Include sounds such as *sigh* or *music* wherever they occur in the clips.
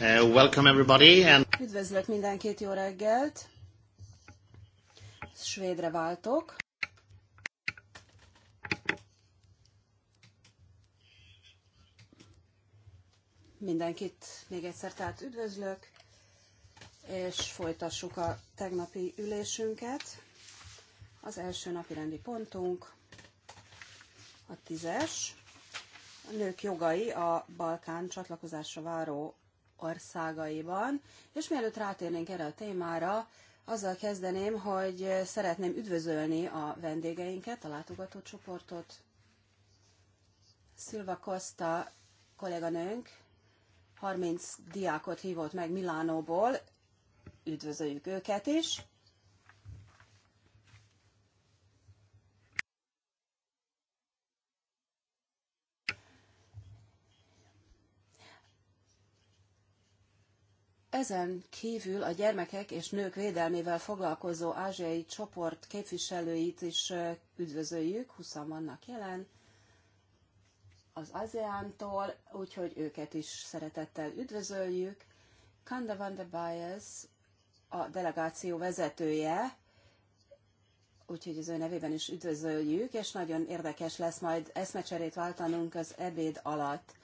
Uh, welcome everybody. And... Üdvözlök mindenkit, jó reggelt! Svédre váltok. Mindenkit még egyszer tehát üdvözlök, és folytassuk a tegnapi ülésünket. Az első napi rendi pontunk a tízes. A nők jogai a Balkán csatlakozásra váró országaiban. És mielőtt rátérnénk erre a témára, azzal kezdeném, hogy szeretném üdvözölni a vendégeinket, a látogatócsoportot. Szilva Costa kolléganőnk 30 diákot hívott meg Milánóból, üdvözöljük őket is. Ezen kívül a gyermekek és nők védelmével foglalkozó ázsiai csoport képviselőit is üdvözöljük, 20 vannak jelen az ASEAN-tól, úgyhogy őket is szeretettel üdvözöljük. Kanda van der Bias a delegáció vezetője, úgyhogy az ő nevében is üdvözöljük, és nagyon érdekes lesz majd eszmecserét váltanunk az ebéd alatt.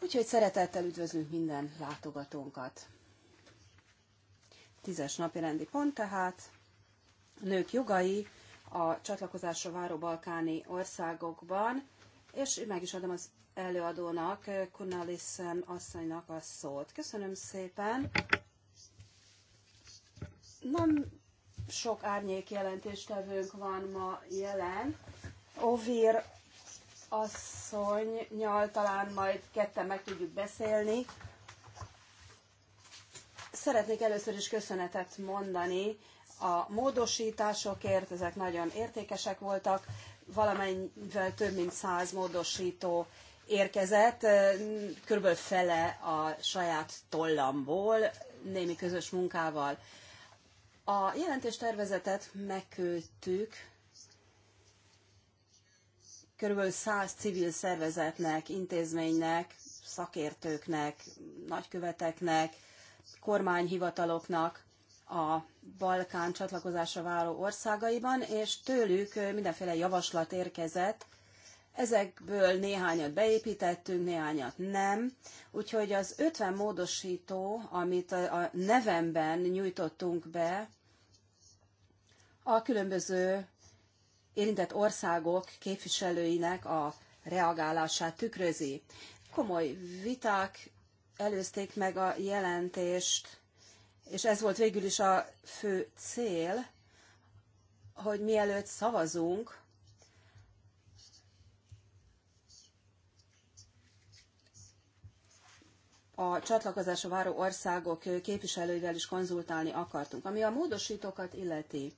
Úgyhogy szeretettel üdvözlünk minden látogatónkat. Tízes napi rendi pont tehát. Nők jogai a csatlakozásra váró balkáni országokban, és meg is adom az előadónak, Kunalissen asszonynak a szót. Köszönöm szépen. Nem sok árnyék jelentéstevőnk van ma jelen. Ovir asszonynyal talán majd ketten meg tudjuk beszélni. Szeretnék először is köszönetet mondani a módosításokért, ezek nagyon értékesek voltak, valamennyivel több mint száz módosító érkezett, kb. fele a saját tollamból, némi közös munkával. A jelentéstervezetet megküldtük körülbelül 100 civil szervezetnek, intézménynek, szakértőknek, nagyköveteknek, kormányhivataloknak a Balkán csatlakozásra váló országaiban, és tőlük mindenféle javaslat érkezett, Ezekből néhányat beépítettünk, néhányat nem, úgyhogy az 50 módosító, amit a nevemben nyújtottunk be, a különböző érintett országok képviselőinek a reagálását tükrözi. Komoly viták előzték meg a jelentést, és ez volt végül is a fő cél, hogy mielőtt szavazunk, a csatlakozásra váró országok képviselőivel is konzultálni akartunk. Ami a módosítókat illeti,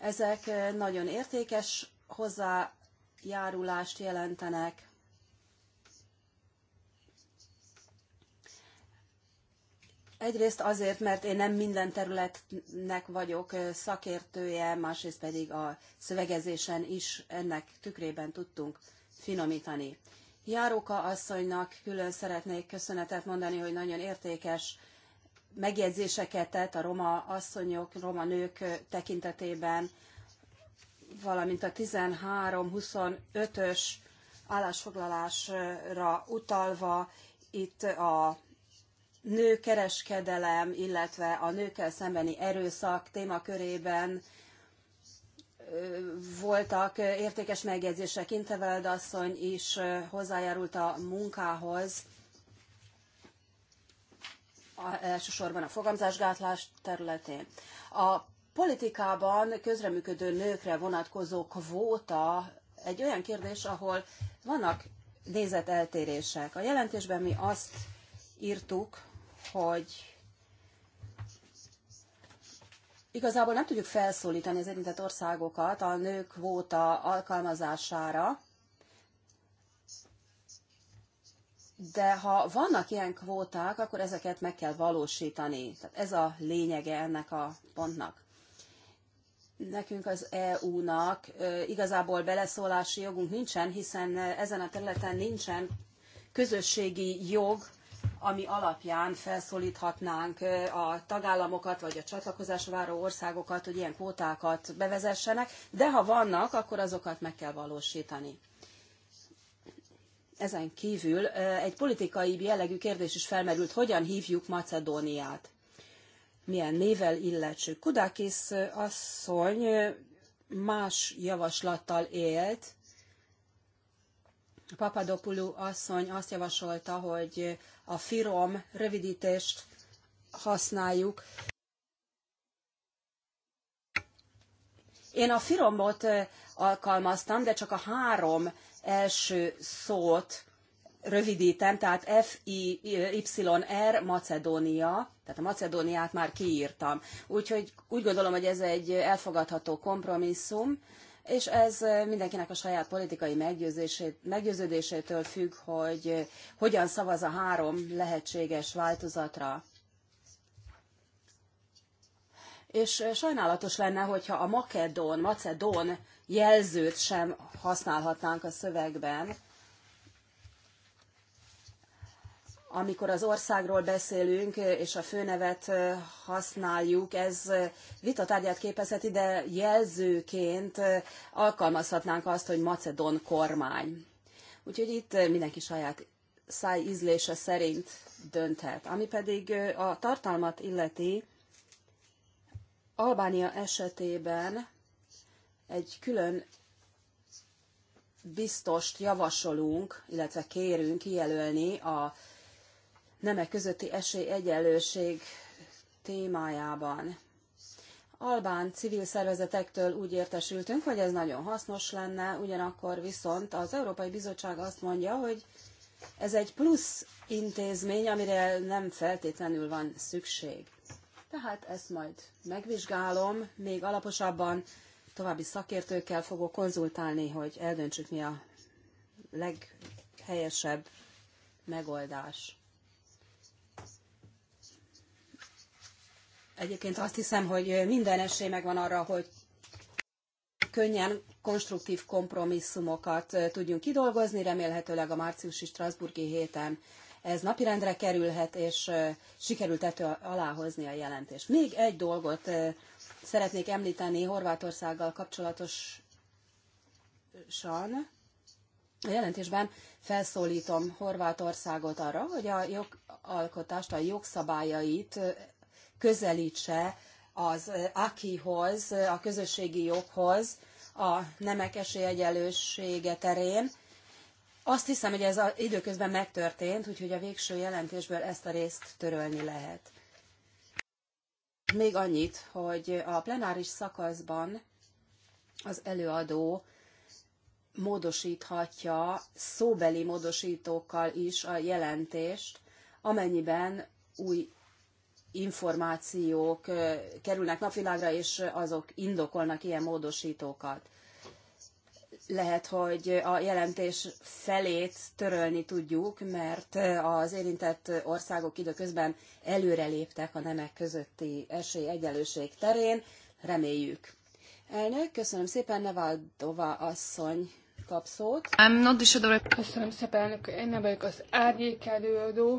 ezek nagyon értékes hozzájárulást jelentenek. Egyrészt azért, mert én nem minden területnek vagyok szakértője, másrészt pedig a szövegezésen is ennek tükrében tudtunk finomítani. Járóka asszonynak külön szeretnék köszönetet mondani, hogy nagyon értékes megjegyzéseket tett a roma asszonyok, roma nők tekintetében, valamint a 13-25-ös állásfoglalásra utalva, itt a nőkereskedelem, illetve a nőkkel szembeni erőszak témakörében voltak értékes megjegyzések. Inteveld asszony is hozzájárult a munkához, elsősorban a fogamzásgátlás területén. A politikában közreműködő nőkre vonatkozó kvóta egy olyan kérdés, ahol vannak nézeteltérések. A jelentésben mi azt írtuk, hogy igazából nem tudjuk felszólítani az érintett országokat a nők kvóta alkalmazására, de ha vannak ilyen kvóták, akkor ezeket meg kell valósítani. Tehát ez a lényege ennek a pontnak. Nekünk az EU-nak igazából beleszólási jogunk nincsen, hiszen ezen a területen nincsen közösségi jog, ami alapján felszólíthatnánk a tagállamokat, vagy a csatlakozás váró országokat, hogy ilyen kvótákat bevezessenek, de ha vannak, akkor azokat meg kell valósítani. Ezen kívül egy politikai jellegű kérdés is felmerült, hogyan hívjuk Macedóniát. Milyen nével illetsük. Kudákis asszony más javaslattal élt. Papadopoulou asszony azt javasolta, hogy a FIROM rövidítést használjuk. Én a firomot alkalmaztam, de csak a három első szót rövidítem, tehát f y r Macedónia, tehát a Macedóniát már kiírtam. Úgyhogy úgy gondolom, hogy ez egy elfogadható kompromisszum, és ez mindenkinek a saját politikai meggyőződésétől függ, hogy hogyan szavaz a három lehetséges változatra és eh, sajnálatos lenne, hogyha a makedón, macedón jelzőt sem használhatnánk a szövegben, amikor az országról beszélünk, eh, és a főnevet eh, használjuk, ez vitatárgyát képezheti, de jelzőként alkalmazhatnánk azt, hogy macedon kormány. Úgyhogy itt mindenki saját szájízlése szerint dönthet. Ami pedig a tartalmat illeti, Albánia esetében egy külön biztost javasolunk, illetve kérünk kijelölni a nemek közötti esélyegyenlőség témájában. Albán civil szervezetektől úgy értesültünk, hogy ez nagyon hasznos lenne, ugyanakkor viszont az Európai Bizottság azt mondja, hogy ez egy plusz intézmény, amire nem feltétlenül van szükség. Tehát ezt majd megvizsgálom, még alaposabban további szakértőkkel fogok konzultálni, hogy eldöntsük mi a leghelyesebb megoldás. Egyébként azt hiszem, hogy minden esély megvan arra, hogy könnyen konstruktív kompromisszumokat tudjunk kidolgozni, remélhetőleg a márciusi Strasburgi héten ez napirendre kerülhet, és sikerült ettől aláhozni a jelentést. Még egy dolgot szeretnék említeni Horvátországgal kapcsolatosan. A jelentésben felszólítom Horvátországot arra, hogy a jogalkotást, a jogszabályait közelítse az AKI-hoz, a közösségi joghoz, a nemek esélyegyelőssége terén, azt hiszem, hogy ez a, időközben megtörtént, úgyhogy a végső jelentésből ezt a részt törölni lehet. Még annyit, hogy a plenáris szakaszban az előadó módosíthatja szóbeli módosítókkal is a jelentést, amennyiben új információk eh, kerülnek napvilágra, és azok indokolnak ilyen módosítókat lehet, hogy a jelentés felét törölni tudjuk, mert az érintett országok időközben előreléptek a nemek közötti esélyegyenlőség terén, reméljük. Elnök, köszönöm szépen, Nevaldova asszony kap szót. I'm not the shadow. Köszönöm szépen, elnök. Én nem vagyok az árnyékelődő,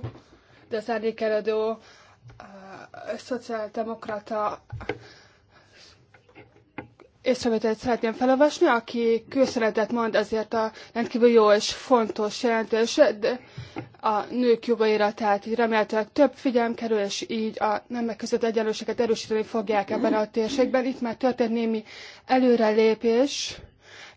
de az árnyékelődő előadó szociáldemokrata észrevételt szeretném felolvasni, aki köszönetet mond azért a rendkívül jó és fontos jelentés a nők jogaira, tehát így remélhetőleg több figyelem kerül, és így a nemek között egyenlőséget erősíteni fogják ebben a térségben. Itt már történt némi előrelépés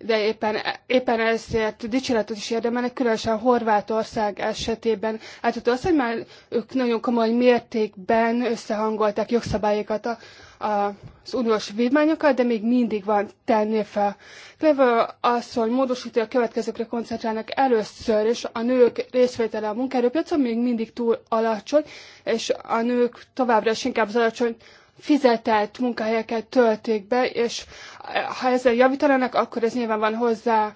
de éppen, éppen ezért dicséretet is érdemelnek, különösen Horvátország esetében. Hát az, hogy már ők nagyon komoly mértékben összehangolták jogszabályokat a, a, az uniós vívmányokkal, de még mindig van tenni fel. az, hogy módosítja a következőkre koncentrálnak először, és a nők részvétele a munkaerőpiacon még mindig túl alacsony, és a nők továbbra is inkább az alacsony fizetett munkahelyeket töltik be, és ha ezzel javítanának, akkor ez nyilván van hozzá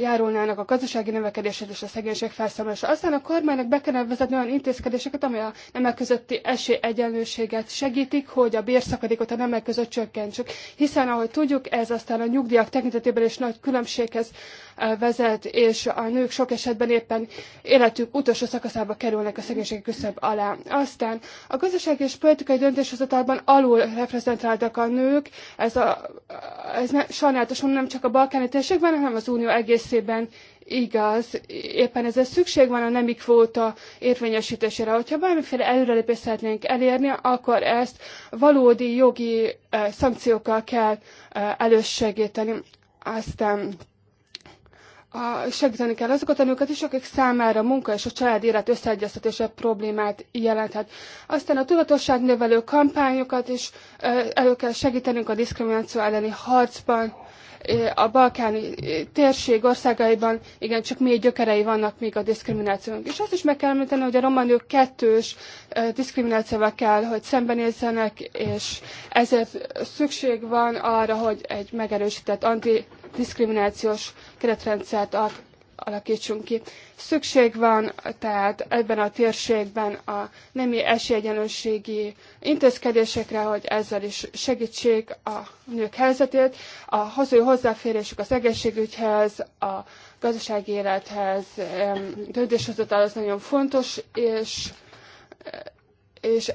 járulnának a gazdasági növekedéshez és a szegénység felszámolása. Aztán a kormánynak be kellene vezetni olyan intézkedéseket, amely a nemek közötti esélyegyenlőséget segítik, hogy a bérszakadékot a nemek között csökkentsük. Hiszen, ahogy tudjuk, ez aztán a nyugdíjak tekintetében is nagy különbséghez vezet, és a nők sok esetben éppen életük utolsó szakaszába kerülnek a szegénység küszöb alá. Aztán a gazdasági és politikai döntéshozatalban alul reprezentáltak a nők, ez, a, ez ne, sajnálatosan nem csak a balkáni térségben, hanem az unió egészében igaz. Éppen ezért szükség van a nemi kvóta érvényesítésére. Hogyha bármiféle előrelépést szeretnénk elérni, akkor ezt valódi jogi szankciókkal kell elősegíteni. Aztán a, segíteni kell azokat a nőket is, akik számára a munka és a család élet összeegyeztetése problémát jelenthet. Aztán a tudatosságnövelő növelő kampányokat is elő kell segítenünk a diszkrimináció elleni harcban a balkáni térség országaiban igencsak mély gyökerei vannak még a diszkriminációnak. És azt is meg kell említeni, hogy a roma nők kettős diszkriminációval kell, hogy szembenézzenek, és ezért szükség van arra, hogy egy megerősített antidiszkriminációs keretrendszert alakítsunk ki. Szükség van tehát ebben a térségben a nemi esélyegyenlőségi intézkedésekre, hogy ezzel is segítsék a nők helyzetét, a hazai hozzáférésük az egészségügyhez, a gazdasági élethez, döntéshozatal az nagyon fontos, és és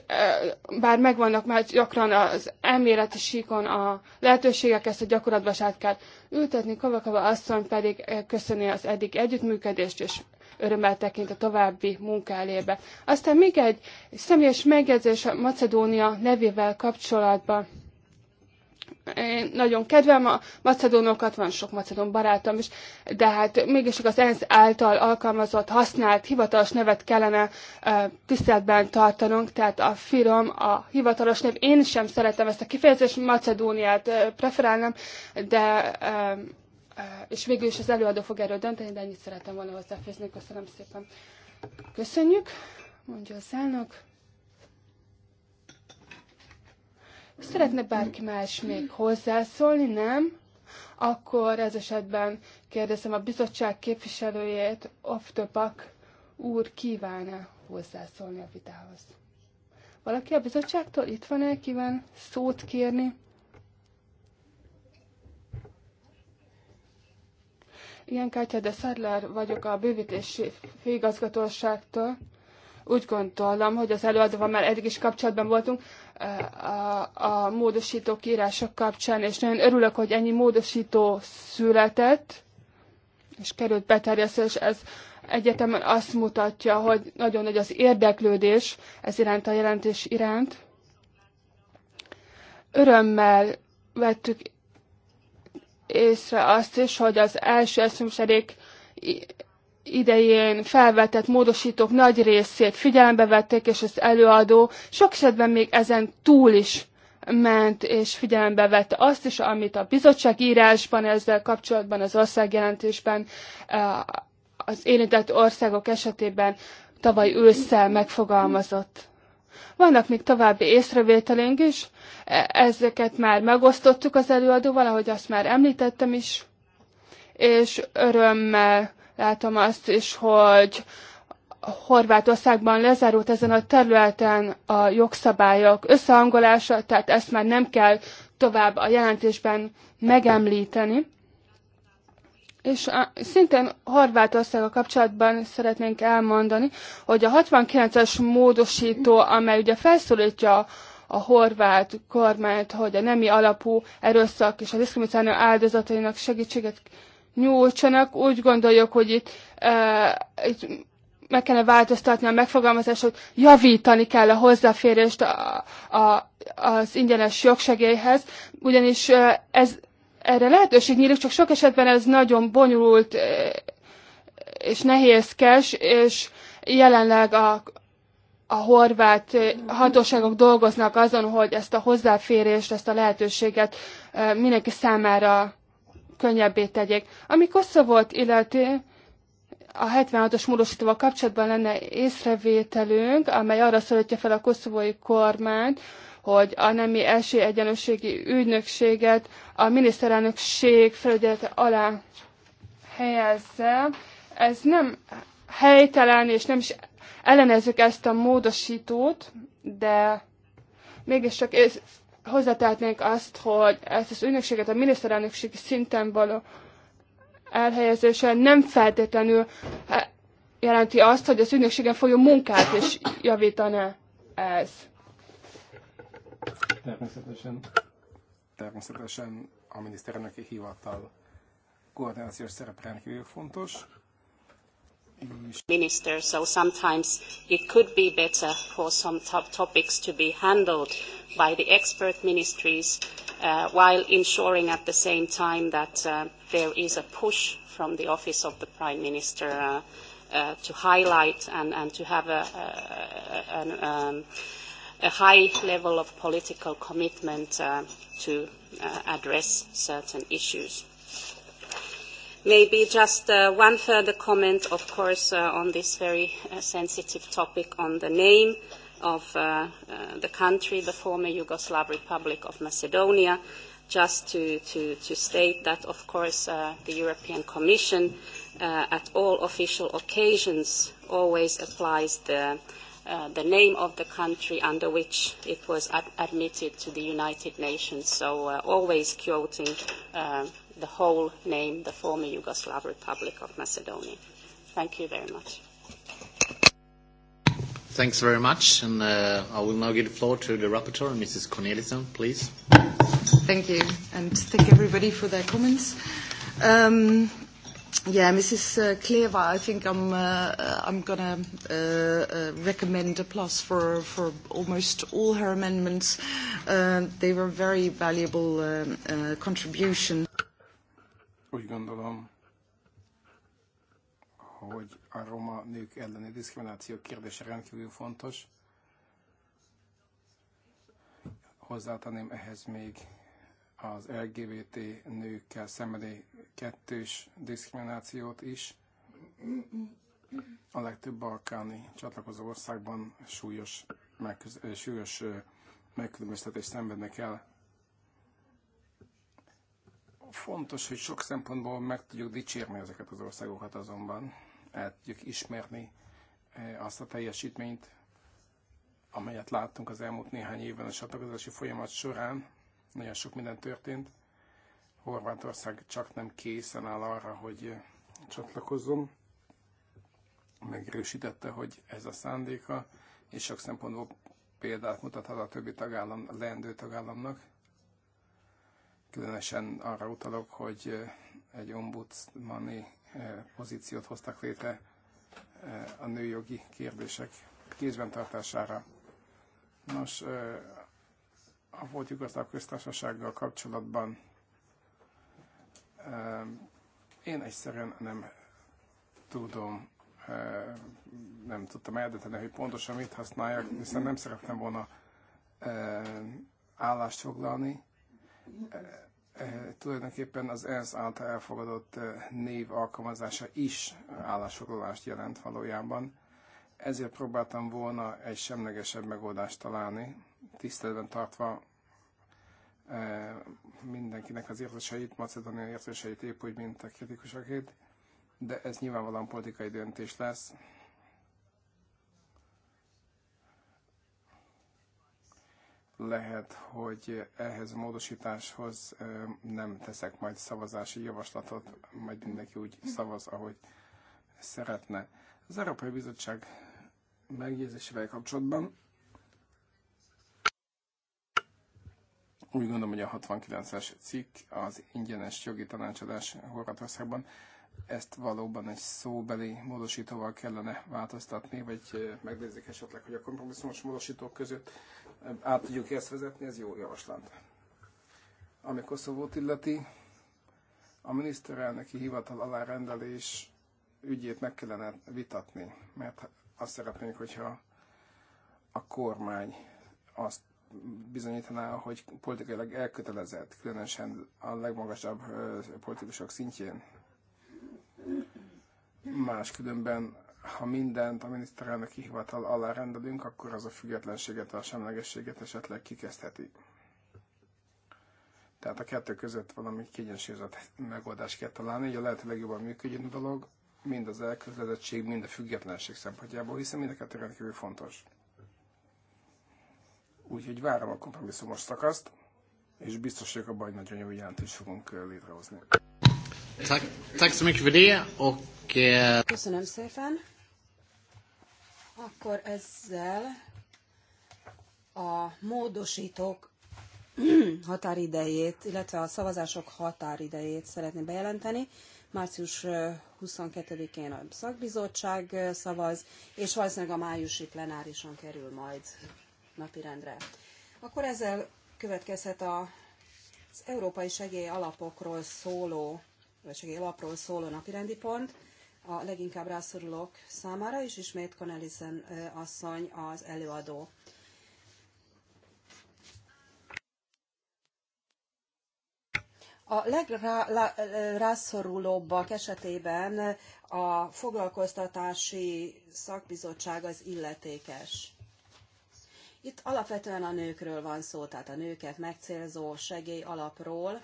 bár megvannak már gyakran az elméleti síkon a lehetőségek, ezt a gyakorlatba át kell ültetni. Kavakava asszony pedig köszöni az eddig együttműködést, és örömmel tekint a további munkálébe. Aztán még egy személyes megjegyzés a Macedónia nevével kapcsolatban én nagyon kedvem a macedónokat, van sok macedón barátom is, de hát mégis az ENSZ által alkalmazott, használt hivatalos nevet kellene uh, tiszteletben tartanunk, tehát a firom, a hivatalos név, én sem szeretem ezt a kifejezést, Macedóniát uh, preferálnám, de uh, és végül is az előadó fog erről dönteni, de ennyit szeretem volna hozzáfőzni, Köszönöm szépen. Köszönjük, mondja az elnök. Szeretne bárki más még hozzászólni, nem? Akkor ez esetben kérdezem a bizottság képviselőjét, Oftopak úr kívánna hozzászólni a vitához. Valaki a bizottságtól itt van-e, kíván szót kérni? Igen, Kátya de Szedler vagyok a bővítési főigazgatóságtól. Úgy gondolom, hogy az előadóval már eddig is kapcsolatban voltunk a, a módosítók kapcsán, és nagyon örülök, hogy ennyi módosító született, és került és ez egyetemen azt mutatja, hogy nagyon nagy az érdeklődés ez iránt a jelentés iránt. Örömmel vettük észre azt is, hogy az első eszmecserék idején felvetett módosítók nagy részét figyelembe vették, és az előadó sok esetben még ezen túl is ment és figyelembe vette azt is, amit a bizottság írásban ezzel kapcsolatban, az országjelentésben eh, az érintett országok esetében tavaly ősszel megfogalmazott. Vannak még további észrevételénk is, e, ezeket már megosztottuk az előadóval, ahogy azt már említettem is, és örömmel látom azt is, hogy Horvátországban lezárult ezen a területen a jogszabályok összehangolása, tehát ezt már nem kell tovább a jelentésben megemlíteni. És szintén Horvátországa kapcsolatban szeretnénk elmondani, hogy a 69-es módosító, amely ugye felszólítja a horvát kormányt, hogy a nemi alapú erőszak és a diszkrimináció áldozatainak segítséget nyújtsanak. Úgy gondoljuk, hogy itt, e, itt meg kellene változtatni a megfogalmazást, hogy javítani kell a hozzáférést a, a, az ingyenes jogsegélyhez, ugyanis e, ez, erre lehetőség nyílik, csak sok esetben ez nagyon bonyolult e, és nehézkes, és jelenleg a, a horvát hatóságok dolgoznak azon, hogy ezt a hozzáférést, ezt a lehetőséget e, mindenki számára könnyebbé tegyék. Ami volt illeti, a 76-os módosítóval kapcsolatban lenne észrevételünk, amely arra szólítja fel a koszovói kormányt, hogy a nemi első egyenlőségi ügynökséget a miniszterelnökség felügyelete alá helyezze. Ez nem helytelen, és nem is ellenezzük ezt a módosítót, de mégis csak hozzátehetnénk azt, hogy ezt az ügynökséget a miniszterelnökségi szinten való elhelyezése nem feltétlenül eh, jelenti azt, hogy az ügynökségen folyó munkát is javítaná ez. Természetesen, természetesen a miniszterelnöki hivatal koordinációs szerep rendkívül fontos Minister, so sometimes it could be better for some top topics to be handled by the expert ministries uh, while ensuring at the same time that uh, there is a push from the office of the Prime Minister uh, uh, to highlight and, and to have a, a, an, um, a high level of political commitment uh, to uh, address certain issues. Maybe just uh, one further comment, of course, uh, on this very uh, sensitive topic on the name of uh, uh, the country, the former Yugoslav Republic of Macedonia, just to, to, to state that, of course, uh, the European Commission uh, at all official occasions always applies the, uh, the name of the country under which it was ad- admitted to the United Nations, so uh, always quoting uh, the whole name, the former Yugoslav Republic of Macedonia. Thank you very much. Thanks very much, and uh, I will now give the floor to the rapporteur, Mrs. Cornelison, please. Thank you, and thank everybody for their comments. Um, yeah, Mrs. Uh, Kleva, I think I'm uh, uh, I'm gonna uh, uh, recommend a plus for for almost all her amendments. Uh, they were very valuable um, uh, contribution. Úgy gondolom, hogy a roma nők elleni diszkrimináció kérdése rendkívül fontos. Hozzátenném ehhez még az LGBT nőkkel szembeni kettős diszkriminációt is. A legtöbb balkáni csatlakozó országban súlyos, megköz, súlyos megkülönböztetést szenvednek el Fontos, hogy sok szempontból meg tudjuk dicsérni ezeket az országokat azonban, el tudjuk ismerni e, azt a teljesítményt, amelyet láttunk az elmúlt néhány évben a csatlakozási folyamat során. Nagyon sok minden történt. Horvátország csak nem készen áll arra, hogy e, csatlakozzon. Megerősítette, hogy ez a szándéka, és sok szempontból példát mutathat a többi tagállam, a leendő tagállamnak Különösen arra utalok, hogy egy ombudsmani pozíciót hoztak létre a nőjogi kérdések kézben tartására. Nos, a volt Jugoszláv köztársasággal kapcsolatban én egyszerűen nem tudom, nem tudtam eldönteni, hogy pontosan mit használják, hiszen nem szerettem volna állást foglalni. Eh, tulajdonképpen az ENSZ által elfogadott eh, név alkalmazása is állásfoglalást jelent valójában. Ezért próbáltam volna egy semlegesebb megoldást találni, tiszteletben tartva eh, mindenkinek az értéseit, Macedónia értéseit épp úgy, mint a kritikusokét, de ez nyilvánvalóan politikai döntés lesz, lehet, hogy ehhez a módosításhoz nem teszek majd szavazási javaslatot, majd mindenki úgy szavaz, ahogy szeretne. Az Európai Bizottság megjegyzésével kapcsolatban úgy gondolom, hogy a 69-es cikk az ingyenes jogi tanácsadás Horvátországban ezt valóban egy szóbeli módosítóval kellene változtatni, vagy megnézzük esetleg, hogy a kompromisszumos módosítók között át tudjuk ezt vezetni, ez jó javaslat. Ami Koszovót illeti, a miniszterelnöki hivatal alárendelés ügyét meg kellene vitatni, mert azt szeretnénk, hogyha a kormány azt bizonyítaná, hogy politikailag elkötelezett, különösen a legmagasabb politikusok szintjén. Máskülönben ha mindent a miniszterelnöki hivatal alá rendelünk, akkor az a függetlenséget, a semlegességet esetleg kikezdheti. Tehát a kettő között valami kényesérzett megoldást kell találni, hogy a lehető legjobban működjön a dolog, mind az elközletettség, mind a függetlenség szempontjából, hiszen mind a kettő rendkívül fontos. Úgyhogy várom a kompromisszumos szakaszt, és biztos vagyok abban, hogy nagyon jó jelentést fogunk létrehozni. Tack, tack så mycket för det och... Eh, Köszönöm szépen. Akkor ezzel a módosítók *clears throat* határidejét, illetve a szavazások határidejét szeretném bejelenteni. Március 22-én a szakbizottság szavaz, és valószínűleg a májusi plenárison kerül majd napirendre. Akkor ezzel következhet a, az Európai Segély Alapokról szóló, vagy Segély Alapról szóló napirendi pont a leginkább rászorulók számára, és ismét Cornelissen asszony az előadó. A legrászorulóbbak esetében a foglalkoztatási szakbizottság az illetékes. Itt alapvetően a nőkről van szó, tehát a nőket megcélzó segély alapról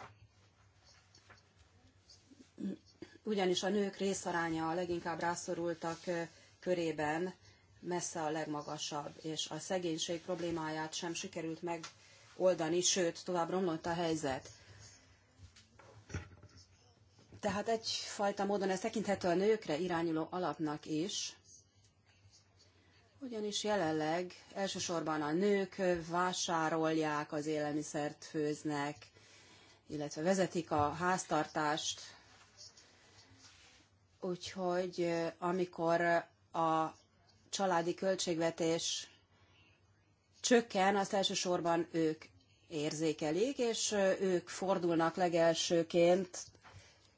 ugyanis a nők részaránya a leginkább rászorultak körében messze a legmagasabb, és a szegénység problémáját sem sikerült megoldani, sőt, tovább romlott a helyzet. Tehát egyfajta módon ez tekinthető a nőkre irányuló alapnak is, ugyanis jelenleg elsősorban a nők vásárolják az élelmiszert, főznek, illetve vezetik a háztartást, Úgyhogy amikor a családi költségvetés csökken, azt elsősorban ők érzékelik, és ők fordulnak legelsőként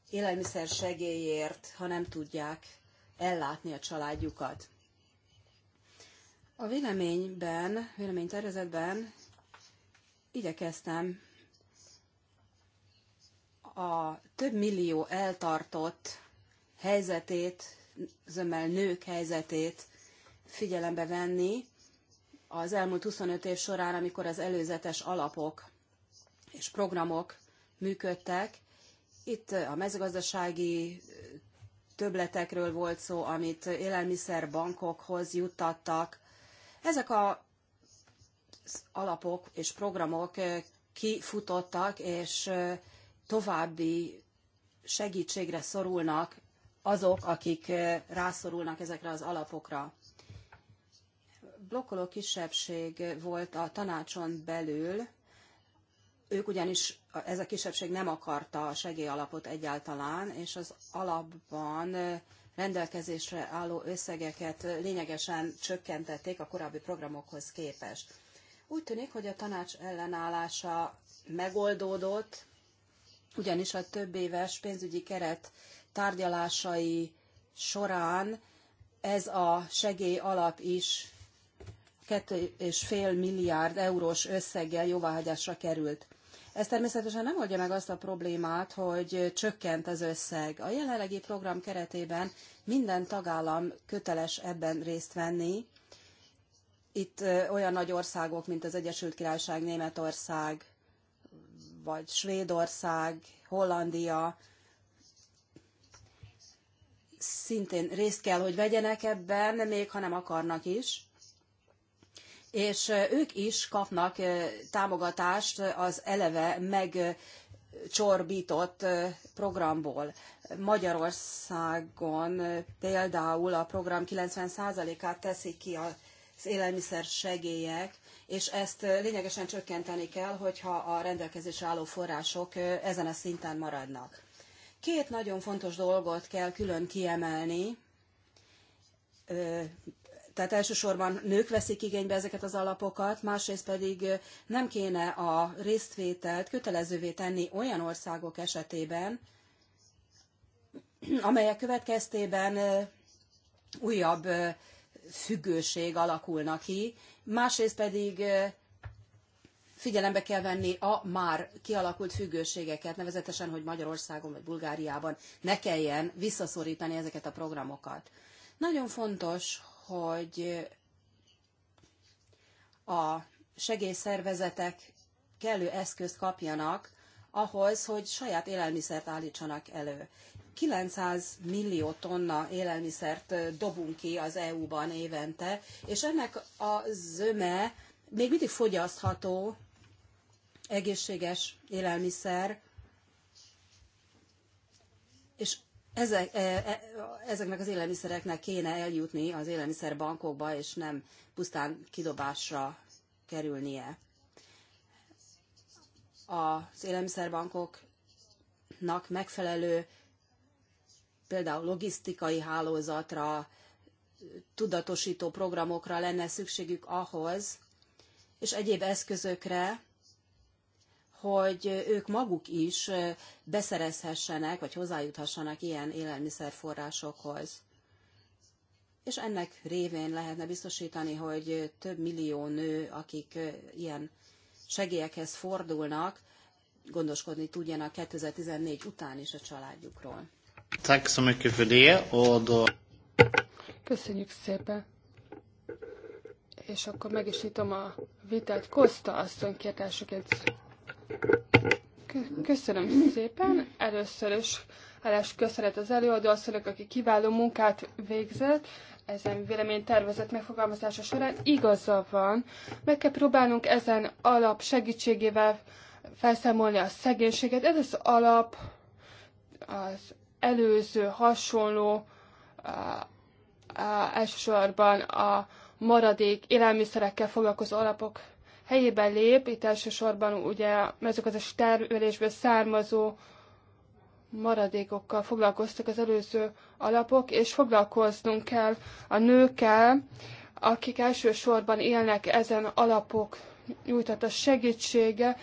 élelmiszer segélyért, ha nem tudják ellátni a családjukat. A véleményben, véleménytervezetben igyekeztem a több millió eltartott helyzetét, zömmel nők helyzetét figyelembe venni az elmúlt 25 év során, amikor az előzetes alapok és programok működtek. Itt a mezőgazdasági töbletekről volt szó, amit élelmiszerbankokhoz juttattak. Ezek a alapok és programok kifutottak, és további segítségre szorulnak azok, akik eh, rászorulnak ezekre az alapokra. Blokkoló kisebbség volt a tanácson belül, ők ugyanis, ez a kisebbség nem akarta a segélyalapot egyáltalán, és az alapban eh, rendelkezésre álló összegeket eh, lényegesen csökkentették a korábbi programokhoz képest. Úgy tűnik, hogy a tanács ellenállása megoldódott, ugyanis a több éves pénzügyi keret tárgyalásai során ez a segélyalap is 2,5 milliárd eurós összeggel jóváhagyásra került. Ez természetesen nem oldja meg azt a problémát, hogy csökkent az összeg. A jelenlegi program keretében minden tagállam köteles ebben részt venni. Itt olyan nagy országok, mint az Egyesült Királyság, Németország, vagy Svédország, Hollandia, szintén részt kell, hogy vegyenek ebben, még ha nem akarnak is. És ők is kapnak támogatást az eleve megcsorbított programból. Magyarországon például a program 90%-át teszik ki az élelmiszer segélyek, és ezt lényegesen csökkenteni kell, hogyha a rendelkezésre álló források ezen a szinten maradnak. Két nagyon fontos dolgot kell külön kiemelni. Tehát elsősorban nők veszik igénybe ezeket az alapokat, másrészt pedig nem kéne a résztvételt kötelezővé tenni olyan országok esetében, amelyek következtében újabb függőség alakulna ki, másrészt pedig figyelembe kell venni a már kialakult függőségeket, nevezetesen, hogy Magyarországon vagy Bulgáriában ne kelljen visszaszorítani ezeket a programokat. Nagyon fontos, hogy a segélyszervezetek kellő eszközt kapjanak ahhoz, hogy saját élelmiszert állítsanak elő. 900 millió tonna élelmiszert dobunk ki az EU-ban évente, és ennek a zöme még mindig fogyasztható, egészséges élelmiszer, és ezek, e, e, ezeknek az élelmiszereknek kéne eljutni az élelmiszerbankokba, és nem pusztán kidobásra kerülnie. Az élelmiszerbankoknak megfelelő például logisztikai hálózatra, tudatosító programokra lenne szükségük ahhoz, és egyéb eszközökre, hogy ők maguk is beszerezhessenek, vagy hozzájuthassanak ilyen élelmiszerforrásokhoz. És ennek révén lehetne biztosítani, hogy több millió nő, akik ilyen segélyekhez fordulnak, gondoskodni tudjanak 2014 után is a családjukról. Köszönjük szépen! És akkor meg is nyitom a vitát. Kosta asszony kérdéseként Köszönöm szépen. Először is Állás köszönet az előadó asszonyok, aki kiváló munkát végzett ezen vélemény tervezett megfogalmazása során. Igaza van, meg kell próbálnunk ezen alap segítségével felszámolni a szegénységet. Ez az alap az előző hasonló a, a, elsősorban a maradék élelmiszerekkel foglalkozó alapok helyébe lép, itt elsősorban ugye mezőgazdasági termelésből származó maradékokkal foglalkoztak az előző alapok, és foglalkoznunk kell a nőkkel, akik elsősorban élnek ezen alapok nyújtott a segítsége.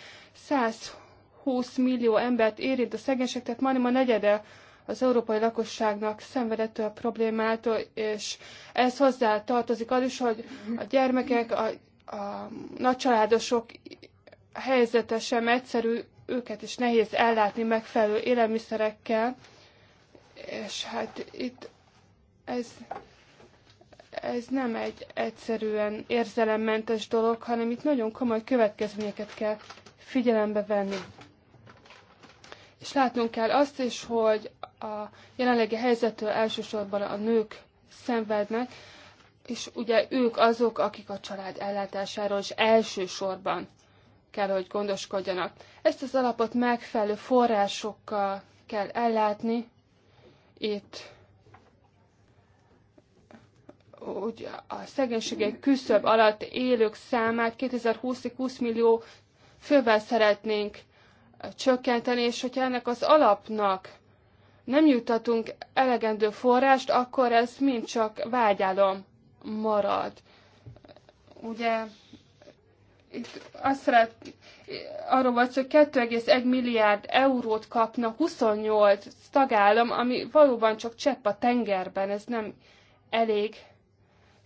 120 millió embert érint a szegénység, tehát majdnem a negyede az európai lakosságnak szenvedettől a problémától, és ez hozzá tartozik az is, hogy a gyermekek, a a nagycsaládosok helyzete sem egyszerű, őket is nehéz ellátni megfelelő élelmiszerekkel, és hát itt ez, ez nem egy egyszerűen érzelemmentes dolog, hanem itt nagyon komoly következményeket kell figyelembe venni. És látnunk kell azt is, hogy a jelenlegi helyzettől elsősorban a nők szenvednek, és ugye ők azok, akik a család ellátásáról is elsősorban kell, hogy gondoskodjanak. Ezt az alapot megfelelő forrásokkal kell ellátni. Itt ugye a egy küszöb alatt élők számát 2020-ig 20 millió fővel szeretnénk csökkenteni, és hogyha ennek az alapnak nem jutatunk elegendő forrást, akkor ez mind csak vágyálom marad. Ugye itt azt szeret, arról volt, hogy 2,1 milliárd eurót kapna 28 tagállam, ami valóban csak csepp a tengerben, ez nem elég.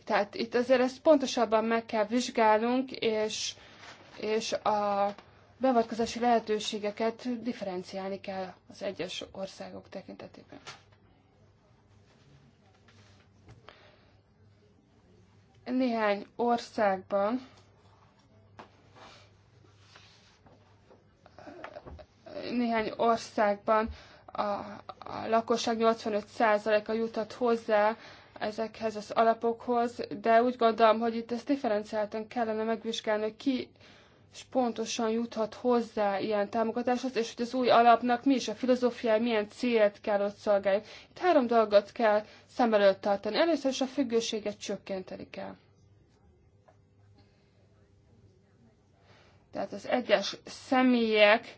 Tehát itt azért ezt pontosabban meg kell vizsgálnunk, és, és a beavatkozási lehetőségeket differenciálni kell az egyes országok tekintetében. Néhány országban néhány országban a, a lakosság 85%-a jutott hozzá ezekhez az alapokhoz, de úgy gondolom, hogy itt ezt differenciáltan kellene megvizsgálni, hogy ki és pontosan juthat hozzá ilyen támogatáshoz, és hogy az új alapnak mi is a filozófiája, milyen célt kell ott szolgáljuk. Itt három dolgot kell szem előtt tartani. Először is a függőséget csökkenteni kell. Tehát az egyes személyek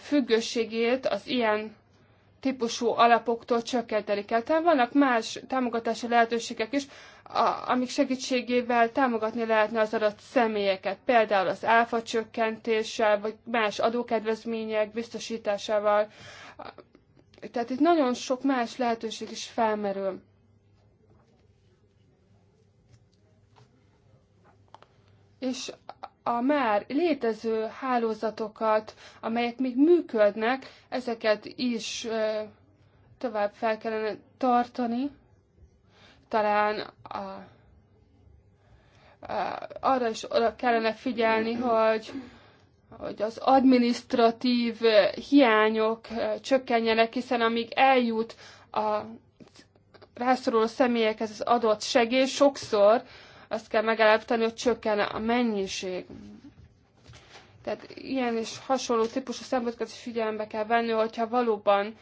függőségét az ilyen típusú alapoktól csökkenteni kell. Tehát vannak más támogatási lehetőségek is, a, amik segítségével támogatni lehetne az adott személyeket, például az áfa csökkentéssel, vagy más adókedvezmények biztosításával. Tehát itt nagyon sok más lehetőség is felmerül. És a már létező hálózatokat, amelyek még működnek, ezeket is tovább fel kellene tartani talán a, a, arra is oda kellene figyelni, hogy, hogy az administratív hiányok csökkenjenek, hiszen amíg eljut a rászoruló személyekhez az adott segély, sokszor azt kell megállapítani, hogy csökken a mennyiség. Tehát ilyen és hasonló típusú szempontokat is figyelembe kell venni, hogyha valóban uh,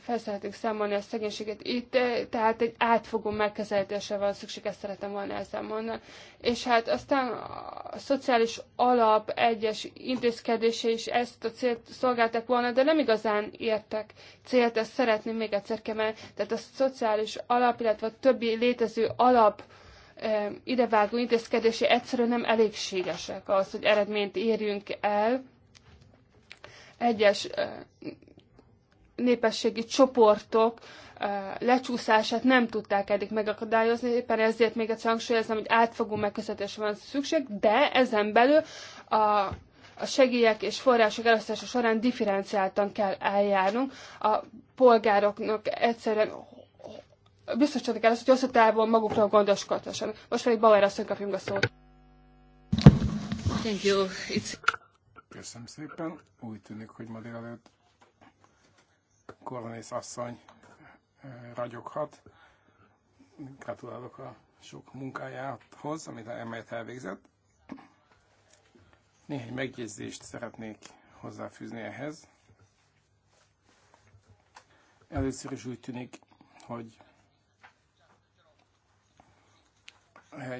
felszeretünk számolni a szegénységet itt, tehát egy átfogó megkezelítése van szükség, ezt szeretem volna ezzel mondani. És hát aztán a szociális alap egyes intézkedése is ezt a célt szolgálták volna, de nem igazán értek célt, ezt szeretném még egyszer kemelni. Tehát a szociális alap, illetve a többi létező alap idevágó intézkedési egyszerűen nem elégségesek ahhoz, hogy eredményt érjünk el. Egyes népességi csoportok lecsúszását nem tudták eddig megakadályozni, éppen ezért még egyszer hangsúlyozom, hogy átfogó megközelítésre van szükség, de ezen belül a a segélyek és források elosztása során differenciáltan kell eljárnunk. A polgároknak egyszerűen biztosítani kell azt, hogy hosszú távon magukról gondoskodhassanak. Most pedig Bauer asszony kapjunk a szót. Thank you. It's... Köszönöm szépen. Úgy tűnik, hogy ma délelőtt Kornész asszony ragyoghat. Gratulálok a sok munkájához, amit emelt elvégzett. Néhány megjegyzést szeretnék hozzáfűzni ehhez. Először is úgy tűnik, hogy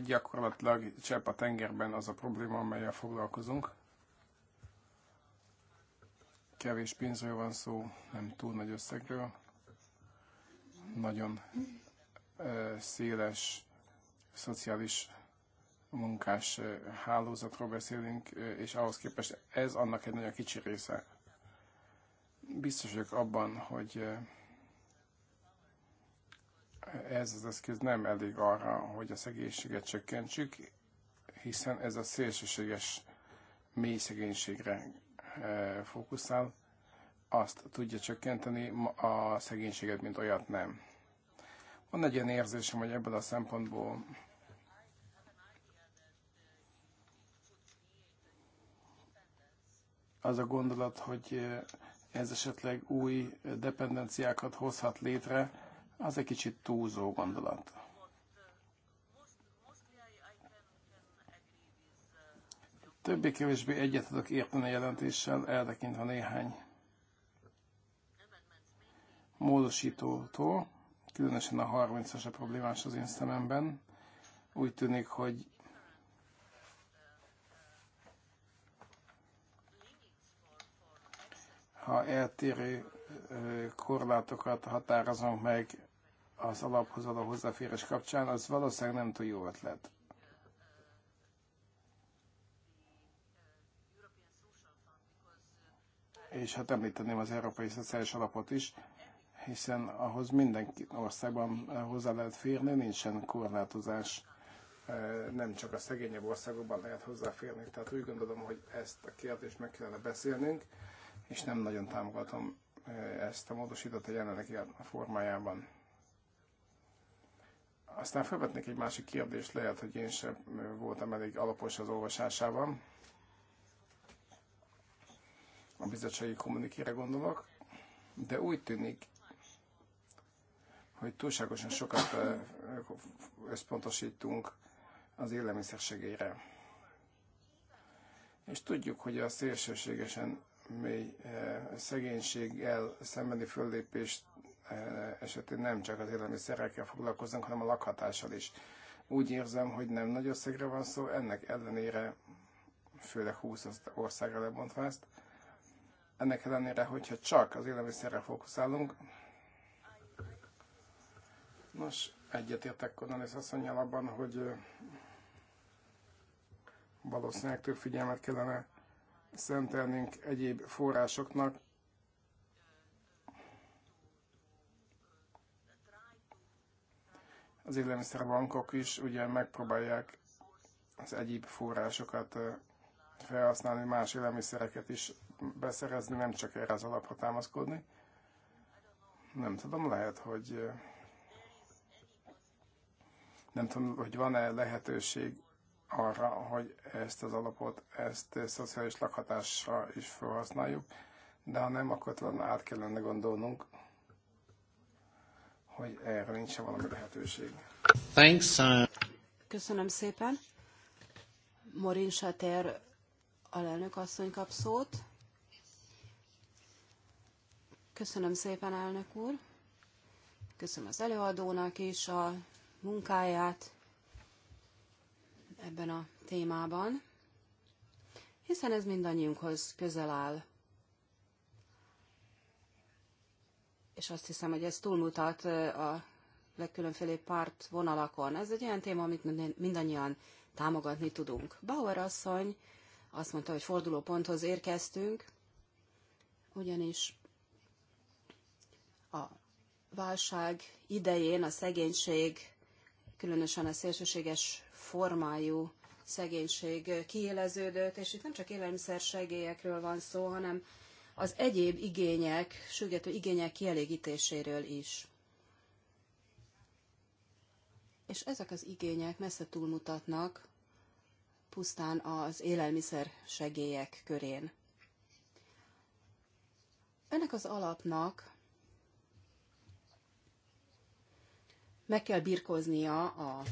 gyakorlatilag csepp a tengerben az a probléma, amelyel foglalkozunk. Kevés pénzről van szó, nem túl nagy összegről. Nagyon széles szociális munkás hálózatról beszélünk, és ahhoz képest ez annak egy nagyon kicsi része. Biztos vagyok abban, hogy ez az eszköz nem elég arra, hogy a szegénységet csökkentsük, hiszen ez a szélsőséges mély szegénységre Eh, fókuszál, azt tudja csökkenteni, a szegénységet, mint olyat nem. Van egy ilyen érzésem, hogy ebből a szempontból az a gondolat, hogy eh, ez esetleg új dependenciákat hozhat létre, az egy kicsit túlzó gondolat. Többé-kevésbé egyet tudok érteni a jelentéssel, eltekintve néhány módosítótól, különösen a 30-as a problémás az én szememben. Úgy tűnik, hogy ha eltérő korlátokat határozunk meg az alaphoz a hozzáférés kapcsán, az valószínűleg nem túl jó ötlet. és hát említeném az Európai Szociális Alapot is, hiszen ahhoz minden országban hozzá lehet férni, nincsen korlátozás, nem csak a szegényebb országokban lehet hozzáférni. Tehát úgy gondolom, hogy ezt a kérdést meg kellene beszélnünk, és nem nagyon támogatom ezt a módosítót a jelenlegi formájában. Aztán felvetnék egy másik kérdést, lehet, hogy én sem voltam elég alapos az olvasásában a bizottsági kommunikére gondolok, de úgy tűnik, hogy túlságosan sokat összpontosítunk az segélyre. És tudjuk, hogy a szélsőségesen mély szegénységgel szembeni föllépés esetén nem csak az élelmiszerekkel foglalkozunk, hanem a lakhatással is. Úgy érzem, hogy nem nagy összegre van szó, ennek ellenére, főleg 20 országra lebontva ezt, ennek ellenére, hogyha csak az élelmiszerre fókuszálunk, nos, egyetértek Cornelis asszonyjal abban, hogy valószínűleg több figyelmet kellene szentelnünk egyéb forrásoknak, az élelmiszerbankok is ugye megpróbálják az egyéb forrásokat felhasználni, más élelmiszereket is beszerezni, nem csak erre az alapra támaszkodni. Nem tudom, lehet, hogy nem tudom, hogy van-e lehetőség arra, hogy ezt az alapot, ezt a szociális lakhatásra is felhasználjuk, de ha nem, akkor talán át kellene gondolnunk, hogy erre nincs valami lehetőség. Thanks. Uh, Köszönöm szépen. Morin Sater alelnök asszony kap szót. Köszönöm szépen, elnök úr. Köszönöm az előadónak is a munkáját ebben a témában, hiszen ez mindannyiunkhoz közel áll. És azt hiszem, hogy ez túlmutat a legkülönféle párt vonalakon. Ez egy olyan téma, amit mindannyian támogatni tudunk. Bauer asszony azt mondta, hogy fordulóponthoz érkeztünk, ugyanis válság idején a szegénység, különösen a szélsőséges formájú szegénység kiéleződött, és itt nem csak élelmiszer segélyekről van szó, hanem az egyéb igények, sürgető igények kielégítéséről is. És ezek az igények messze túlmutatnak pusztán az élelmiszer segélyek körén. Ennek az alapnak meg kell birkoznia a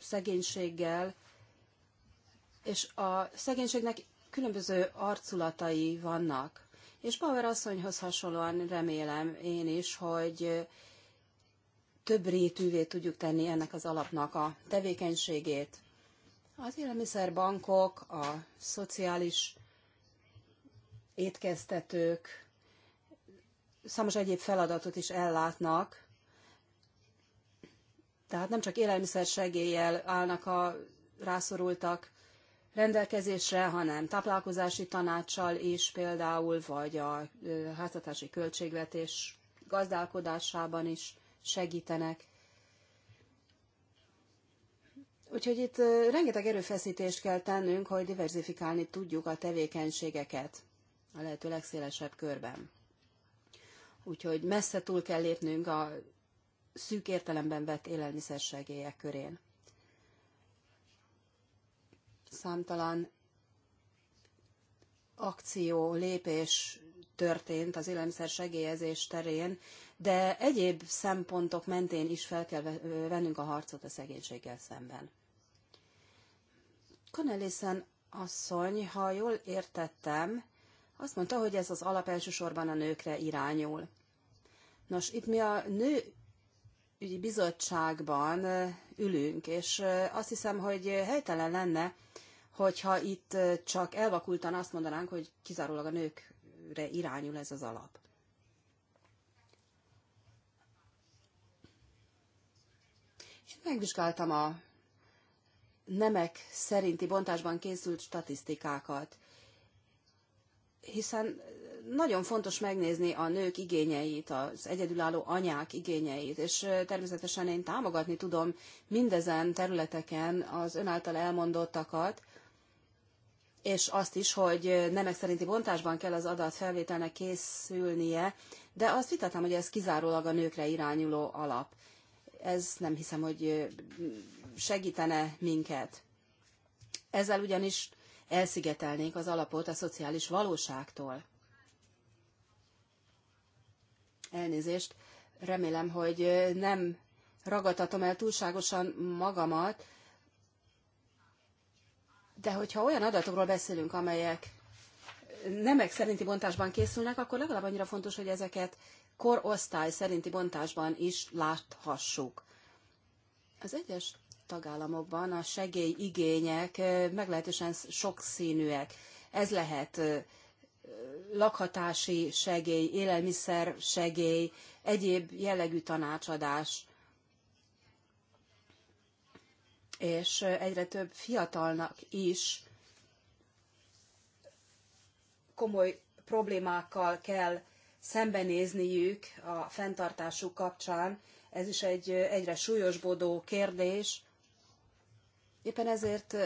szegénységgel, és a szegénységnek különböző arculatai vannak. És Bauer asszonyhoz hasonlóan remélem én is, hogy több rétűvé tudjuk tenni ennek az alapnak a tevékenységét. Az élelmiszerbankok, a szociális étkeztetők, számos egyéb feladatot is ellátnak, tehát nem csak élelmiszer segéllyel állnak a rászorultak rendelkezésre, hanem táplálkozási tanácssal is például, vagy a háztartási költségvetés gazdálkodásában is segítenek. Úgyhogy itt rengeteg erőfeszítést kell tennünk, hogy diversifikálni tudjuk a tevékenységeket a lehető legszélesebb körben. Úgyhogy messze túl kell lépnünk a szűk értelemben vett élelmiszersegélyek körén. Számtalan akció, lépés történt az élelmiszer segélyezés terén, de egyéb szempontok mentén is fel kell vennünk a harcot a szegénységgel szemben. Cornelissen asszony, ha jól értettem, azt mondta, hogy ez az alap elsősorban a nőkre irányul. Nos, itt mi a nő ügyi bizottságban ülünk, és azt hiszem, hogy helytelen lenne, hogyha itt csak elvakultan azt mondanánk, hogy kizárólag a nőkre irányul ez az alap. És megvizsgáltam a nemek szerinti bontásban készült statisztikákat, hiszen nagyon fontos megnézni a nők igényeit, az egyedülálló anyák igényeit, és természetesen én támogatni tudom mindezen területeken az ön által elmondottakat, és azt is, hogy nemek szerinti bontásban kell az adatfelvételnek készülnie, de azt vitatom, hogy ez kizárólag a nőkre irányuló alap. Ez nem hiszem, hogy segítene minket. Ezzel ugyanis elszigetelnénk az alapot a szociális valóságtól. Elnézést. Remélem, hogy nem ragadhatom el túlságosan magamat, de hogyha olyan adatokról beszélünk, amelyek nemek szerinti bontásban készülnek, akkor legalább annyira fontos, hogy ezeket korosztály szerinti bontásban is láthassuk. Az egyes tagállamokban a segélyigények meglehetősen sokszínűek. Ez lehet lakhatási segély, élelmiszer segély, egyéb jellegű tanácsadás. És egyre több fiatalnak is komoly problémákkal kell szembenézniük a fenntartásuk kapcsán. Ez is egy egyre súlyosbodó kérdés. Éppen ezért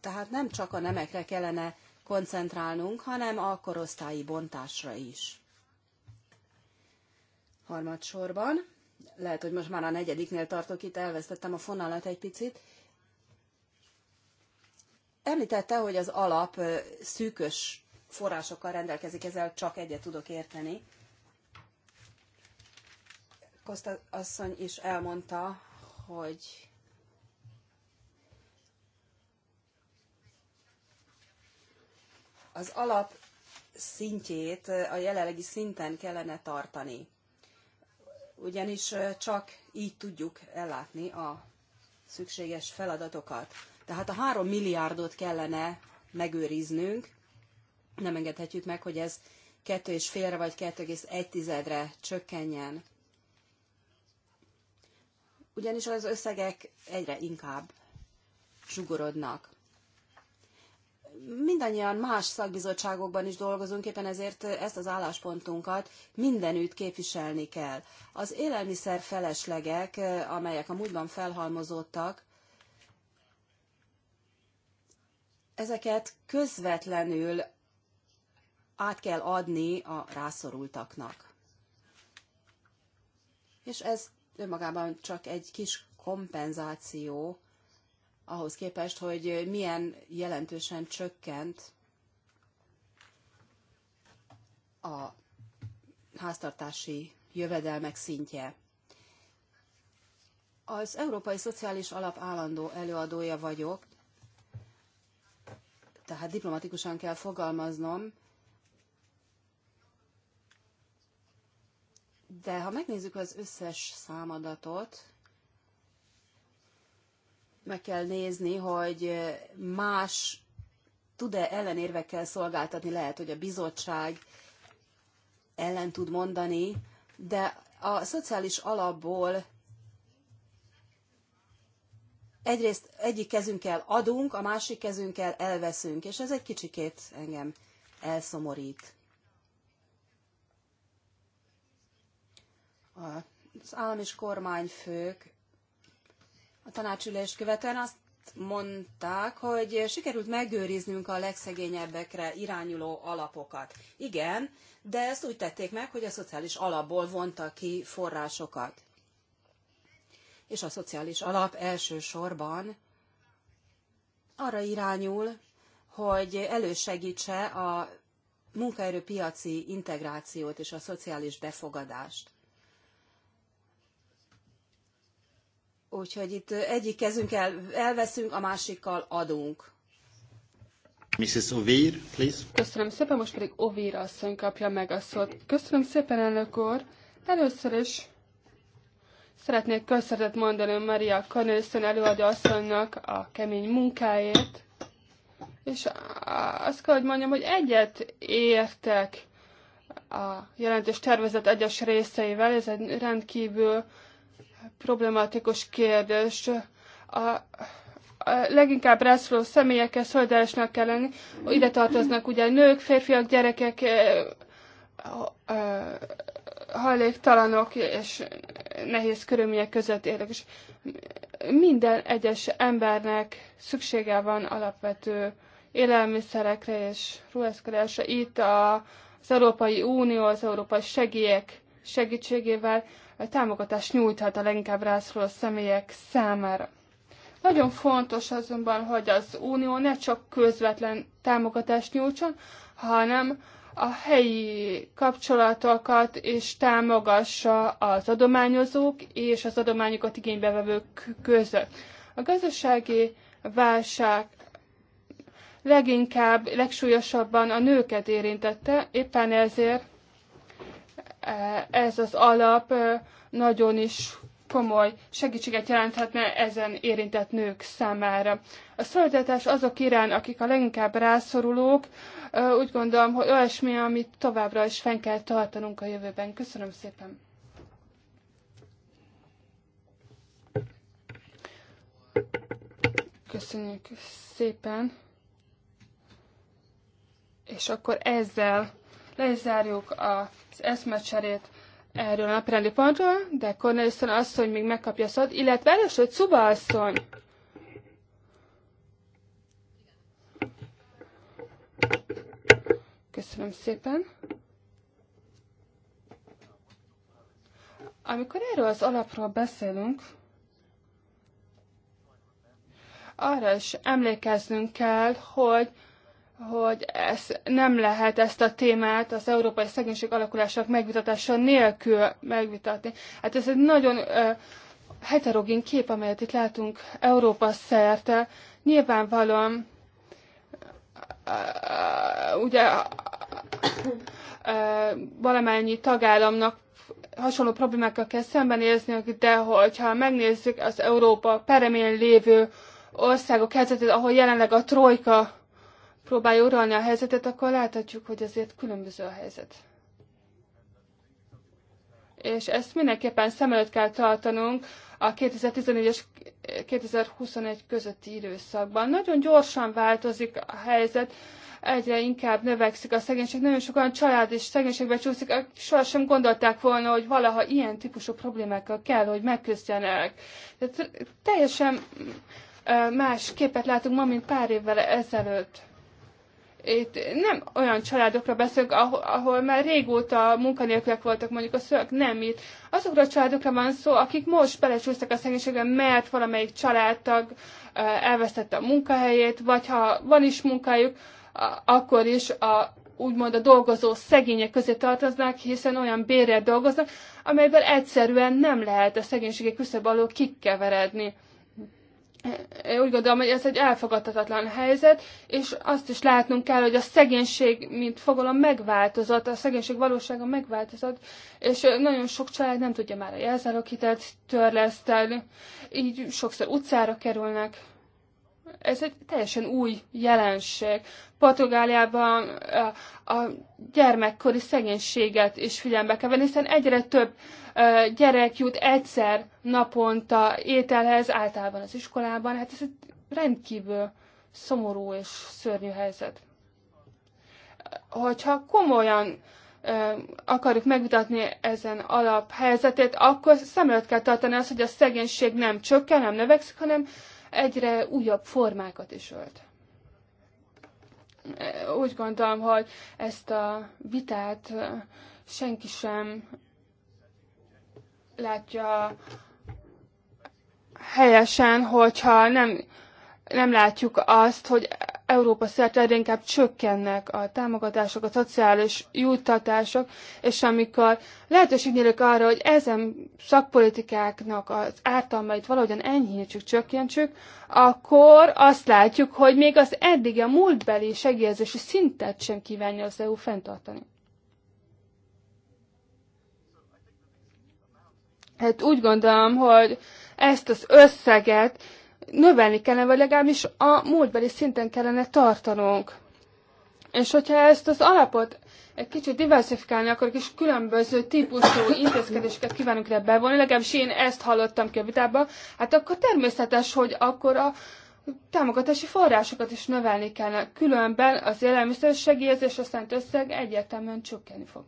tehát nem csak a nemekre kellene koncentrálnunk, hanem a korosztályi bontásra is. Harmadsorban, lehet, hogy most már a negyediknél tartok itt, elvesztettem a fonalat egy picit, Említette, hogy az alap szűkös forrásokkal rendelkezik, ezzel csak egyet tudok érteni. Kosta asszony is elmondta, hogy az alap szintjét a jelenlegi szinten kellene tartani. Ugyanis csak így tudjuk ellátni a szükséges feladatokat. Tehát a három milliárdot kellene megőriznünk, nem engedhetjük meg, hogy ez 2,5-re vagy 2,1-re csökkenjen. Ugyanis az összegek egyre inkább sugorodnak mindannyian más szakbizottságokban is dolgozunk, éppen ezért ezt az álláspontunkat mindenütt képviselni kell. Az élelmiszer feleslegek, amelyek a múltban felhalmozódtak, ezeket közvetlenül át kell adni a rászorultaknak. És ez önmagában csak egy kis kompenzáció ahhoz képest, hogy milyen jelentősen csökkent a háztartási jövedelmek szintje. Az Európai Szociális Alap állandó előadója vagyok, tehát diplomatikusan kell fogalmaznom, de ha megnézzük az összes számadatot, meg kell nézni, hogy más tud-e ellenérvekkel szolgáltatni, lehet, hogy a bizottság ellen tud mondani, de a szociális alapból egyrészt egyik kezünkkel adunk, a másik kezünkkel elveszünk, és ez egy kicsikét engem elszomorít. Az állam és kormányfők a tanácsülést követően azt mondták, hogy sikerült megőriznünk a legszegényebbekre irányuló alapokat. Igen, de ezt úgy tették meg, hogy a szociális alapból vontak ki forrásokat. És a szociális alap elsősorban arra irányul, hogy elősegítse a munkaerőpiaci integrációt és a szociális befogadást. Úgyhogy itt egyik kezünkkel elveszünk, a másikkal adunk. Mrs. Ovir, please. Köszönöm szépen, most pedig Ovir asszony kapja meg a szót. Köszönöm szépen, elnök úr. Először is szeretnék köszönetet mondani Maria Cornelissen előadó asszonynak a kemény munkáért, és azt kell, hogy mondjam, hogy egyet értek a jelentős tervezet egyes részeivel, ez egy rendkívül problematikus kérdés. A, a leginkább rászoruló személyekkel szolidárisnak kell lenni. Ide tartoznak ugye nők, férfiak, gyerekek, hajléktalanok és nehéz körülmények között élők És minden egyes embernek szüksége van alapvető élelmiszerekre és ruházkodásra. Itt a, az Európai Unió, az európai segélyek segítségével támogatást nyújthat a leginkább rászoruló személyek számára. Nagyon fontos azonban, hogy az Unió ne csak közvetlen támogatást nyújtson, hanem a helyi kapcsolatokat és támogassa az adományozók és az adományokat igénybevevők között. A gazdasági válság leginkább, legsúlyosabban a nőket érintette, éppen ezért Eh, ez az alap eh, nagyon is komoly segítséget jelenthetne ezen érintett nők számára. A szolidaritás azok irán, akik a leginkább rászorulók, eh, úgy gondolom, hogy olyasmi, amit továbbra is fenn kell tartanunk a jövőben. Köszönöm szépen! Köszönjük szépen! És akkor ezzel lezárjuk az eszmecserét erről a naprendi pontról, de Cornelison hogy még megkapja a szót, illetve először Cuba asszony. Köszönöm szépen. Amikor erről az alapról beszélünk, arra is emlékeznünk kell, hogy hogy ez nem lehet ezt a témát az európai szegénység alakulásának megvitatása nélkül megvitatni. Hát ez egy nagyon ö, heterogén kép, amelyet itt látunk Európa szerte. Nyilvánvalóan ö, ugye ö, valamennyi tagállamnak hasonló problémákkal kell szembenézni, de hogyha megnézzük az Európa peremén lévő országok helyzetét, ahol jelenleg a trojka próbálja uralni a helyzetet, akkor láthatjuk, hogy azért különböző a helyzet. És ezt mindenképpen szem előtt kell tartanunk a 2014-es 2021 közötti időszakban. Nagyon gyorsan változik a helyzet, egyre inkább növekszik a szegénység. Nagyon sokan család és szegénységbe csúszik, akik sohasem gondolták volna, hogy valaha ilyen típusú problémákkal kell, hogy megküzdjenek. Tehát teljesen más képet látunk ma, mint pár évvel ezelőtt itt nem olyan családokra beszélünk, ahol, ahol már régóta munkanélkülek voltak mondjuk a szülők, nem itt. Azokra a családokra van szó, akik most belecsúsztak a szegénységbe, mert valamelyik családtag elvesztette a munkahelyét, vagy ha van is munkájuk, akkor is a úgymond a dolgozó szegények közé tartoznak, hiszen olyan bérrel dolgoznak, amelyből egyszerűen nem lehet a szegénységi küszöb alól kikeveredni úgy gondolom, hogy ez egy elfogadhatatlan helyzet, és azt is látnunk kell, hogy a szegénység, mint fogalom, megváltozott, a szegénység valósága megváltozott, és nagyon sok család nem tudja már a jelzáloghitelt törleszteni, így sokszor utcára kerülnek ez egy teljesen új jelenség. Portugáliában a gyermekkori szegénységet is figyelembe kell venni, hiszen egyre több gyerek jut egyszer naponta ételhez, általában az iskolában. Hát ez egy rendkívül szomorú és szörnyű helyzet. Hogyha komolyan akarjuk megvitatni ezen alaphelyzetét, akkor szem előtt kell tartani azt, hogy a szegénység nem csökken, nem növekszik, hanem egyre újabb formákat is ölt. Úgy gondolom, hogy ezt a vitát senki sem látja helyesen, hogyha nem, nem látjuk azt, hogy Európa szerte egyre inkább csökkennek a támogatások, a szociális juttatások, és amikor lehetőség nyílik arra, hogy ezen szakpolitikáknak az ártalmait valahogyan enyhítsük, csökkentsük, akkor azt látjuk, hogy még az eddig a múltbeli segélyezési szintet sem kívánja az EU fenntartani. Hát úgy gondolom, hogy ezt az összeget növelni kellene, vagy legalábbis a múltbeli szinten kellene tartanunk. És hogyha ezt az alapot egy kicsit diversifikálni, akkor kis különböző típusú intézkedéseket kívánunk ide bevonni, legalábbis én ezt hallottam ki a vitában, hát akkor természetes, hogy akkor a támogatási forrásokat is növelni kellene. Különben az élelmiszer segélyezés a szent összeg egyértelműen csökkenni fog.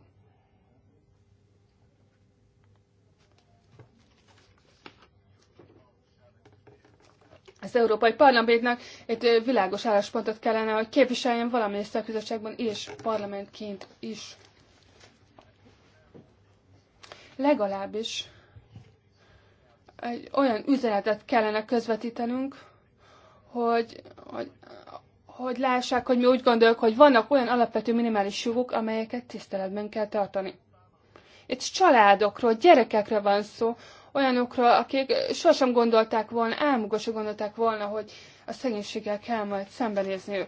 az Európai Parlamentnek egy világos álláspontot kellene, hogy képviseljen valamilyen szakbizottságban és parlamentként is. Legalábbis egy olyan üzenetet kellene közvetítenünk, hogy, hogy, hogy lássák, hogy mi úgy gondoljuk, hogy vannak olyan alapvető minimális jogok, amelyeket tiszteletben kell tartani. Itt családokról, gyerekekről van szó, olyanokra, akik sosem gondolták volna, sem gondolták volna, hogy a szegénységgel kell majd szembenézniük.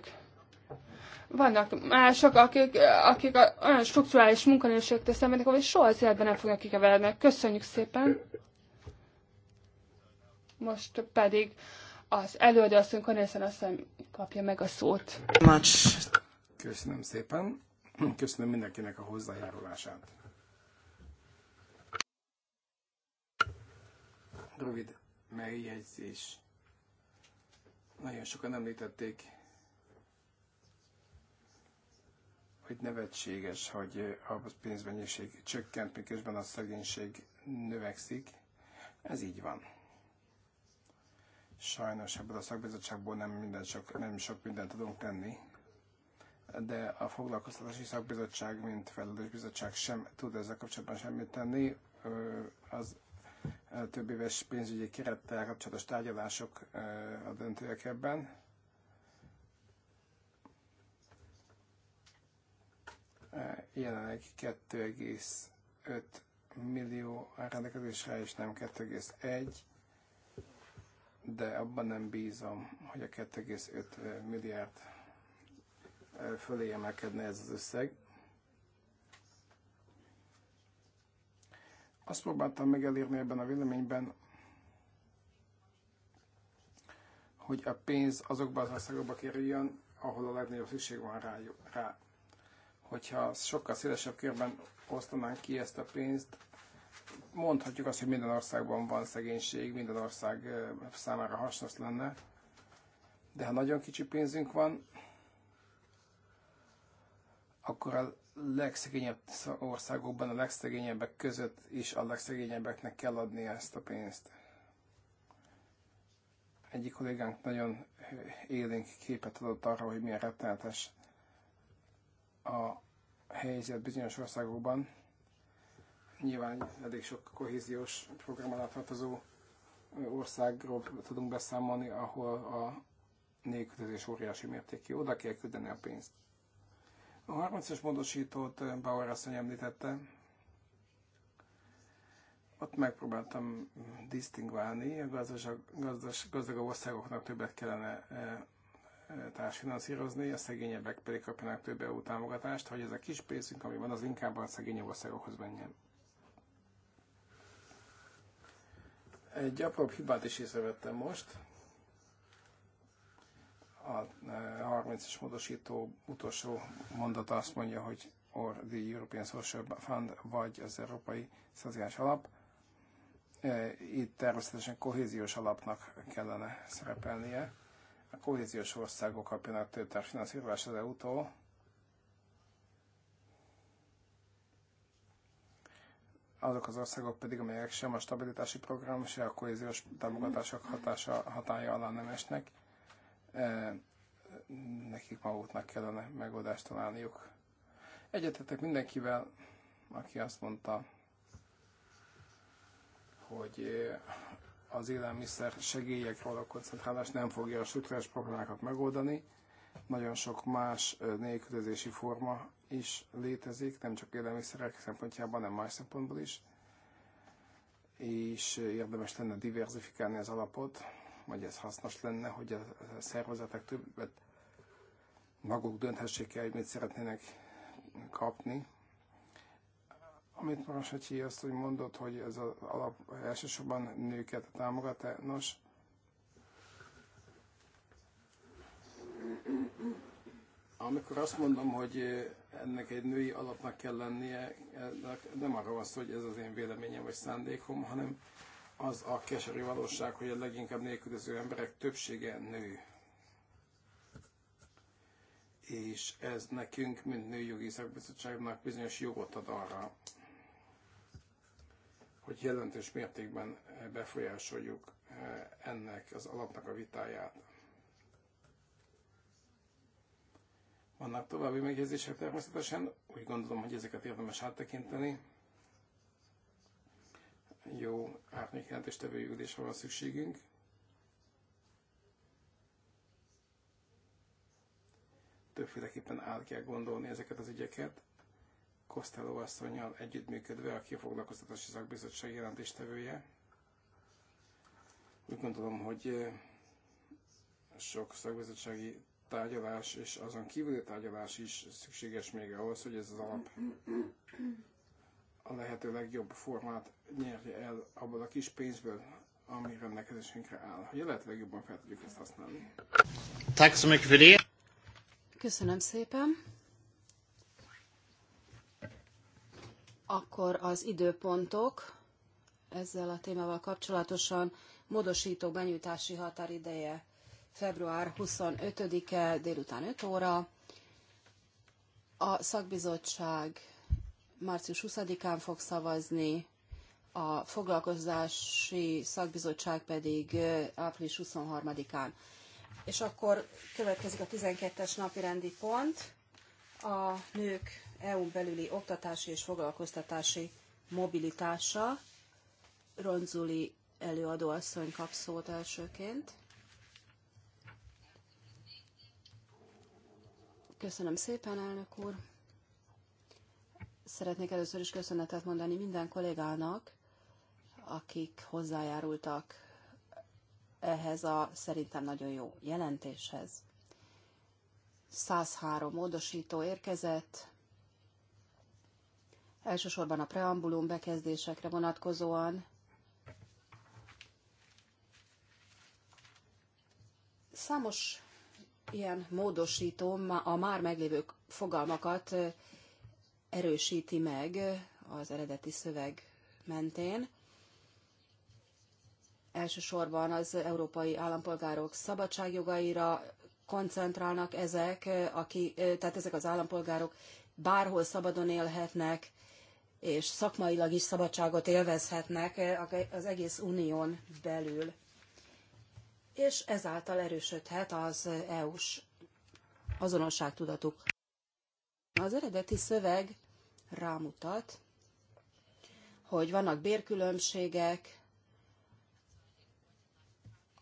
Vannak mások, akik, akik olyan strukturális munkanőségtől szenvednek, hogy soha az életben nem fognak kikeveredni. Köszönjük szépen! Most pedig az előadó asszony Cornélszen asszony kapja meg a szót. Köszönöm szépen! Köszönöm mindenkinek a hozzájárulását. rövid megjegyzés. Nagyon sokan említették, hogy nevetséges, hogy a pénzmennyiség csökkent, miközben a szegénység növekszik. Ez így van. Sajnos ebből a szakbizottságból nem, minden sok, nem sok mindent tudunk tenni, de a foglalkoztatási szakbizottság, mint felelős bizottság sem tud ezzel kapcsolatban semmit tenni. Az több éves pénzügyi kerettel kapcsolatos tárgyalások a döntőek ebben. Jelenleg 2,5 millió rendelkezésre, és nem 2,1, de abban nem bízom, hogy a 2,5 milliárd fölé emelkedne ez az összeg. Azt próbáltam meg elérni ebben a véleményben, hogy a pénz azokba az országokba kerüljön, ahol a legnagyobb szükség van rá. Hogyha sokkal szélesebb körben osztanánk ki ezt a pénzt, mondhatjuk azt, hogy minden országban van szegénység, minden ország számára hasznos lenne, de ha nagyon kicsi pénzünk van, akkor legszegényebb országokban a legszegényebbek között is a legszegényebbeknek kell adni ezt a pénzt. Egyik kollégánk nagyon élénk képet adott arra, hogy milyen rettenetes a helyzet bizonyos országokban. Nyilván elég sok kohéziós program alatt tartozó országról tudunk beszámolni, ahol a nélkülözés óriási mértékű. Oda kell küldeni a pénzt. A 30-as módosítót eh, Bauer asszony említette. Ott megpróbáltam disztingválni, a gazdaság, gazdas, gazdagabb országoknak többet kellene eh, eh, társfinanszírozni, a szegényebbek pedig kapjanak több EU támogatást, hogy ez a kis pénzünk, ami van, az inkább a szegényebb országokhoz menjen. Egy apróbb hibát is észrevettem most, a 30-as eh, módosító utolsó mondata azt mondja, hogy or the European Social Fund, vagy az Európai Szociális Alap. Eh, itt természetesen kohéziós alapnak kellene szerepelnie. A kohéziós országok kapjanak több finanszírozás az EU-tól, azok az országok pedig, amelyek sem a stabilitási program, sem a kohéziós támogatások hatása, hatája alá nem esnek. Eh, nekik maguknak kellene megoldást találniuk. Egyetetek mindenkivel, aki azt mondta, hogy eh, az élelmiszer segélyek való koncentrálás nem fogja a struktúrás problémákat megoldani. Nagyon sok más eh, nélkülözési forma is létezik, nem csak élelmiszerek szempontjában, hanem más szempontból is. És érdemes lenne diversifikálni az alapot, vagy ez hasznos lenne, hogy a szervezetek többet maguk dönthessék el, hogy mit szeretnének kapni. Amit Marasacsi azt hogy mondott, hogy ez az alap elsősorban nőket támogat -e. Nos, amikor azt mondom, hogy ennek egy női alapnak kell lennie, nem arra van szó, hogy ez az én véleményem vagy szándékom, hanem az a keserű valóság, hogy a leginkább nélkülöző emberek többsége nő. És ez nekünk, mint nőjogi szakbizottságnak bizonyos jogot ad arra, hogy jelentős mértékben befolyásoljuk eh, ennek az alapnak a vitáját. Vannak további megjegyzések természetesen, úgy gondolom, hogy ezeket érdemes áttekinteni jó árnyékjelentős tevőülésre van szükségünk. Többféleképpen át kell gondolni ezeket az ügyeket. Costello asszonyjal együttműködve, aki a foglalkoztatási szakbizottság jelentéstevője. Úgy gondolom, hogy sok szakbizottsági tárgyalás és azon kívüli tárgyalás is szükséges még ahhoz, hogy ez az alap a lehető legjobb formát nyerje el abból a kis pénzből, ami rendelkezésünkre áll, hogy a lehető legjobban fel tudjuk ezt használni. Köszönöm szépen. Akkor az időpontok ezzel a témával kapcsolatosan módosító benyújtási határideje február 25-e délután 5 óra. A szakbizottság március 20-án fog szavazni, a foglalkozási szakbizottság pedig április 23-án. És akkor következik a 12-es napi rendi pont, a nők EU-n belüli oktatási és foglalkoztatási mobilitása. Ronzuli előadó asszony kap szót elsőként. Köszönöm szépen, elnök úr! Szeretnék először is köszönetet mondani minden kollégának, akik hozzájárultak ehhez a szerintem nagyon jó jelentéshez. 103 módosító érkezett, elsősorban a preambulum bekezdésekre vonatkozóan. Számos ilyen módosító a már meglévő fogalmakat erősíti meg az eredeti szöveg mentén. Elsősorban az európai állampolgárok szabadságjogaira koncentrálnak ezek, aki, tehát ezek az állampolgárok bárhol szabadon élhetnek, és szakmailag is szabadságot élvezhetnek az egész unión belül. És ezáltal erősödhet az EU-s azonosságtudatuk. Az eredeti szöveg rámutat, hogy vannak bérkülönbségek,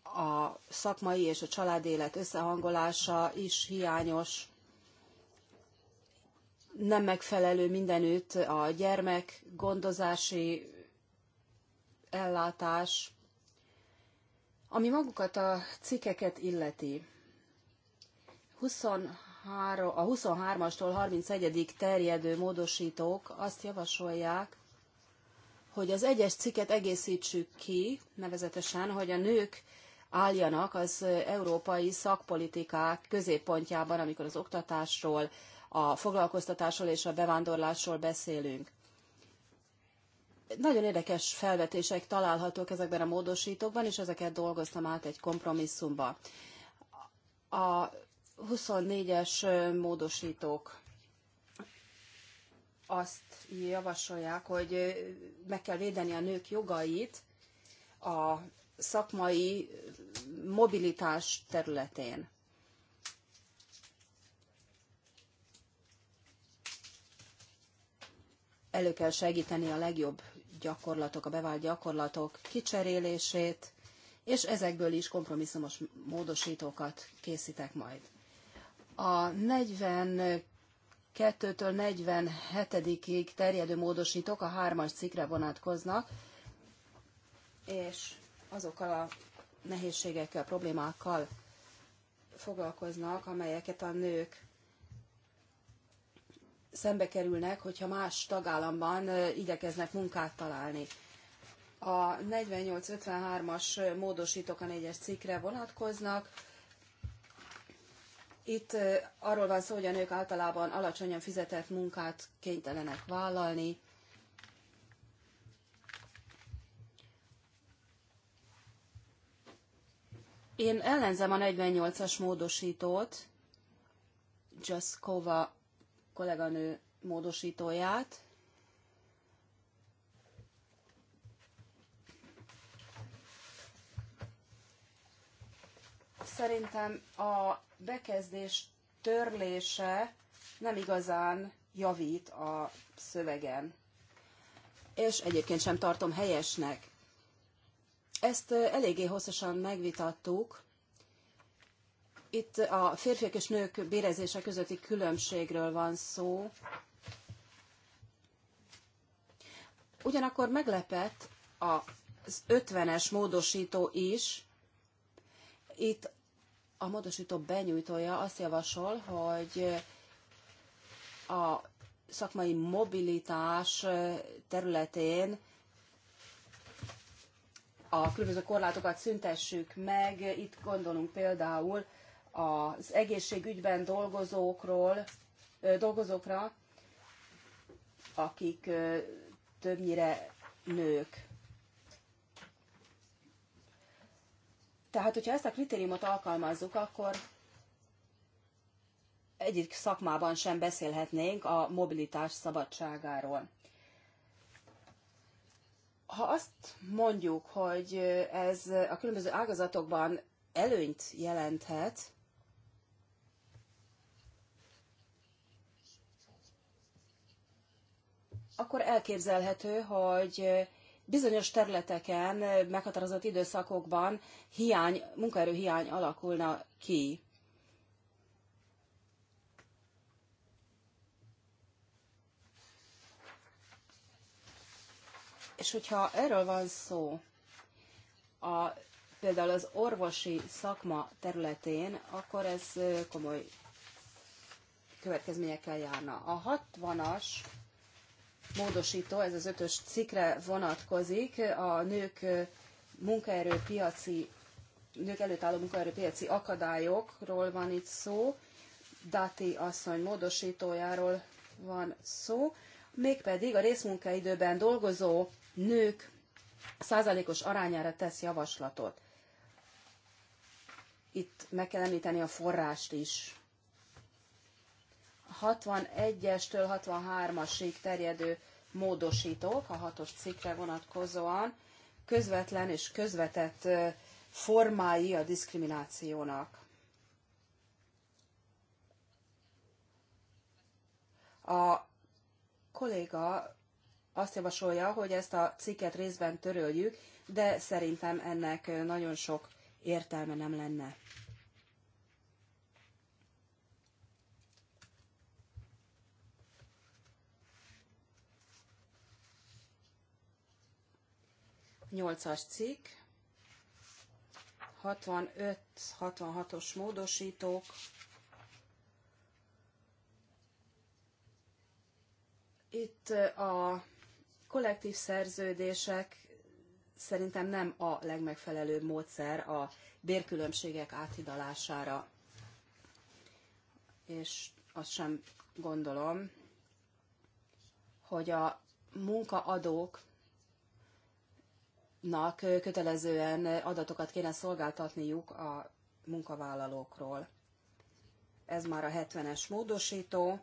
a szakmai és a családélet összehangolása is hiányos, nem megfelelő mindenütt a gyermek gondozási ellátás, ami magukat a cikkeket illeti a 23-astól 31 terjedő módosítók azt javasolják, hogy az egyes cikket egészítsük ki, nevezetesen, hogy a nők álljanak az európai szakpolitikák középpontjában, amikor az oktatásról, a foglalkoztatásról és a bevándorlásról beszélünk. Nagyon érdekes felvetések találhatók ezekben a módosítókban, és ezeket dolgoztam át egy kompromisszumba. A 24-es módosítók azt javasolják, hogy meg kell védeni a nők jogait a szakmai mobilitás területén. Elő kell segíteni a legjobb gyakorlatok, a bevált gyakorlatok kicserélését, és ezekből is kompromisszumos módosítókat készítek majd. A 42-től 47-ig terjedő módosítók a hármas cikkre vonatkoznak, és azokkal a nehézségekkel, problémákkal foglalkoznak, amelyeket a nők szembe kerülnek, hogyha más tagállamban igyekeznek munkát találni. A 48-53-as módosítók a 4-es cikkre vonatkoznak, itt arról van szó, hogy a nők általában alacsonyan fizetett munkát kénytelenek vállalni. Én ellenzem a 48-as módosítót, Jaskova kolléganő módosítóját, szerintem a bekezdés törlése nem igazán javít a szövegen. És egyébként sem tartom helyesnek. Ezt eléggé hosszasan megvitattuk. Itt a férfiak és nők bérezése közötti különbségről van szó. Ugyanakkor meglepett az 50-es módosító is. Itt a módosító benyújtója azt javasol, hogy a szakmai mobilitás területén a különböző korlátokat szüntessük meg. Itt gondolunk például az egészségügyben dolgozókról, dolgozókra, akik többnyire nők. Tehát, hogyha ezt a kritériumot alkalmazzuk, akkor egyik szakmában sem beszélhetnénk a mobilitás szabadságáról. Ha azt mondjuk, hogy ez a különböző ágazatokban előnyt jelenthet, akkor elképzelhető, hogy bizonyos területeken, meghatározott időszakokban hiány, munkaerő hiány alakulna ki. És hogyha erről van szó, a, például az orvosi szakma területén, akkor ez komoly következményekkel járna. A 60-as módosító, ez az ötös cikre vonatkozik, a nők munkaerőpiaci, nők előtt álló munkaerőpiaci akadályokról van itt szó, Dati asszony módosítójáról van szó, mégpedig a részmunkaidőben dolgozó nők százalékos arányára tesz javaslatot. Itt meg kell említeni a forrást is. 61-estől 63-asig terjedő módosítók a hatos cikkre vonatkozóan közvetlen és közvetett formái a diszkriminációnak. A kolléga azt javasolja, hogy ezt a cikket részben töröljük, de szerintem ennek nagyon sok értelme nem lenne. 8-as cikk, 65-66-os módosítók, itt a kollektív szerződések szerintem nem a legmegfelelőbb módszer a bérkülönbségek áthidalására. És azt sem gondolom, hogy a munkaadók nak kötelezően adatokat kéne szolgáltatniuk a munkavállalókról. Ez már a 70-es módosító.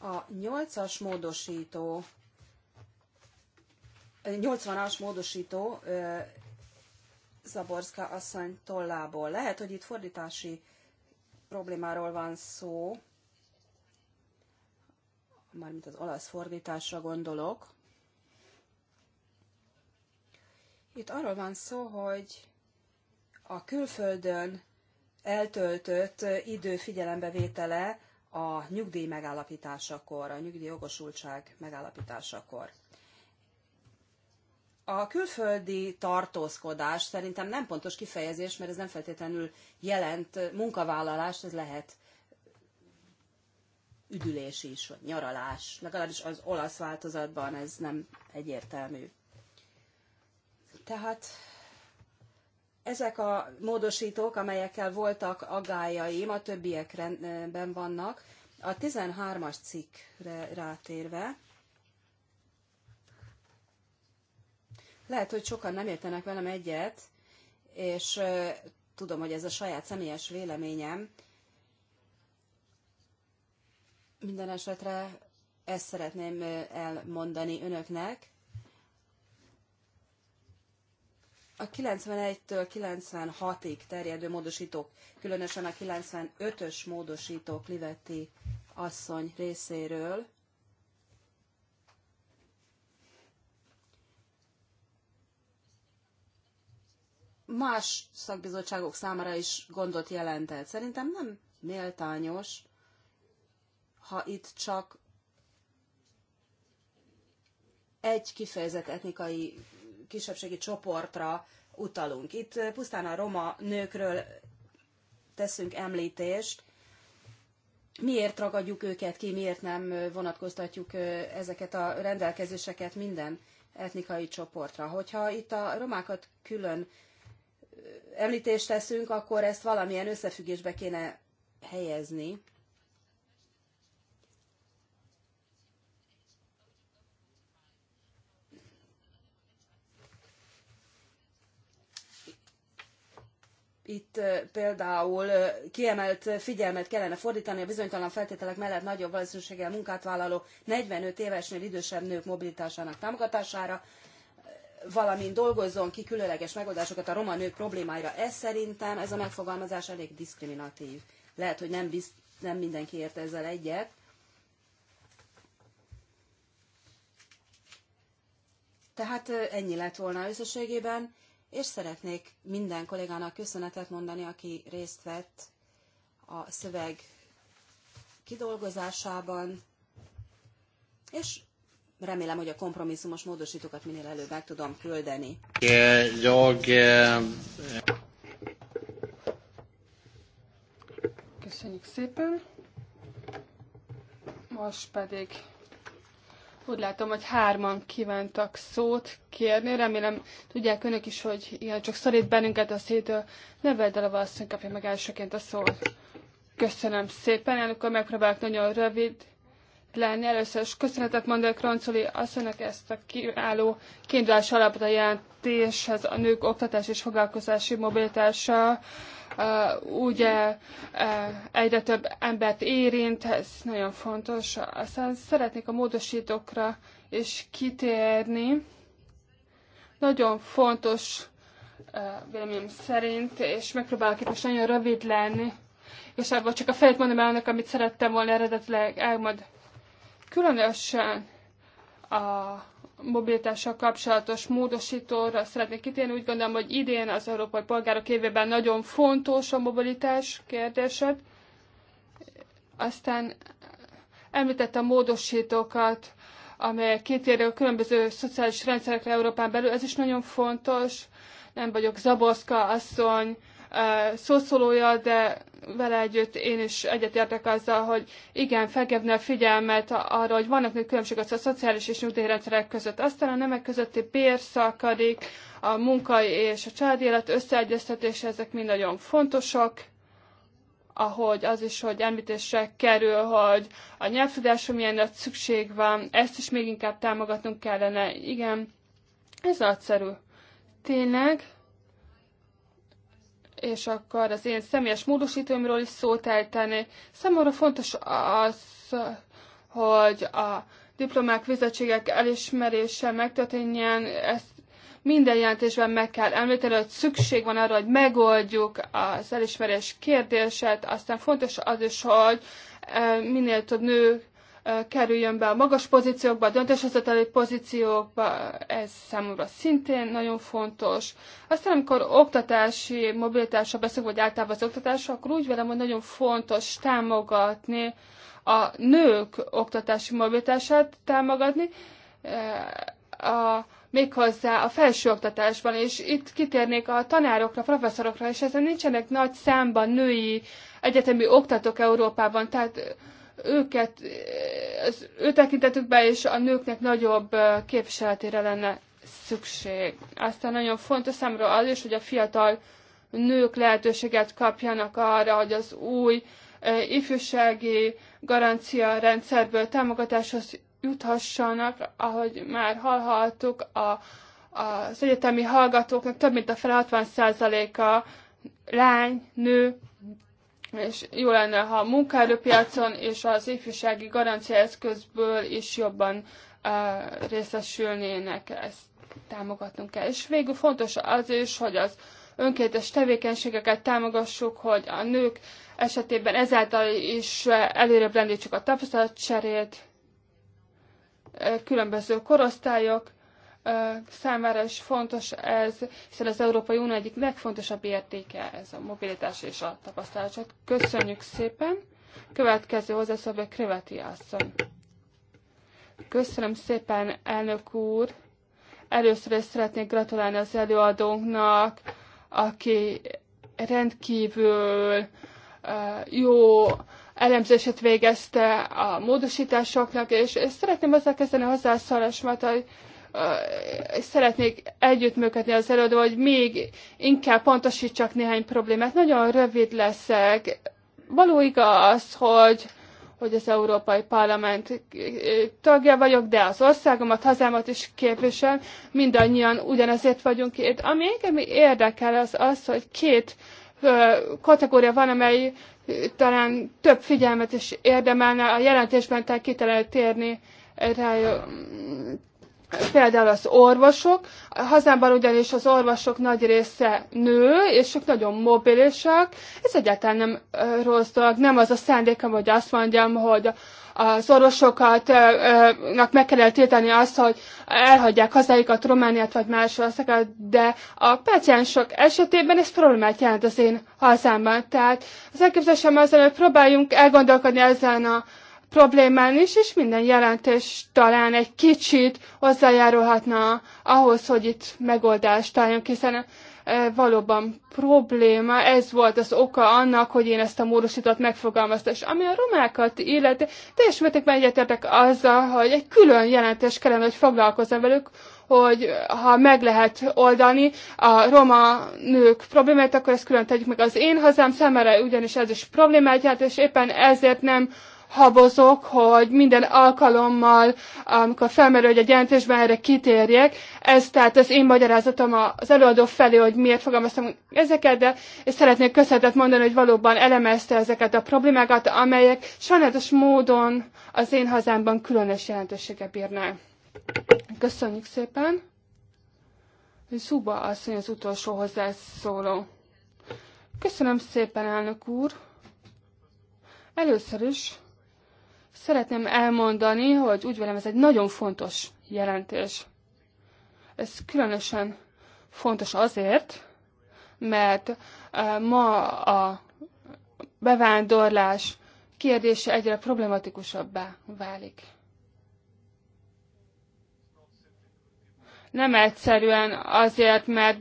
A 8-as módosító, 80-as módosító Zaborska asszony tollából. Lehet, hogy itt fordítási problémáról van szó, mármint az olasz fordításra gondolok. Itt arról van szó, hogy a külföldön eltöltött idő figyelembevétele a nyugdíj megállapításakor, a nyugdíjjogosultság megállapításakor. A külföldi tartózkodás szerintem nem pontos kifejezés, mert ez nem feltétlenül jelent munkavállalást, ez lehet üdülés is, vagy nyaralás. Legalábbis az olasz változatban ez nem egyértelmű. Tehát ezek a módosítók, amelyekkel voltak aggájaim, a többiekben vannak. A 13-as cikkre rátérve, lehet, hogy sokan nem értenek velem egyet, és tudom, hogy ez a saját személyes véleményem. Minden esetre ezt szeretném elmondani önöknek, a 91-től 96-ig terjedő módosítók, különösen a 95-ös módosítók Livetti asszony részéről, más szakbizottságok számára is gondot jelentett. Szerintem nem méltányos, ha itt csak egy kifejezett etnikai kisebbségi csoportra utalunk. Itt pusztán a roma nőkről teszünk említést. Miért ragadjuk őket ki, miért nem vonatkoztatjuk ezeket a rendelkezéseket minden etnikai csoportra? Hogyha itt a romákat külön említést teszünk, akkor ezt valamilyen összefüggésbe kéne helyezni. Itt például kiemelt figyelmet kellene fordítani a bizonytalan feltételek mellett nagyobb valószínűséggel munkát vállaló 45 évesnél idősebb nők mobilitásának támogatására, valamint dolgozzon ki különleges megoldásokat a roma nők problémáira. Ez szerintem ez a megfogalmazás elég diszkriminatív. Lehet, hogy nem, bizt, nem mindenki ért ezzel egyet. Tehát ennyi lett volna összességében és szeretnék minden kollégának köszönetet mondani, aki részt vett a szöveg kidolgozásában, és remélem, hogy a kompromisszumos módosítókat minél előbb meg tudom küldeni. Eh, Köszönjük szépen. Most pedig úgy látom, hogy hárman kívántak szót kérni. Remélem tudják önök is, hogy ilyen csak szorít bennünket a szétől. Ne vedd el a valószínűleg kapja meg elsőként a szót. Köszönöm szépen, akkor megpróbálok nagyon rövid lenni. Először is köszönetet mondok Roncoli asszonynak ezt a kiálló kiindulás alapot a jelentéshez a nők oktatás és foglalkozási mobilitása ugye egyre több embert érint, ez nagyon fontos. Aztán szeretnék a módosítókra is kitérni. Nagyon fontos véleményem szerint, és megpróbálok itt most nagyon rövid lenni. És ebből csak a fejét mondom el annak, amit szerettem volna eredetileg elmond. Különösen a mobilitással kapcsolatos módosítóra szeretnék kitérni. Úgy gondolom, hogy idén az európai polgárok évében nagyon fontos a mobilitás kérdése. Aztán említette a módosítókat, amelyek kitérő a különböző szociális rendszerekre Európán belül. Ez is nagyon fontos. Nem vagyok Zaboszka asszony, szószólója, de vele együtt én is egyetértek azzal, hogy igen, felkevne a figyelmet arra, hogy vannak különbség az a szociális és nyugdíjrendszerek között. Aztán a nemek közötti bérszakadék, a munkai és a családi élet összeegyeztetése, ezek mind nagyon fontosak ahogy az is, hogy említésre kerül, hogy a nyelvtudásra milyen nagy szükség van, ezt is még inkább támogatnunk kellene. Igen, ez nagyszerű. Tényleg, és akkor az én személyes módosítőmről is szót eltenni. Számomra fontos az, hogy a diplomák, vizetségek elismerése megtörténjen, ezt minden jelentésben meg kell említeni, hogy szükség van arra, hogy megoldjuk az elismerés kérdését, aztán fontos az is, hogy eh, minél több nő kerüljön be a magas pozíciókba, a döntéshozatali pozíciókba, ez számomra szintén nagyon fontos. Aztán amikor oktatási mobilitásra beszélünk, vagy általában az oktatásra, akkor úgy vélem, hogy nagyon fontos támogatni a nők oktatási mobilitását támogatni, a, méghozzá a felsőoktatásban, és itt kitérnék a tanárokra, professzorokra, és ezen nincsenek nagy számban női egyetemi oktatók Európában, tehát őket, az ő tekintetükben is a nőknek nagyobb képviseletére lenne szükség. Aztán nagyon fontos számra az is, hogy a fiatal nők lehetőséget kapjanak arra, hogy az új ifjúsági garancia rendszerből támogatáshoz juthassanak, ahogy már hallhattuk, a, az egyetemi hallgatóknak több mint a fel 60%-a lány, nő, és jó lenne, ha a munkaerőpiacon és az ifjúsági garanciaeszközből is jobban uh, részesülnének, ezt támogatnunk kell. És végül fontos az is, hogy az önkéntes tevékenységeket támogassuk, hogy a nők esetében ezáltal is előrebb lendítsük a tapasztalatcserét, különböző korosztályok számára is fontos ez, hiszen az Európai Unió egyik legfontosabb értéke ez a mobilitás és a tapasztalat. Köszönjük szépen! Következő hozzászólva Kriveti asszony. Köszönöm szépen, elnök úr! Először is szeretnék gratulálni az előadónknak, aki rendkívül jó elemzését végezte a módosításoknak, és, és szeretném ezzel kezdeni a hozzászólásmat, hogy szeretnék együttműködni az előadó, hogy még inkább pontosítsak néhány problémát. Nagyon rövid leszek. Való igaz, hogy hogy az Európai Parlament tagja vagyok, de az országomat, hazámat is képvisel, mindannyian ugyanazért vagyunk itt. Ami engem érdekel az az, hogy két kategória van, amely talán több figyelmet is érdemelne. A jelentésben tehát ki térni rá például az orvosok, a hazámban ugyanis az orvosok nagy része nő, és ők nagyon mobilisak, ez egyáltalán nem rossz dolog, nem az a szándékom, hogy azt mondjam, hogy az orvosokat meg kellene tiltani azt, hogy elhagyják hazáikat Romániát vagy más országokat, de a paciensok esetében ez problémát jelent az én hazámban. Tehát az elképzelésem az, hogy próbáljunk elgondolkodni ezen a problémán is, és minden jelentés talán egy kicsit hozzájárulhatna ahhoz, hogy itt megoldást találjunk, hiszen e, valóban probléma, ez volt az oka annak, hogy én ezt a módosított megfogalmaztam, és ami a romákat illeti, teljes mértékben egyetértek azzal, hogy egy külön jelentés kellene, hogy foglalkozzam velük, hogy ha meg lehet oldani a roma nők problémáit, akkor ezt külön tegyük meg az én hazám számára, ugyanis ez is problémát jelent, és éppen ezért nem habozok, hogy minden alkalommal, amikor felmerül, hogy a jelentésben erre kitérjek, ez tehát az én magyarázatom az előadó felé, hogy miért fogalmaztam ezeket, de és szeretnék köszönetet mondani, hogy valóban elemezte ezeket a problémákat, amelyek sajnálatos módon az én hazámban különös jelentősége bírnák. Köszönjük szépen! Szuba asszony az utolsó hozzászóló. Köszönöm szépen, elnök úr! Először is Szeretném elmondani, hogy úgy velem ez egy nagyon fontos jelentés. Ez különösen fontos azért, mert e, ma a bevándorlás kérdése egyre problematikusabbá válik. nem egyszerűen azért, mert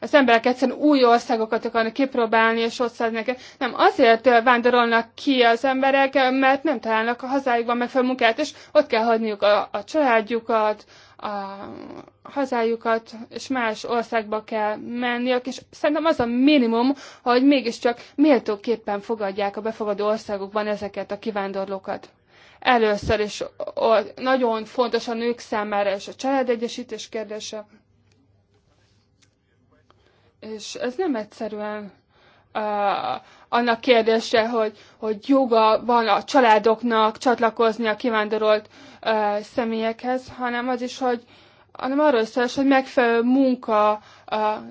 az emberek egyszerűen új országokat akarnak kipróbálni, és ott szeretnek. Nem, azért vándorolnak ki az emberek, mert nem találnak a hazájukban megfelelő munkát, és ott kell hagyniuk a, a családjukat, a hazájukat, és más országba kell menni, és szerintem az a minimum, hogy mégiscsak méltóképpen fogadják a befogadó országokban ezeket a kivándorlókat. Először is nagyon fontos a nők számára és a családegyesítés kérdése. És ez nem egyszerűen uh, annak kérdése, hogy, hogy joga van a családoknak csatlakozni a kivándorolt uh, személyekhez, hanem az is, hogy hanem arról szól, hogy megfelelő munka uh,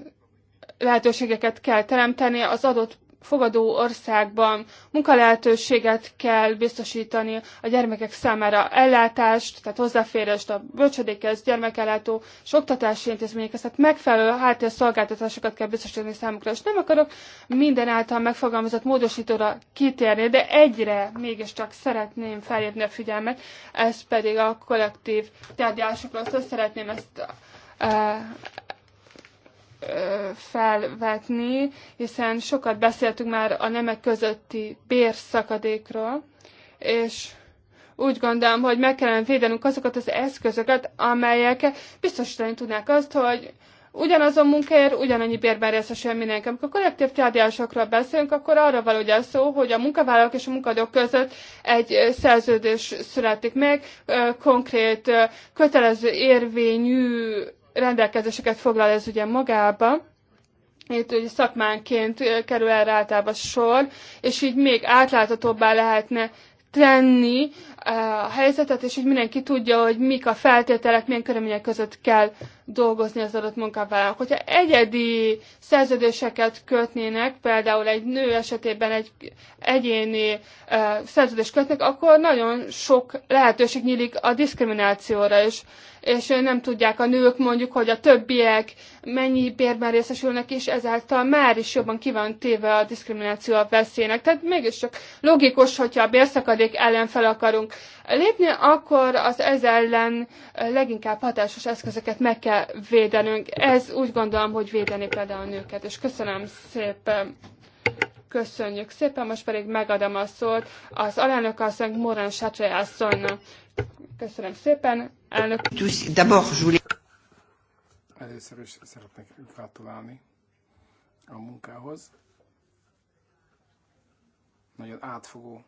lehetőségeket kell teremteni az adott fogadó országban munkalehetőséget kell biztosítani a gyermekek számára ellátást, tehát hozzáférést a bölcsödékhez, gyermekellátó és oktatási intézményekhez, tehát megfelelő háttérszolgáltatásokat kell biztosítani számukra. És nem akarok minden által megfogalmazott módosítóra kitérni, de egyre mégiscsak szeretném felhívni a figyelmet, ez pedig a kollektív tárgyalásokról, szóval szeretném ezt eh, felvetni, hiszen sokat beszéltünk már a nemek közötti bérszakadékról, és úgy gondolom, hogy meg kellene védenünk azokat az eszközöket, amelyek biztosítani tudnák azt, hogy ugyanazon munkáért ugyanannyi bérben részesül mindenki. Amikor kollektív tárgyalásokról beszélünk, akkor arra való ugye szó, hogy a munkavállalók és a munkadók között egy szerződés születik meg, konkrét, kötelező érvényű rendelkezéseket foglal ez ugye magába, itt ugye szakmánként kerül erre általában sor, és így még átláthatóbbá lehetne tenni a helyzetet, és így mindenki tudja, hogy mik a feltételek, milyen körülmények között kell dolgozni az adott munkavállalók. Hogyha egyedi szerződéseket kötnének, például egy nő esetében egy egyéni szerződést kötnek, akkor nagyon sok lehetőség nyílik a diszkriminációra, és és nem tudják a nők mondjuk, hogy a többiek mennyi bérben részesülnek, és ezáltal már is jobban ki van téve a diszkrimináció a veszélynek. Tehát mégiscsak logikus, hogyha a bérszakadék ellen fel akarunk lépni, akkor az ez ellen leginkább hatásos eszközöket meg kell védenünk. Ez úgy gondolom, hogy védeni például a nőket, és köszönöm szépen. Köszönjük szépen, most pedig megadom a szót az alelnök asszony Morán Sátrajászonnak. Köszönöm szépen, elnök. Először is szeretnék gratulálni a munkához. Nagyon átfogó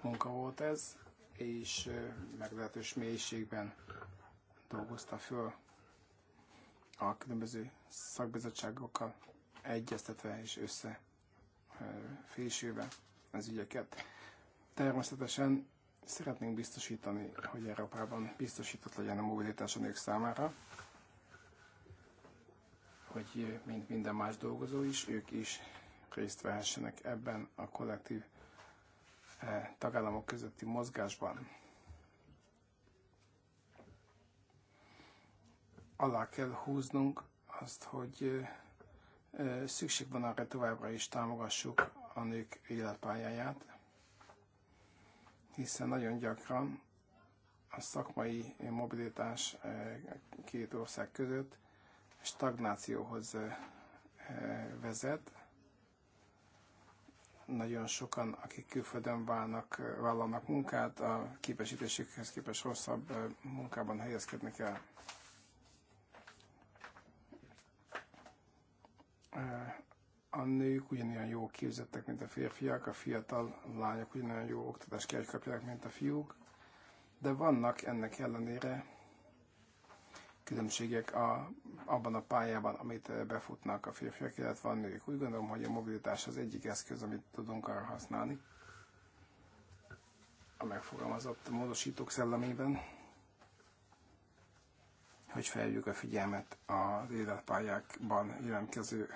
munka volt ez, és meglehetős mélységben dolgozta föl a különböző szakbizottságokkal egyeztetve és összefésülve az ügyeket. Természetesen Szeretnénk biztosítani, hogy Európában biztosított legyen a mobilitás a nők számára, hogy mint minden más dolgozó is, ők is részt vehessenek ebben a kollektív eh, tagállamok közötti mozgásban. Alá kell húznunk azt, hogy eh, szükség van arra továbbra is támogassuk a nők életpályáját, hiszen nagyon gyakran a szakmai mobilitás eh, két ország között stagnációhoz eh, eh, vezet. Nagyon sokan, akik külföldön válnak, vállalnak munkát, a képesítésükhez képest hosszabb munkában helyezkednek el a nők ugyanolyan jó képzettek, mint a férfiak, a fiatal lányok ugyanolyan jó oktatást kell, kapják, mint a fiúk, de vannak ennek ellenére különbségek a, abban a pályában, amit eh, befutnak a férfiak, illetve a nők. Úgy gondolom, hogy a mobilitás az egyik eszköz, amit tudunk arra használni a megfogalmazott módosítók szellemében hogy feljük a figyelmet az életpályákban jelentkező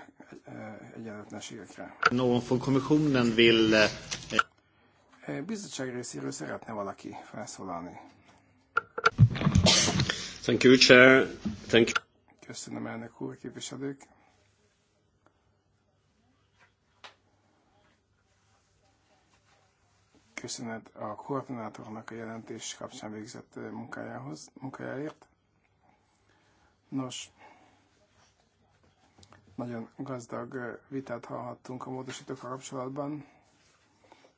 e, egyenletlenségekre. Någon från kommissionen vill... E, e, bizottság részéről szeretne valaki felszólalni. Thank you, Chair. Thank you. Köszönöm elnök úr, képviselők. Köszönet a koordinátornak a jelentés kapcsán végzett munkájához, munkájáért. Nos, nagyon gazdag eh, vitát hallhattunk a módosítókkal kapcsolatban.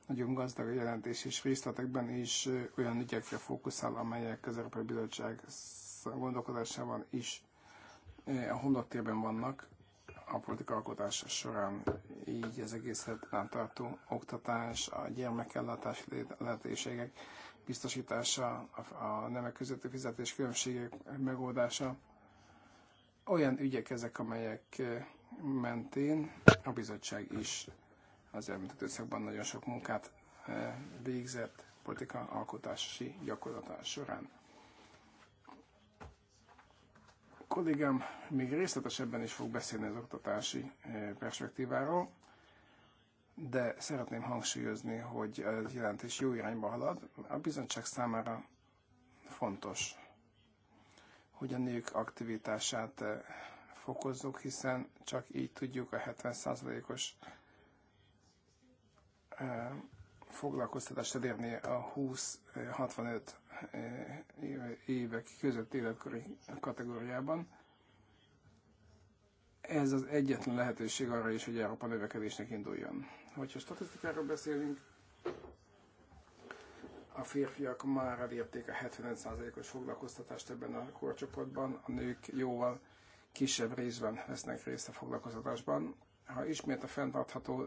Nagyon gazdag a jelentés, és részletekben is eh, olyan ügyekre fókuszál, amelyek az Európai Bizottság gondolkodásában is eh, a homloktérben vannak a politika alkotása során. Így az egészet áttartó oktatás, a gyermekellátás lehetőségek biztosítása, a nemek közötti fizetés különbségek megoldása, olyan ügyek ezek, amelyek mentén a bizottság is az elmúlt időszakban nagyon sok munkát végzett politika alkotási gyakorlata során. A kollégám még részletesebben is fog beszélni az oktatási perspektíváról, de szeretném hangsúlyozni, hogy a jelentés jó irányba halad. A bizottság számára fontos hogy a nők aktivitását eh, fokozzuk, hiszen csak így tudjuk a 70%-os eh, foglalkoztatást elérni a 20-65 eh, évek között életkori kategóriában. Ez az egyetlen lehetőség arra is, hogy Európa növekedésnek induljon. Hogyha statisztikáról beszélünk, a férfiak már elérték a 75%-os foglalkoztatást ebben a korcsoportban, a nők jóval kisebb részben vesznek részt a foglalkoztatásban. Ha ismét a fenntartható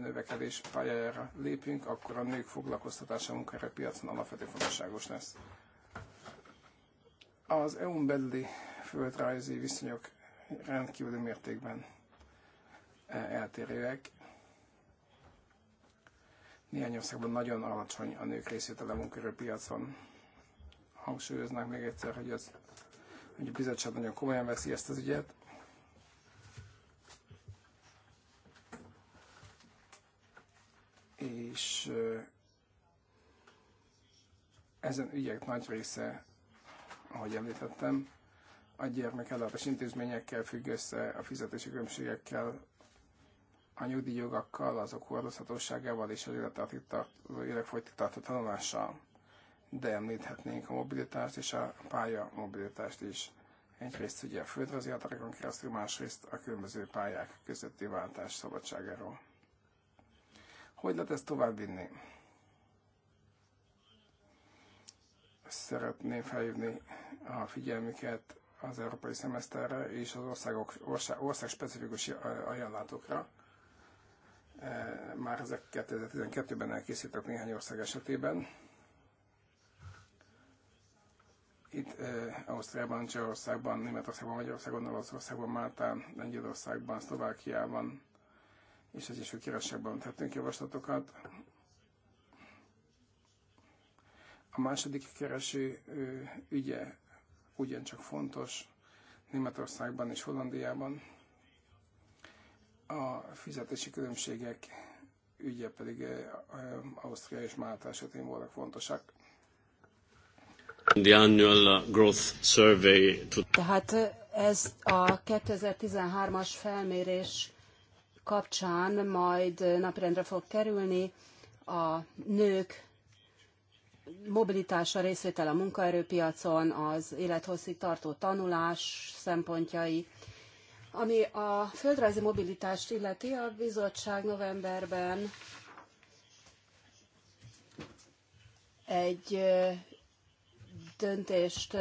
növekedés pályájára lépünk, akkor a nők foglalkoztatása a piacon alapvető fontosságos lesz. Az EU-n belüli földrajzi viszonyok rendkívüli mértékben eltérőek. Néhány országban nagyon alacsony a nők részvétele a munkaerőpiacon. Hangsúlyoznak még egyszer, hogy, az, hogy a bizottság nagyon komolyan veszi ezt az ügyet. És ezen ügyek nagy része, ahogy említettem, a gyermekellátás intézményekkel függ össze, a fizetési különbségekkel, a nyugdíjjogakkal, azok hordozhatóságával és az tartó tanulással, de említhetnénk a mobilitást és a pálya mobilitást is. Egyrészt ugye a földrajzi határokon keresztül, másrészt a különböző pályák közötti váltás szabadságáról. Hogy lehet ezt tovább vinni? Szeretném felhívni a figyelmüket az európai szemeszterre és az országok, ország, ország specifikus ajánlatokra. Eh, már ezek 2012-ben elkészítettek néhány ország esetében. Itt eh, Ausztriában, Csehországban, Németországban, Magyarországon, Olaszországban, Máltán, Lengyelországban, Szlovákiában és az Egyesült Királyságban tettünk javaslatokat. A második kereső eh, ügye ugyancsak fontos Németországban és Hollandiában. A fizetési különbségek ügye pedig eh, eh, Ausztria és Málta esetén voltak fontosak. The annual growth survey to... Tehát ez a 2013-as felmérés kapcsán majd napirendre fog kerülni a nők mobilitása, részvétel a munkaerőpiacon, az élethosszig tartó tanulás szempontjai, ami a földrajzi mobilitást illeti, a bizottság novemberben egy döntést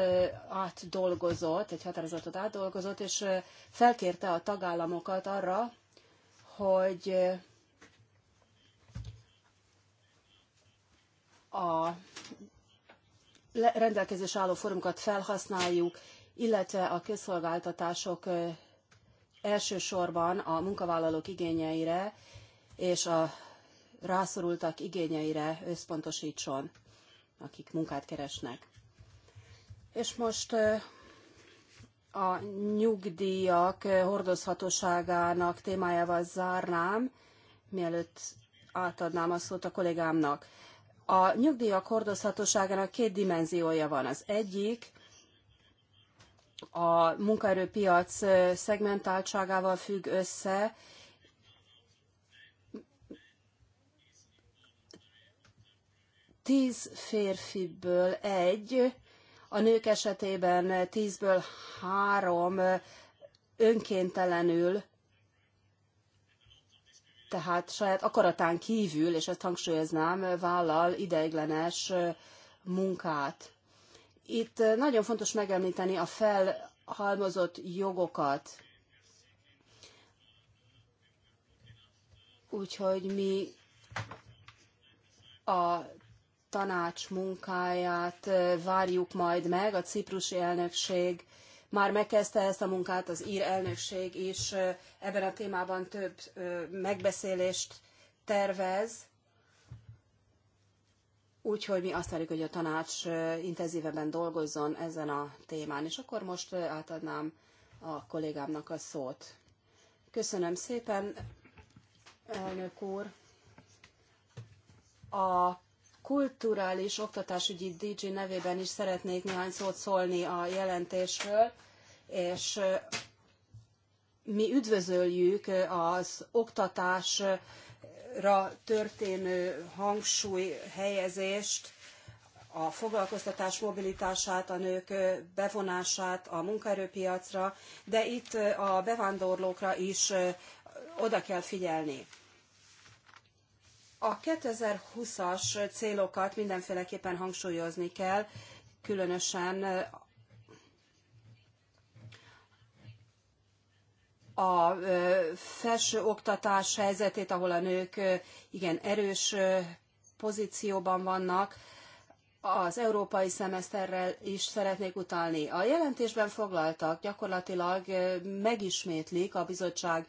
átdolgozott, egy határozatot átdolgozott, és felkérte a tagállamokat arra, hogy a rendelkezés álló fórumokat felhasználjuk, illetve a közszolgáltatások elsősorban a munkavállalók igényeire és a rászorultak igényeire összpontosítson, akik munkát keresnek. És most a nyugdíjak hordozhatóságának témájával zárnám, mielőtt átadnám a szót a kollégámnak. A nyugdíjak hordozhatóságának két dimenziója van. Az egyik a munkaerőpiac szegmentáltságával függ össze. Tíz férfiből egy, a nők esetében tízből három önkéntelenül, tehát saját akaratán kívül, és ezt hangsúlyoznám, vállal ideiglenes munkát. Itt nagyon fontos megemlíteni a felhalmozott jogokat. Úgyhogy mi a tanács munkáját várjuk majd meg. A ciprusi elnökség már megkezdte ezt a munkát, az ír elnökség is ebben a témában több megbeszélést tervez. Úgyhogy mi azt várjuk, hogy a tanács intenzívebben dolgozzon ezen a témán. És akkor most átadnám a kollégámnak a szót. Köszönöm szépen, elnök úr. A kulturális oktatásügyi DG nevében is szeretnék néhány szót szólni a jelentésről, és mi üdvözöljük az oktatás ra történő hangsúly helyezést, a foglalkoztatás mobilitását, a nők bevonását a munkaerőpiacra, de itt a bevándorlókra is oda kell figyelni. A 2020-as célokat mindenféleképpen hangsúlyozni kell, különösen a felső oktatás helyzetét, ahol a nők igen erős pozícióban vannak, az európai szemeszterrel is szeretnék utalni. A jelentésben foglaltak gyakorlatilag megismétlik a bizottság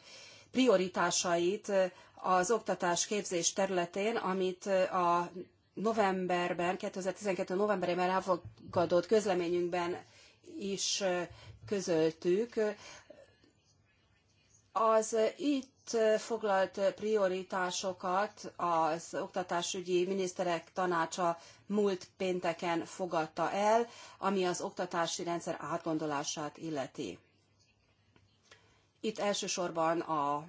prioritásait az oktatás képzés területén, amit a novemberben, 2012. novemberében elfogadott közleményünkben is közöltük. Az itt foglalt prioritásokat az oktatásügyi miniszterek tanácsa múlt pénteken fogadta el, ami az oktatási rendszer átgondolását illeti. Itt elsősorban a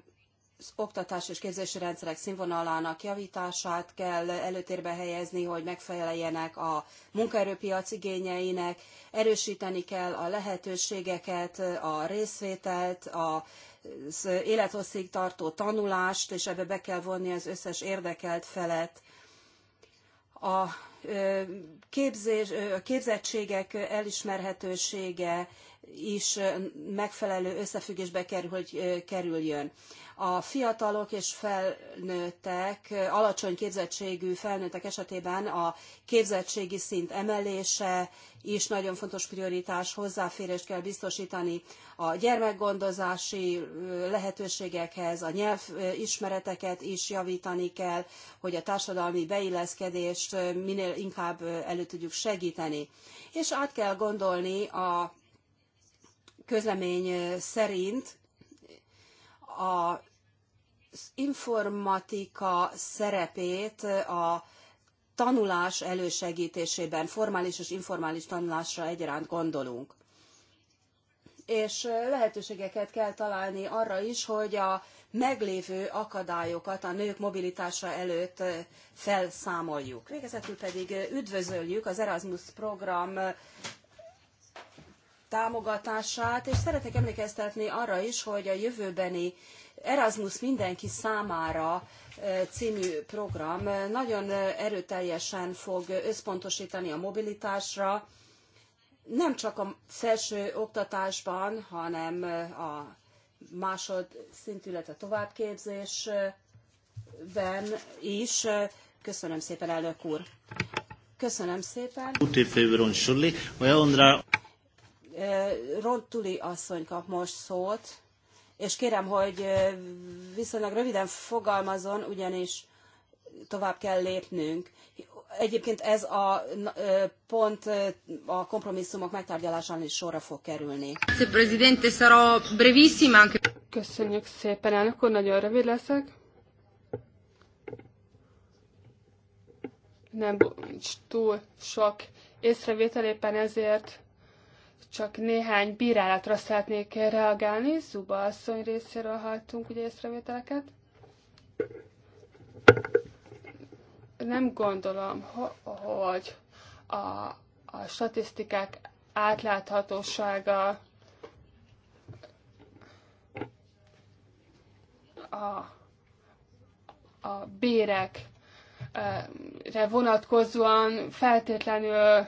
az oktatás és képzési rendszerek színvonalának javítását kell előtérbe helyezni, hogy megfeleljenek a munkaerőpiac igényeinek, erősíteni kell a lehetőségeket, a részvételt, a élethosszig tartó tanulást, és ebbe be kell vonni az összes érdekelt felet. A, képzés, a képzettségek elismerhetősége is megfelelő összefüggésbe kerül, hogy kerüljön. A fiatalok és felnőttek, alacsony képzettségű felnőttek esetében a képzettségi szint emelése is nagyon fontos prioritás, hozzáférést kell biztosítani a gyermekgondozási lehetőségekhez, a nyelvismereteket is javítani kell, hogy a társadalmi beilleszkedést minél inkább elő tudjuk segíteni. És át kell gondolni a közlemény szerint az informatika szerepét a tanulás elősegítésében formális és informális tanulásra egyaránt gondolunk. És lehetőségeket kell találni arra is, hogy a meglévő akadályokat a nők mobilitása előtt felszámoljuk. Végezetül pedig üdvözöljük az Erasmus program támogatását, és szeretnék emlékeztetni arra is, hogy a jövőbeni Erasmus mindenki számára e, című program e, nagyon erőteljesen fog összpontosítani a mobilitásra, nem csak a felső oktatásban, hanem e, a másodszintű, illetve továbbképzésben is. Köszönöm szépen, elnök úr! Köszönöm szépen! Rontuli asszony kap most szót, és kérem, hogy viszonylag röviden fogalmazon, ugyanis tovább kell lépnünk. Egyébként ez a pont a kompromisszumok megtárgyalásán is sorra fog kerülni. Köszönjük szépen, elnök úr, nagyon rövid leszek. Nem nincs túl sok észrevétel, éppen ezért csak néhány bírálatra szeretnék reagálni. Zuba asszony részéről hallottunk ugye észrevételeket. Nem gondolom, hogy a, a statisztikák átláthatósága a, a bérekre eh, vonatkozóan feltétlenül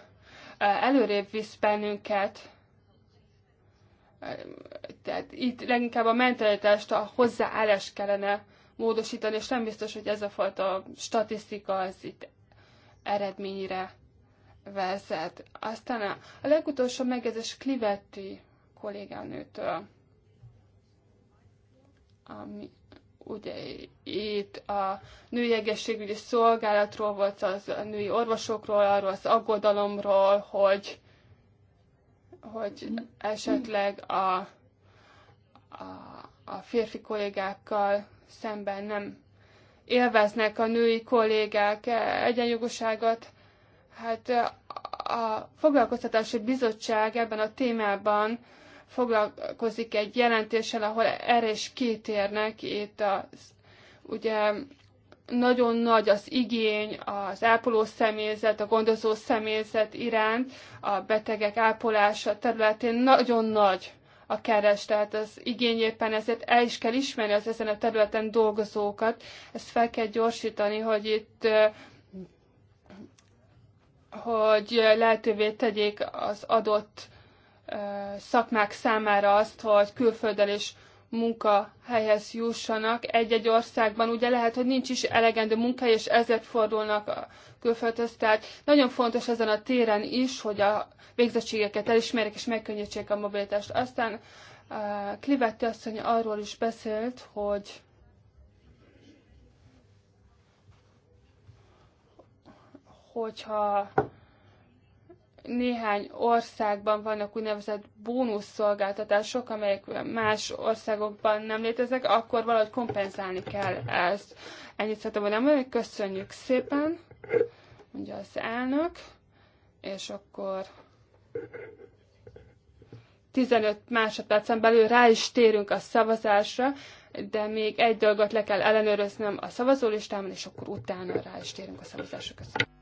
előrébb visz bennünket. Tehát itt leginkább a mentalitást, a hozzáállást kellene módosítani, és nem biztos, hogy ez a fajta statisztika az itt eredményre vezet. Aztán a, a legutolsó megjegyzés Klivetti kollégánőtől, ami ugye itt a női egészségügyi szolgálatról volt, az a női orvosokról, arról az aggodalomról, hogy, hogy esetleg a, a, a férfi kollégákkal szemben nem élveznek a női kollégák egyenjogoságot. Hát a Foglalkoztatási Bizottság ebben a témában foglalkozik egy jelentéssel, ahol erre is kitérnek itt az, ugye nagyon nagy az igény az ápoló személyzet, a gondozó személyzet iránt, a betegek ápolása területén nagyon nagy a keres, tehát az igény éppen ezért el is kell ismerni az ezen a területen dolgozókat, ezt fel kell gyorsítani, hogy itt hogy lehetővé tegyék az adott szakmák számára azt, hogy külföldön is munkahelyhez jussanak. Egy-egy országban ugye lehet, hogy nincs is elegendő munka és ezért fordulnak a külföldhöz. Tehát nagyon fontos ezen a téren is, hogy a végzettségeket elismerjék és megkönnyítsék a mobilitást. Aztán Klivetti asszony arról is beszélt, hogy hogyha néhány országban vannak úgynevezett bónuszszolgáltatások, amelyek más országokban nem léteznek, akkor valahogy kompenzálni kell ezt. Ennyit szeretem volna mondani, köszönjük szépen, mondja az elnök, és akkor 15 másodpercen belül rá is térünk a szavazásra, de még egy dolgot le kell ellenőröznem a szavazólistámon, és akkor utána rá is térünk a szavazásra. Köszönöm.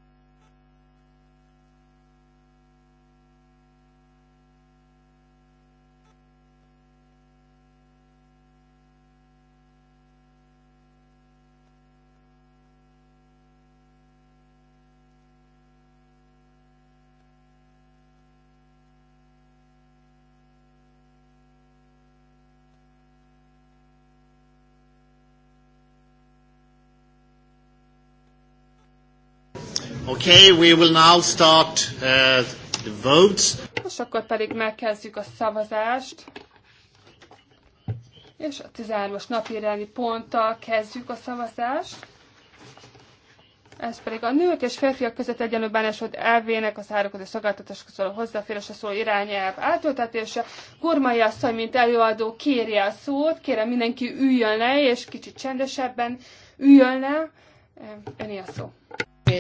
Okay, we will now start uh, the votes. Most akkor pedig megkezdjük a szavazást. És a 13-as napirendi ponttal kezdjük a szavazást. Ez pedig a nők és férfiak között egyenlő bánásod elvének az árakozó szolgáltatáshoz való a szó irányelv átültetése. Gurmai asszony, mint előadó, kérje a szót, kérem mindenki üljön le, és kicsit csendesebben üljön le. Öné a szó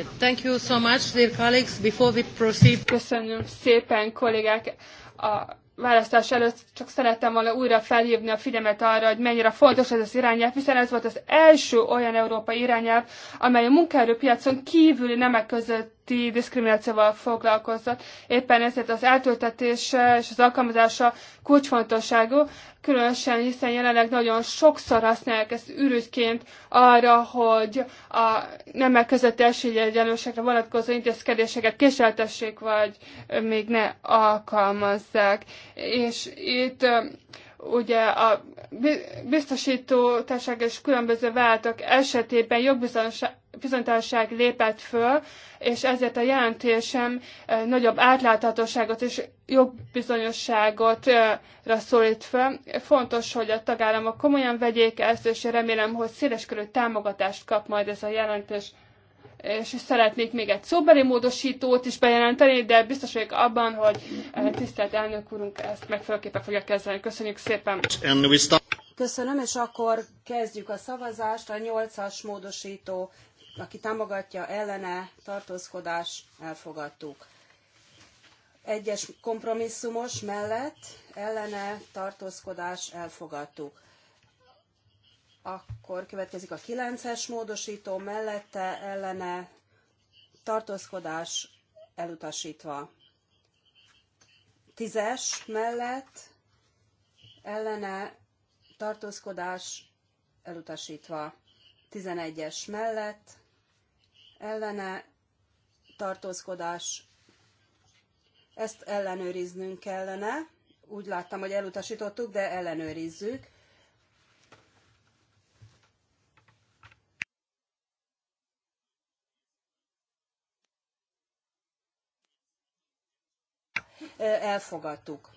thank you so much, dear colleagues. Before we proceed... Köszönöm szépen, kollégák. A választás előtt csak szerettem volna újra felhívni a figyelmet arra, hogy mennyire fontos ez az irányelv, hiszen ez volt az első olyan európai irányelv, amely a munkaerőpiacon kívüli nemek között közötti diszkriminációval foglalkozott. Éppen ezért az eltöltetése és az alkalmazása kulcsfontosságú, különösen hiszen jelenleg nagyon sokszor használják ezt ürügyként arra, hogy a nemek közötti esélyegyenlőségre vonatkozó intézkedéseket késeltessék, vagy még ne alkalmazzák. És itt ugye a biztosító társaság és különböző váltak esetében jogbizonyosság lépett föl, és ezért a jelentésem eh, nagyobb átláthatóságot és jogbizonyosságot szólít föl. Fontos, hogy a tagállamok komolyan vegyék ezt, és remélem, hogy széleskörű támogatást kap majd ez a jelentés és szeretnék még egy szóbeli módosítót is bejelenteni, de biztos vagyok abban, hogy eh, tisztelt elnök úrunk ezt megfelelőképpen fogja kezelni. Köszönjük szépen! Köszönöm, és akkor kezdjük a szavazást. A nyolcas módosító, aki támogatja ellene, tartózkodás, elfogadtuk. Egyes kompromisszumos mellett ellene tartózkodás elfogadtuk. Akkor következik a 9-es módosító, mellette ellene tartózkodás elutasítva. 10-es mellett ellene tartózkodás elutasítva. 11-es mellett ellene tartózkodás ezt ellenőriznünk kellene. Úgy láttam, hogy elutasítottuk, de ellenőrizzük. elfogadtuk.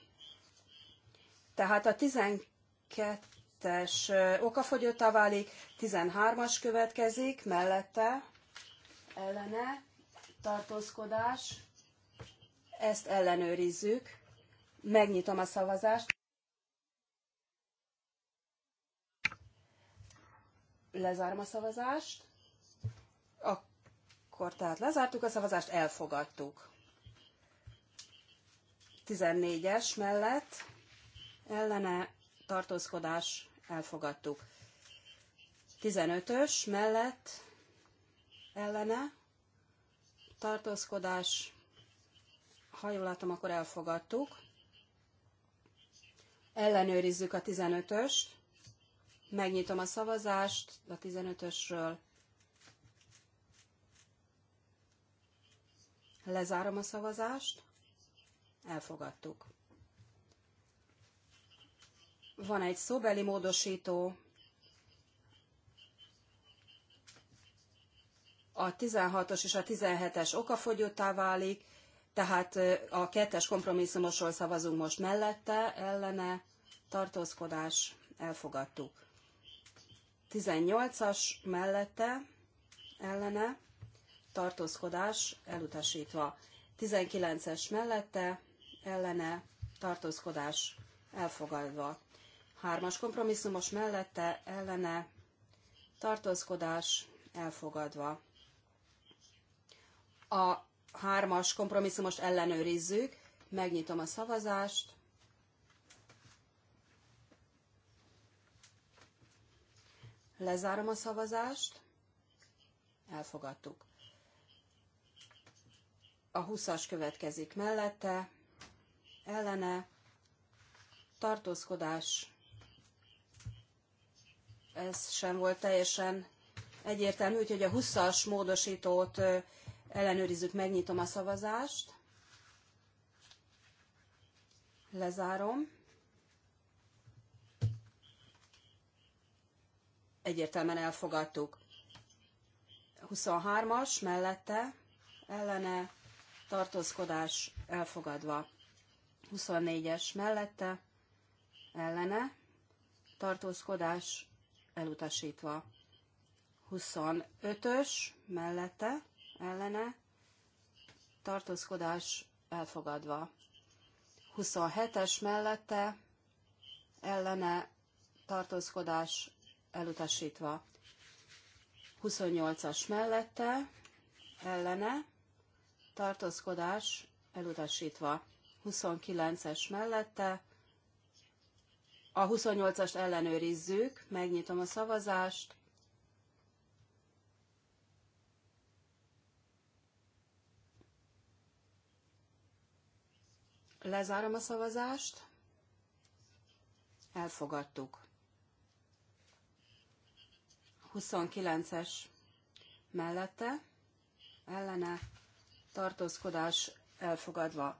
Tehát a 12-es okafogyottá válik, 13-as következik, mellette ellene tartózkodás, ezt ellenőrizzük, megnyitom a szavazást. Lezárom a szavazást. Akkor tehát lezártuk a szavazást, elfogadtuk. 14-es mellett ellene tartózkodás elfogadtuk. 15-ös mellett ellene tartózkodás, ha jól látom, akkor elfogadtuk. Ellenőrizzük a 15-öst. Megnyitom a szavazást a 15-ösről. Lezárom a szavazást elfogadtuk. Van egy szóbeli módosító, a 16-os és a 17-es okafogyottá válik, tehát a kettes kompromisszumosról szavazunk most mellette, ellene, tartózkodás, elfogadtuk. 18-as mellette, ellene, tartózkodás, elutasítva. 19-es mellette, ellene tartózkodás elfogadva. Hármas kompromisszumos mellette ellene tartózkodás elfogadva. A hármas kompromisszumost ellenőrizzük, megnyitom a szavazást, lezárom a szavazást, elfogadtuk. A 20-as következik mellette, ellene tartózkodás. Ez sem volt teljesen egyértelmű, úgyhogy a 20-as módosítót ellenőrizzük, megnyitom a szavazást. Lezárom. Egyértelműen elfogadtuk. 23-as mellette ellene tartózkodás elfogadva. 24-es mellette ellene tartózkodás elutasítva. 25-ös mellette ellene tartózkodás elfogadva. 27-es mellette ellene tartózkodás elutasítva. 28-as mellette ellene tartózkodás elutasítva. 29-es mellette. A 28-ast ellenőrizzük, megnyitom a szavazást. Lezárom a szavazást. Elfogadtuk. 29-es mellette, ellene, tartózkodás elfogadva.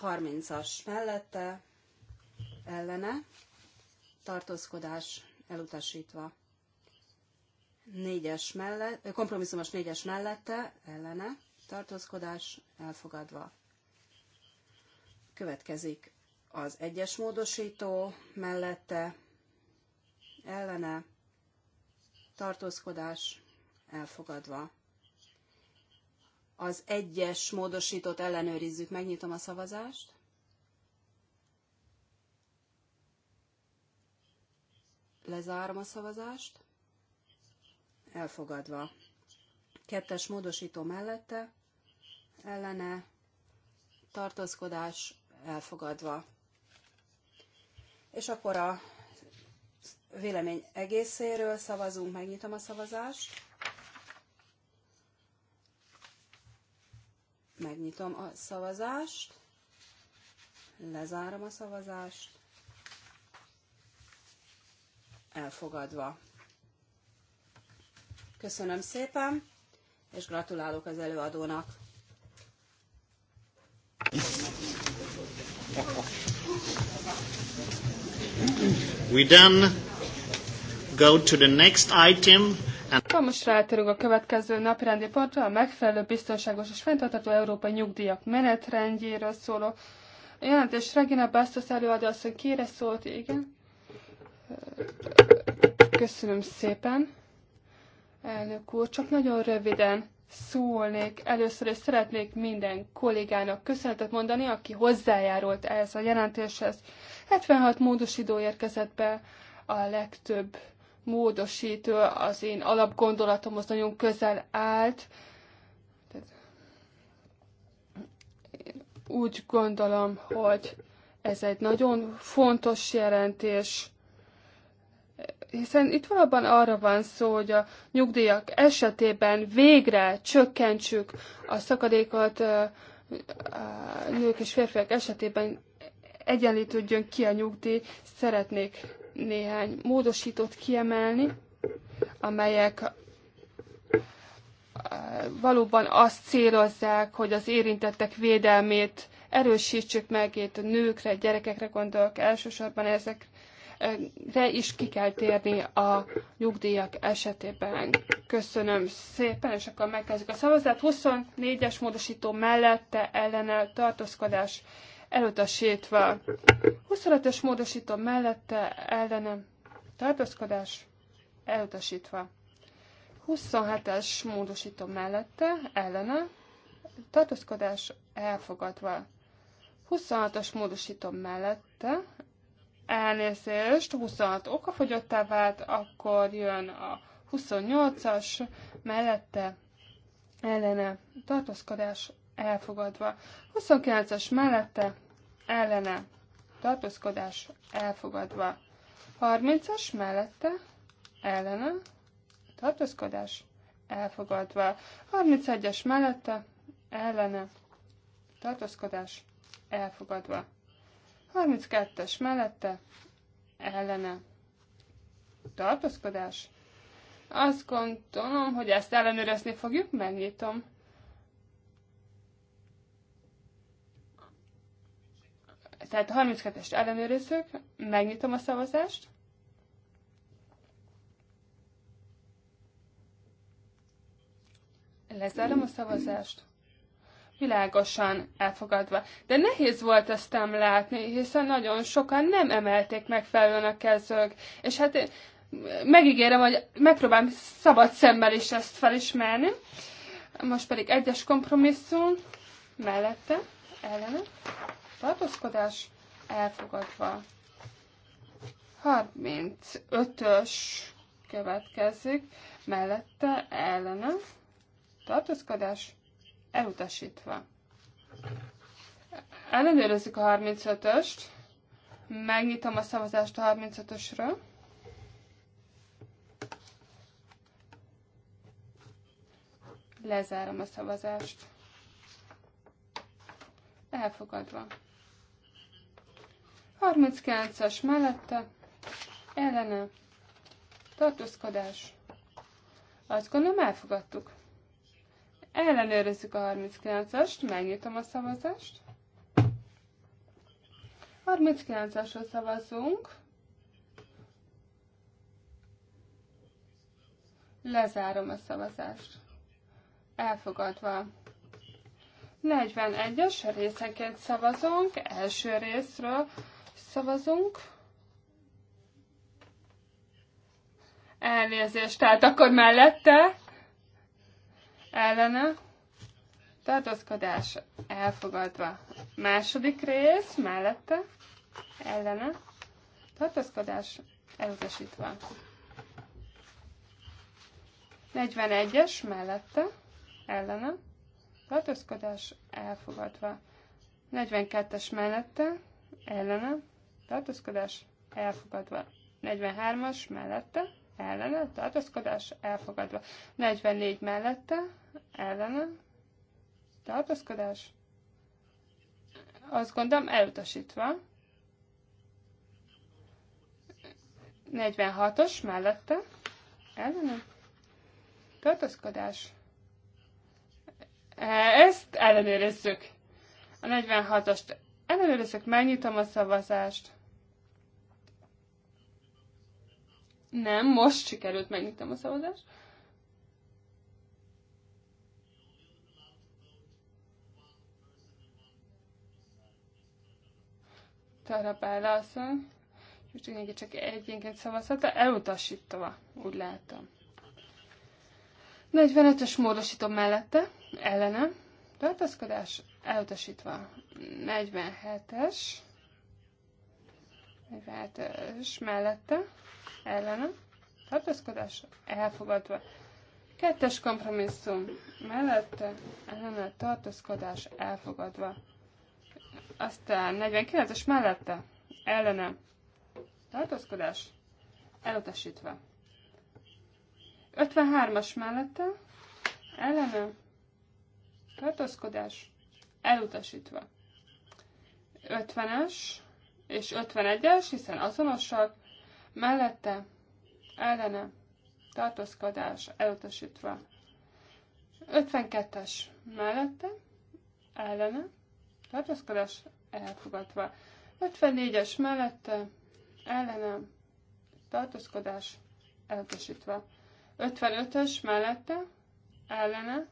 30-as mellette ellene tartózkodás elutasítva. négyes mellette, mellett, kompromisszumos négyes mellette ellene tartózkodás elfogadva. Következik az egyes módosító mellette ellene tartózkodás elfogadva az egyes módosított ellenőrizzük. Megnyitom a szavazást. Lezárom a szavazást. Elfogadva. Kettes módosító mellette, ellene, tartózkodás, elfogadva. És akkor a vélemény egészéről szavazunk, megnyitom a szavazást. Megnyitom a szavazást, lezárom a szavazást, elfogadva. Köszönöm szépen, és gratulálok az előadónak. We then go to the next item. Hát, most rátérünk a következő napirendi partra a megfelelő biztonságos és fenntartható európai nyugdíjak menetrendjéről szóló. A jelentés Regina Bastos előadó asszony kére szólt, igen. Köszönöm szépen. Elnök úr, csak nagyon röviden szólnék. Először is szeretnék minden kollégának köszönetet mondani, aki hozzájárult ehhez a jelentéshez. 76 módosító érkezett be, a legtöbb módosító az én alapgondolatomhoz nagyon közel állt. én úgy gondolom, hogy ez egy nagyon fontos jelentés, hiszen itt valóban arra van szó, hogy a nyugdíjak esetében végre csökkentsük a szakadékot a nők és férfiak esetében egyenlítődjön ki a nyugdíj. Szeretnék néhány módosítót kiemelni, amelyek eh, valóban azt célozzák, hogy az érintettek védelmét erősítsük meg, itt a nőkre, gyerekekre gondolok elsősorban ezek De is ki kell térni a nyugdíjak esetében. Köszönöm szépen, és akkor megkezdjük a szavazat. 24-es módosító mellette ellene tartózkodás elutasítva. 25-ös módosító mellette ellenem tartózkodás elutasítva. 27-es módosító mellette ellene tartózkodás elfogadva. 26-as módosító mellette elnézést, 26 okafogyottá vált, akkor jön a 28-as mellette ellene tartózkodás elfogadva. 29-es mellette ellene tartózkodás elfogadva. 30-as mellette ellene tartózkodás elfogadva. 31-es mellette ellene tartózkodás elfogadva. 32-es mellette ellene tartózkodás. Azt gondolom, hogy ezt ellenőrizni fogjuk, megnyitom. Tehát 32-est ellenőrizzük, megnyitom a szavazást. Lezárom a szavazást. Világosan elfogadva. De nehéz volt ezt nem látni, hiszen nagyon sokan nem emelték megfelelően a kezők. És hát én megígérem, hogy megpróbálom szabad szemmel is ezt felismerni. Most pedig egyes kompromisszum mellette, ellenem tartózkodás elfogadva. 35-ös következik, mellette ellene tartózkodás elutasítva. Ellenőrizzük a 35-öst, megnyitom a szavazást a 35-ösről. Lezárom a szavazást. Elfogadva. 39 es mellette ellene tartózkodás. Azt gondolom elfogadtuk. Ellenőrizzük a 39 est megnyitom a szavazást. 39 esre szavazunk. Lezárom a szavazást. Elfogadva. 41-es részenként szavazunk. Első részről szavazunk. Elnézést, tehát akkor mellette, ellene, tartózkodás elfogadva. Második rész, mellette, ellene, tartózkodás elutasítva. 41-es mellette, ellene, tartózkodás elfogadva. 42-es mellette, ellene, tartózkodás elfogadva. 43-as mellette, ellene, tartózkodás elfogadva. 44 mellette, ellene, tartózkodás, azt gondolom elutasítva. 46-os mellette, ellene, tartózkodás. E, ezt ellenőrizzük. A 46-ast Ellenőrizzük, megnyitom a szavazást. Nem, most sikerült megnyitom a szavazást. Tarabella asszony. Most még csak egyénként szavazhat, elutasítva, úgy látom. 45-ös módosítom mellette, ellenem, tartózkodás elutasítva 47-es, 47-es mellette, ellene, tartózkodás elfogadva. Kettes kompromisszum mellette, ellene, tartózkodás elfogadva. Aztán 49-es mellette, ellene, tartózkodás elutasítva. 53-as mellette, ellene, tartózkodás elutasítva. 50-es és 51-es, hiszen azonosak, mellette ellene tartózkodás elutasítva. 52-es mellette ellene tartózkodás elfogadva. 54-es mellette ellene tartózkodás elutasítva. 55 es mellette ellene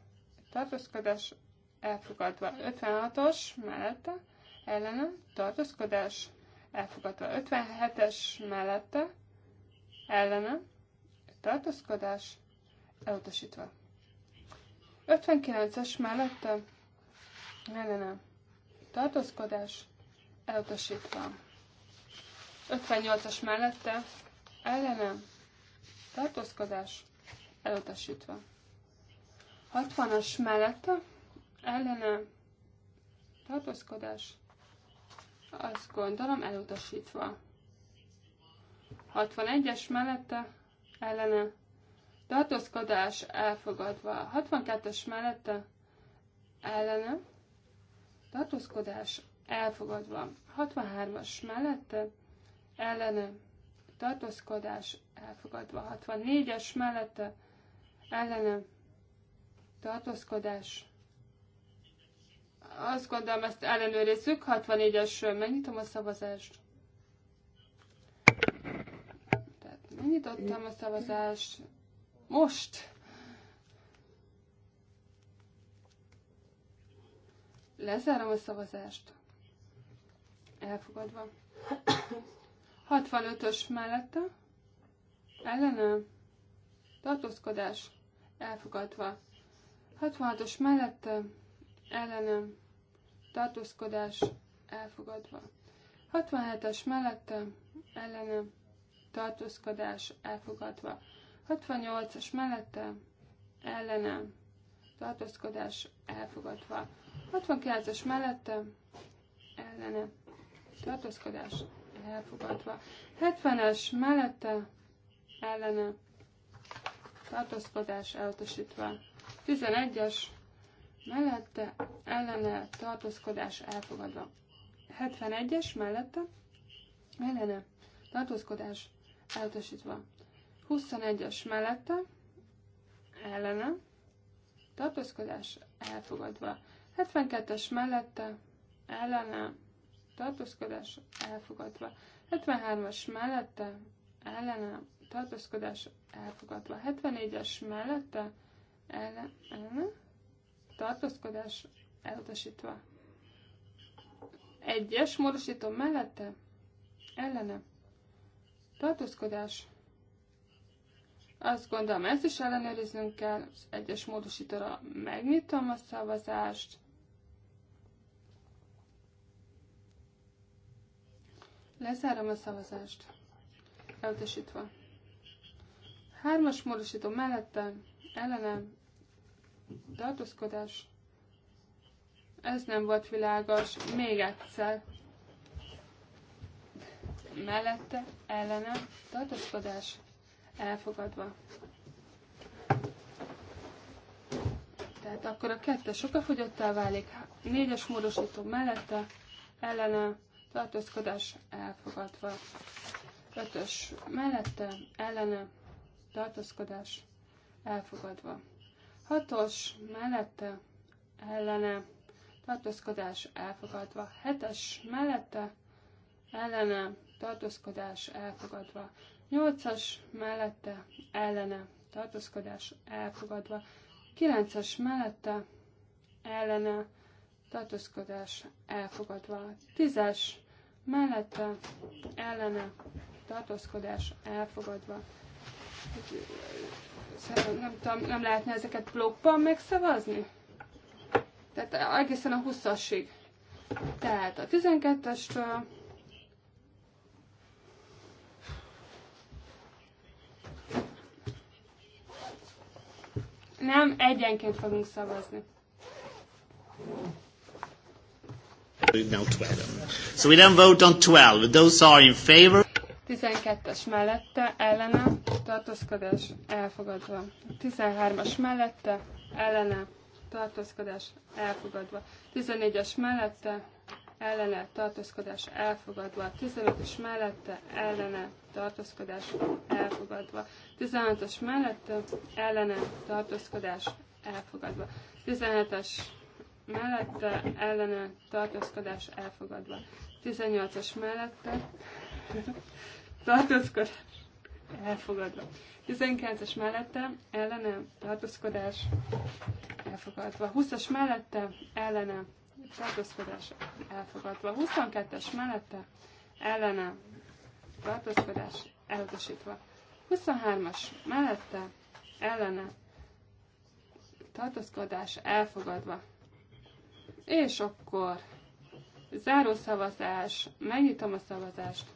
tartózkodás elfogadva 56-os mellette, ellene tartózkodás, elfogadva 57-es mellette, ellene tartózkodás, elutasítva. 59-es mellette, ellene tartózkodás, elutasítva. 58-as mellette, ellene tartózkodás, elutasítva. 60-as mellette, ellene tartózkodás, azt gondolom elutasítva. 61-es mellette ellene tartózkodás elfogadva. 62-es mellette ellene tartózkodás elfogadva. 63-as mellette ellene tartózkodás elfogadva. 64-es mellette ellene tartózkodás elfogadva azt gondolom, ezt ellenőrizzük. 64 es megnyitom a szavazást. Tehát megnyitottam a szavazást. Most! Lezárom a szavazást. Elfogadva. 65-ös mellette. Ellenem. Tartózkodás. Elfogadva. 66-os mellette. Ellenem tartózkodás elfogadva. 67-es mellette ellene tartózkodás elfogadva. 68-as mellette ellene tartózkodás elfogadva. 69-es mellette ellene tartózkodás elfogadva. 70-es mellette ellene tartózkodás elutasítva. 11-es mellette, ellene tartózkodás elfogadva. 71-es mellette, ellene tartózkodás elutasítva. 21-es mellette, ellene tartózkodás elfogadva. 72-es mellette, ellene tartózkodás elfogadva. 73-as mellette, ellene tartózkodás elfogadva. 74-es mellette, ellene, ellene tartózkodás elutasítva. Egyes módosító mellette ellene tartózkodás. Azt gondolom, ezt is ellenőriznünk kell. Az egyes módosítóra megnyitom a szavazást. Lezárom a szavazást. Elutasítva. Hármas módosító mellette, ellenem, tartózkodás. Ez nem volt világos. Még egyszer. Mellette, ellene, tartózkodás. Elfogadva. Tehát akkor a kettes sokafogyottá válik. Négyes módosító mellette, ellene, tartózkodás elfogadva. Ötös mellette, ellene, tartózkodás elfogadva. Hatos mellette ellene tartózkodás elfogadva. Hetes mellette ellene tartózkodás elfogadva. Nyolcas mellette ellene tartózkodás elfogadva. Kilences mellette ellene tartózkodás elfogadva. Tízes mellette ellene tartózkodás elfogadva nem tudom, nem lehetne ezeket blokkban megszavazni? Tehát egészen a 20-asig. Tehát a 12-estől nem egyenként fogunk szavazni. Now 12. So we then vote on 12. Those are in favor. 12-es mellette ellene tartózkodás elfogadva. 13-as mellette ellene tartózkodás elfogadva. 14-es mellette ellene tartózkodás elfogadva. 15 es mellette ellene tartózkodás elfogadva. 16-os mellette ellene tartózkodás elfogadva. 17-es mellette ellene tartózkodás elfogadva. 18-as mellette tartózkodás elfogadva. 19-es mellette ellene tartózkodás elfogadva. 20-as mellette ellene tartózkodás elfogadva. 22-es mellette ellene tartózkodás elutasítva. 23-as mellette ellene tartózkodás elfogadva. És akkor záró szavazás megnyitom a szavazást.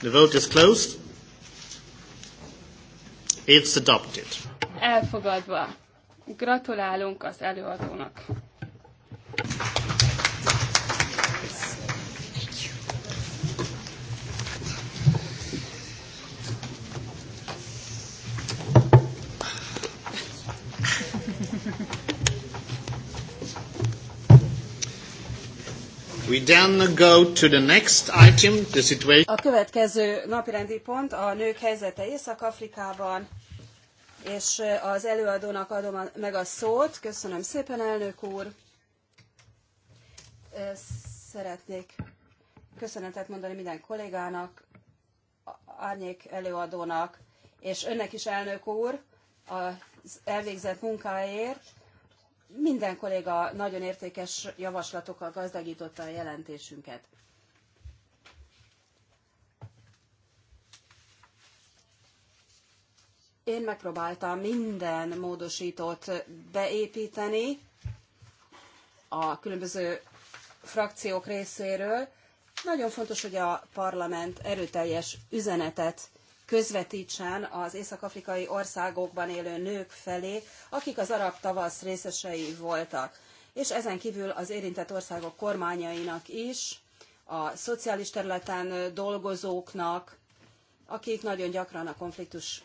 The vote is closed. It's adopted. Elfogadva. Gratulálunk az előadónak. We then go to the next item, the situation. A következő napirendi pont a nők helyzete Észak-Afrikában, és az előadónak adom meg a szót. Köszönöm szépen, elnök úr. Szeretnék köszönetet mondani minden kollégának, árnyék előadónak, és önnek is, elnök úr, az elvégzett munkáért minden kolléga nagyon értékes javaslatokkal gazdagította a jelentésünket. Én megpróbáltam minden módosítót beépíteni a különböző frakciók részéről. Nagyon fontos, hogy a parlament erőteljes üzenetet közvetítsen az észak-afrikai országokban élő nők felé, akik az arab tavasz részesei voltak. És ezen kívül az érintett országok kormányainak is, a szociális területen dolgozóknak, akik nagyon gyakran a konfliktus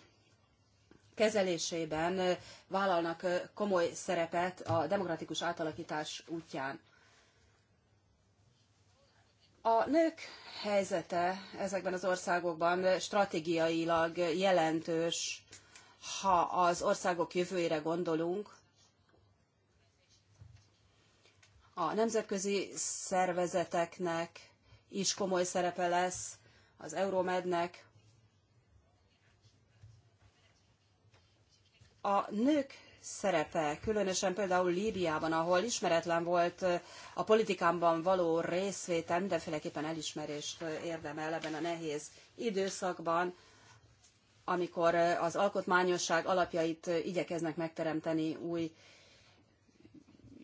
kezelésében vállalnak komoly szerepet a demokratikus átalakítás útján. A nők helyzete ezekben az országokban stratégiailag jelentős, ha az országok jövőjére gondolunk. A nemzetközi szervezeteknek is komoly szerepe lesz, az Euromednek. A nők szerepe, különösen például Líbiában, ahol ismeretlen volt a politikámban való részvétel, mindenféleképpen elismerést érdemel ebben a nehéz időszakban, amikor az alkotmányosság alapjait igyekeznek megteremteni új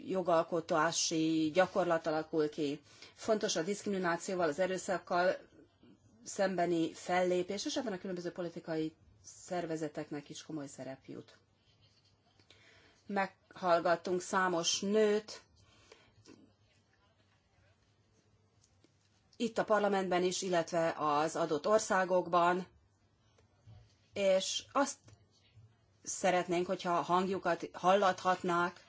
jogalkotási gyakorlat alakul ki. Fontos a diszkriminációval, az erőszakkal szembeni fellépés, és ebben a különböző politikai szervezeteknek is komoly szerep jut meghallgattunk számos nőt, itt a parlamentben is, illetve az adott országokban, és azt szeretnénk, hogyha hangjukat hallathatnák,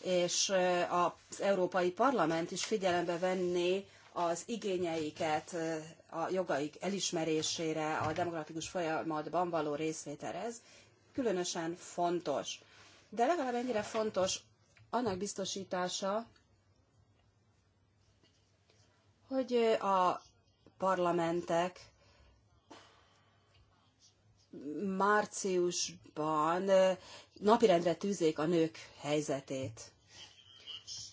és az Európai Parlament is figyelembe venné az igényeiket a jogaik elismerésére, a demokratikus folyamatban való részvételhez. Különösen fontos de legalább ennyire fontos annak biztosítása, hogy a parlamentek márciusban napirendre tűzék a nők helyzetét.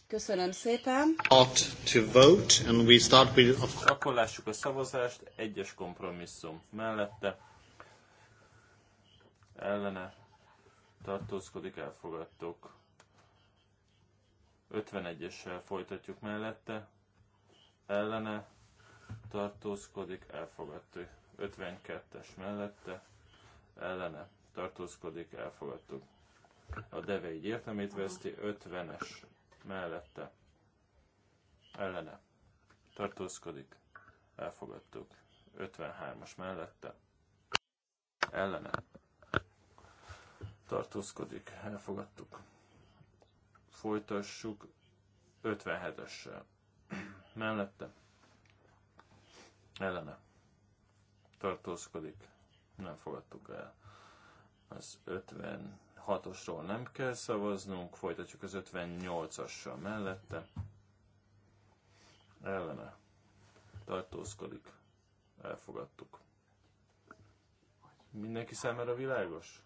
Köszönöm szépen. To vote, and we start with... Akkor lássuk a szavazást, egyes kompromisszum mellette, ellene tartózkodik, elfogadtok. 51-essel folytatjuk mellette, ellene tartózkodik, elfogadtuk. 52-es mellette, ellene tartózkodik, elfogadtuk. A deve így értelmét veszti, 50-es mellette, ellene tartózkodik, elfogadtuk. 53-as mellette, ellene tartózkodik, elfogadtuk. Folytassuk 57-essel. Mellette. Ellene. Tartózkodik. Nem fogadtuk el. Az 56-osról nem kell szavaznunk, folytatjuk az 58-assal mellette. Ellene. Tartózkodik. Elfogadtuk. Mindenki számára világos?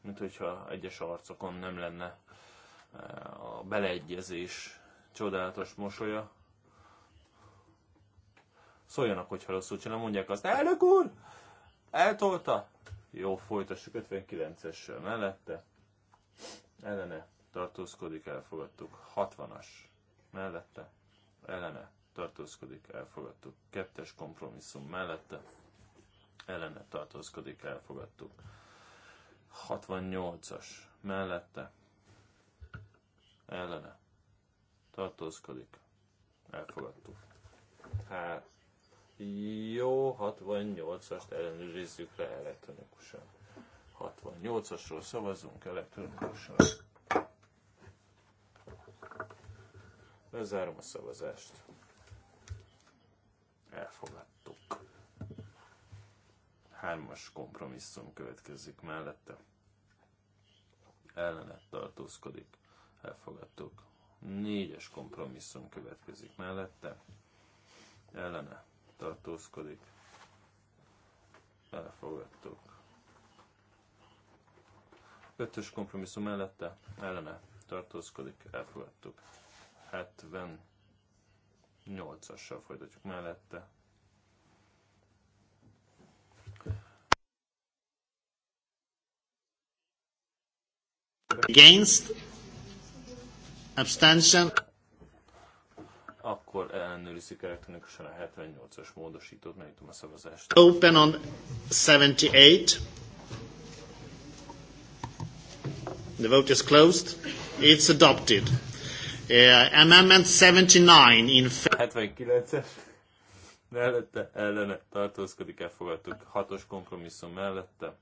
mint hogyha egyes arcokon nem lenne eh, a beleegyezés csodálatos mosolya. Szóljanak, hogyha rosszul csinálom, mondják azt, elnök úr, eltolta. Jó, folytassuk 59 es mellette. Ellene tartózkodik, elfogadtuk. 60-as mellette. Ellene tartózkodik, elfogadtuk. Kettes kompromisszum mellette. Ellene tartózkodik, elfogadtuk. 68-as mellette ellene tartózkodik. Elfogadtuk. Hát, jó, 68-ast ellenőrizzük le elektronikusan. 68-asról szavazunk elektronikusan. Lezárom a szavazást. Elfogadtuk. Hármas kompromisszum következik mellette. Ellenet tartózkodik. Elfogadtuk. Négyes kompromisszum következik mellette. Ellene tartózkodik. Elfogadtuk. Ötös kompromisszum mellette. Ellene tartózkodik. Elfogadtuk. 78-assal folytatjuk mellette Against. Abstention. Akkor ellenőrizzük elektronikusan a 78-as módosítót, mert a szavazást. Open on 78. The vote is closed. It's adopted. Uh, amendment 79 in 79-es mellette ellene tartózkodik, elfogadtuk. Hatos kompromisszum mellette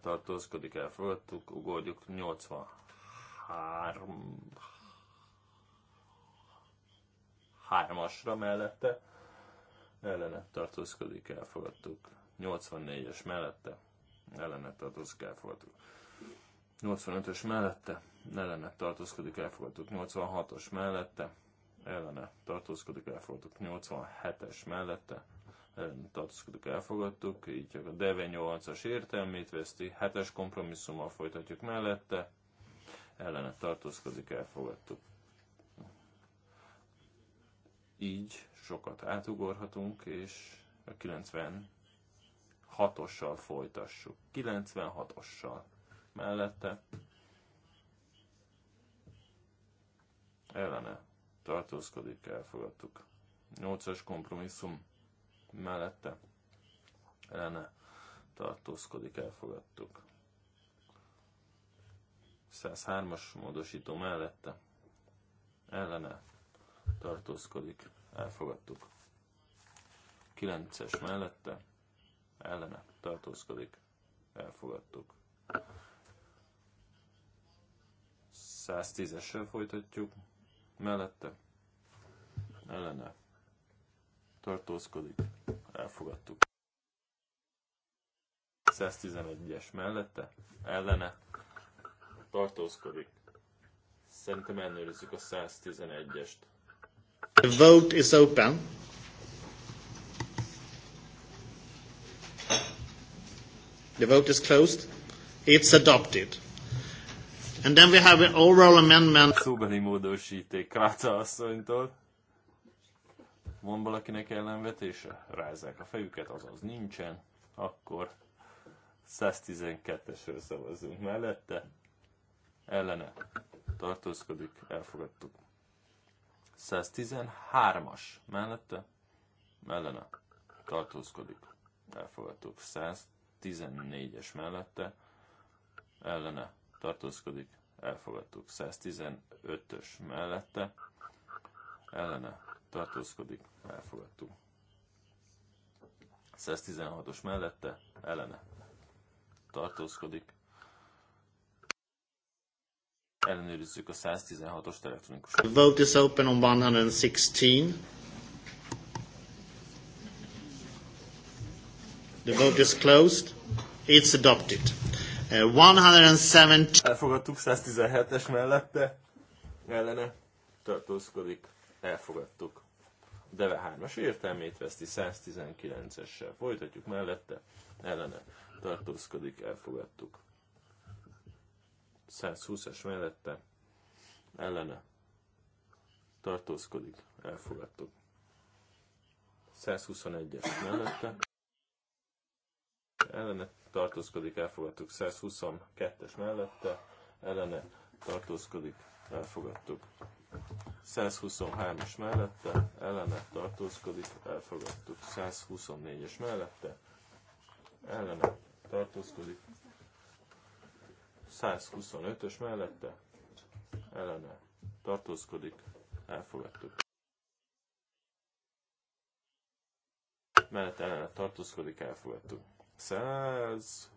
tartózkodik, fölöttük, ugorjuk 83 3-asra mellette, ellene tartózkodik, elfogadtuk, 84-es mellette, ellene tartózkodik, elfogadtuk. 85-ös mellette, ellene tartózkodik, elfogadtuk. 86-os mellette, ellene tartózkodik, elfogadtuk. 87-es mellette, tartozkodik, elfogadtuk, így a Deve 8-as értelmét veszti, 7-es kompromisszummal folytatjuk mellette, ellene tartózkodik, elfogadtuk. Így sokat átugorhatunk, és a 96-ossal folytassuk. 96-ossal mellette ellene tartózkodik, elfogadtuk. 8-as kompromisszum mellette lenne tartózkodik, elfogadtuk. 103-as módosító mellette ellene tartózkodik, elfogadtuk. 9-es mellette ellene tartózkodik, elfogadtuk. 110-essel folytatjuk, mellette ellene tartózkodik, elfogadtuk. 111-es mellette, ellene tartózkodik. Szerintem ellenőrizzük a 111-est. The vote is open. The vote is closed. It's adopted. And then we have an oral amendment. Szóbeli módosíték Kráca asszonytól. Van valakinek ellenvetése? Rázzák a fejüket, azaz nincsen. Akkor 112-esről szavazzunk mellette. Ellene tartózkodik, elfogadtuk. 113-as mellette, ellene tartózkodik, elfogadtuk. 114-es mellette, ellene tartózkodik, elfogadtuk. 115-ös mellette, ellene tartózkodik, elfogadtuk. 116-os mellette, ellene tartózkodik. Ellenőrizzük a 116-os telefonikus. The vote is open on 116. The vote is closed. It's adopted. Uh, 107. Elfogadtuk 117-es mellette. Ellene tartózkodik. Elfogadtuk. Deve 3-as értelmét veszti, 119-essel folytatjuk mellette, ellene tartózkodik, elfogadtuk. 120-es mellette, ellene tartózkodik, elfogadtuk. 121-es mellette, ellene tartózkodik, elfogadtuk. 122-es mellette, ellene tartózkodik, elfogadtuk. 123-as mellette, ellene tartózkodik, elfogadtuk. 124-es mellette, ellene tartózkodik. 125-ös mellette, ellene tartózkodik, elfogadtuk. Mellette ellene tartózkodik, elfogadtuk. 100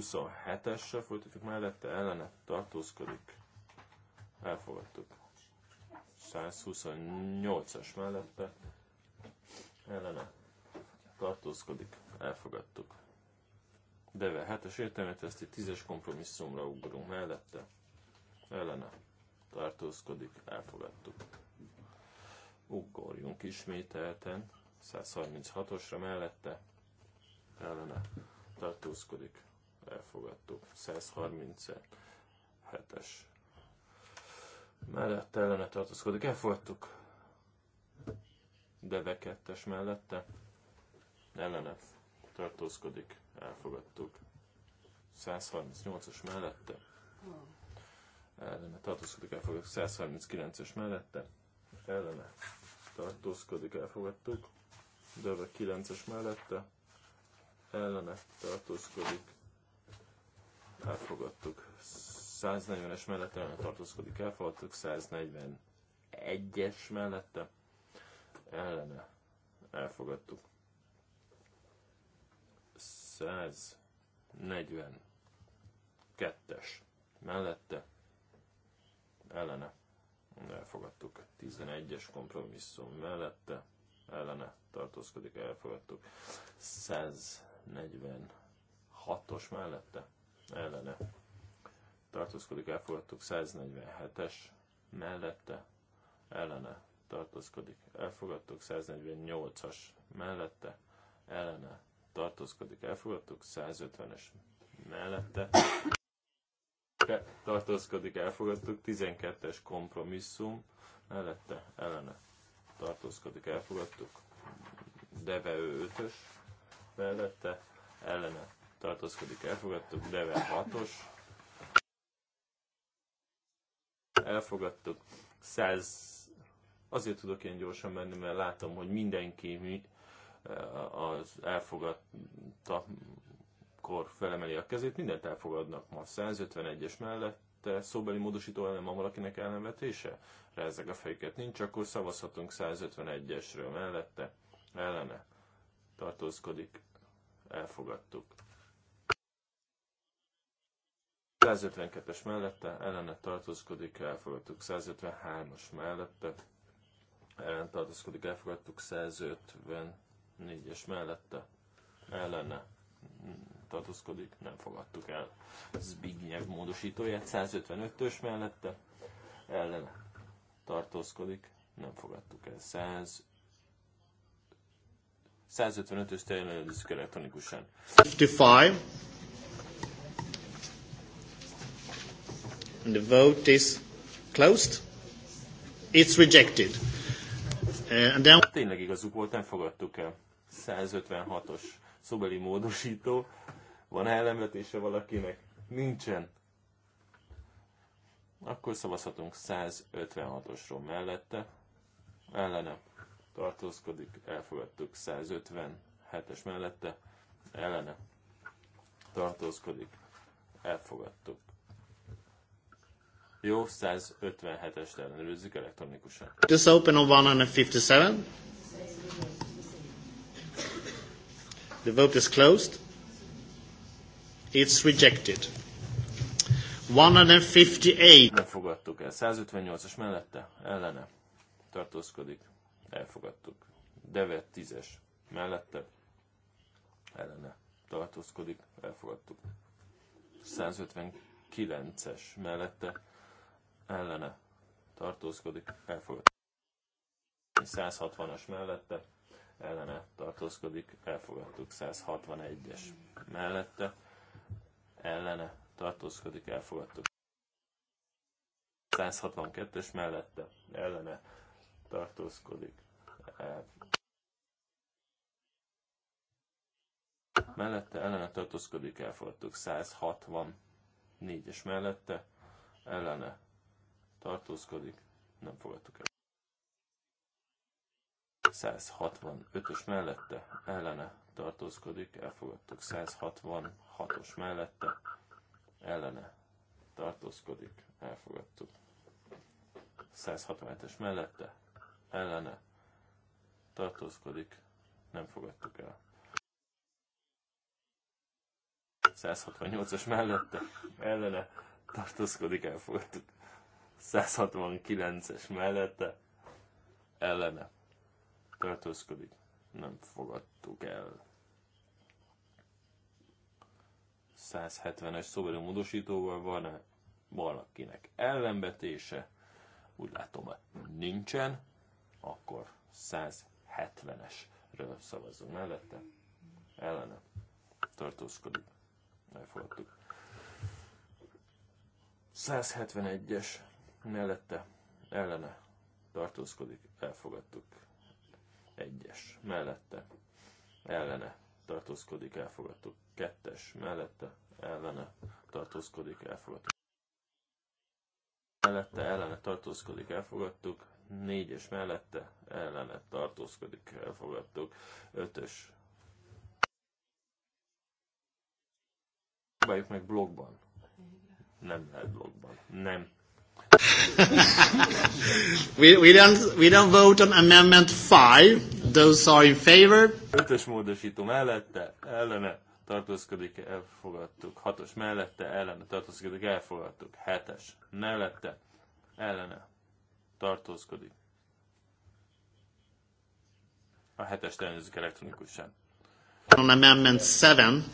27-essel folytatjuk mellette, ellene tartózkodik. Elfogadtuk. 128-as mellette ellene tartózkodik. Elfogadtuk. Deve 7-es értelmeteszti 10-es kompromisszumra ugrunk mellette. Ellene tartózkodik. Elfogadtuk. Ugorjunk ismételten 136-osra mellette ellene tartózkodik elfogadtuk. 137-es mellett ellene tartozkodik. elfogadtuk. Deve 2-es mellette ellene tartózkodik, elfogadtuk. 138-as mellette ellene tartózkodik, elfogadtuk. 139-es mellette ellene tartózkodik, elfogadtuk. Döve 9-es mellette ellene tartózkodik, elfogadtuk. 140-es mellette ellene tartózkodik, elfogadtuk. 141-es mellette ellene elfogadtuk. 142-es mellette ellene elfogadtuk. 11-es kompromisszum mellette ellene tartózkodik, elfogadtuk. 146-os mellette ellene tartózkodik, elfogadtuk 147-es mellette ellene tartózkodik, elfogadtuk 148-as mellette ellene tartózkodik, elfogadtuk 150-es mellette tartózkodik, elfogadtuk 12-es kompromisszum mellette ellene tartózkodik, elfogadtuk deve 5-ös mellette ellene tartózkodik, elfogadtuk, Deve 6-os, elfogadtuk, 100 Azért tudok ilyen gyorsan menni, mert látom, hogy mindenki mi e, az elfogadta kor felemeli a kezét, mindent elfogadnak ma. 151-es mellette szóbeli módosító ellen van valakinek ellenvetése? Rezzeg a fejüket nincs, akkor szavazhatunk 151-esről mellette, ellene tartózkodik, elfogadtuk. 152-es mellette ellene tartózkodik, elfogadtuk 153-as mellette, ellen tartózkodik, elfogadtuk 154-es mellette, ellene tartózkodik, nem fogadtuk el Zbigniew módosítóját, 155-ös mellette, ellene tartózkodik, nem fogadtuk el 100 155-ös ellenőrizzük elektronikusan. 55. And the vote is closed. It's rejected. Uh, and then... Tényleg igazuk volt, nem fogadtuk el. 156-os szobeli módosító. Van ellenvetése valakinek? Nincsen. Akkor szavazhatunk 156-osról mellette. Ellene tartózkodik, elfogadtuk 157-es mellette. Ellene tartózkodik, elfogadtuk jó, 157 es ellenőrizzük elektronikusan. Just open on 157. The vote is closed. It's rejected. 158. Nem fogadtuk el. 158-as mellette, ellene. Tartózkodik. Elfogadtuk. Devet 10-es mellette, ellene. Tartózkodik. Elfogadtuk. 159-es mellette, ellene tartózkodik, elfogad. 160-as mellette ellene tartózkodik, elfogadtuk 161-es mellette, ellene tartózkodik, elfogadtuk 162-es mellette, ellene tartózkodik, mellette ellene tartózkodik, elfogadtuk 164-es mellette, ellene tartózkodik, nem fogadtuk el. 165-ös mellette ellene tartózkodik, elfogadtuk. 166-os mellette ellene tartózkodik, elfogadtuk. 167-es mellette ellene tartózkodik, nem fogadtuk el. 168-as mellette ellene tartózkodik, elfogadtuk. 169-es mellette ellene tartózkodik. Nem fogadtuk el. 170-es szoberű módosítóval van-e valakinek ellenbetése, Úgy látom, hogy nincsen. Akkor 170-esről szavazunk mellette. Ellene tartózkodik. Elfogadtuk. 171-es mellette ellene tartózkodik, elfogadtuk. Egyes, mellette, ellene tartózkodik, elfogadtuk. Kettes, mellette, ellene tartózkodik, elfogadtuk. Mellette, ellene tartózkodik, elfogadtuk. Négyes mellette, ellene tartózkodik, elfogadtuk. Ötös. Próbáljuk meg blogban. Nem lehet blogban. Nem *laughs* we, we, don't, we don't vote on amendment 5. Those are in favor. Ötös módosító mellette, ellene tartózkodik, elfogadtuk. Hatos mellette, ellene tartózkodik, elfogadtuk. Hetes mellette, ellene tartózkodik. A hetes ellenőrzik elektronikusan. On amendment 7.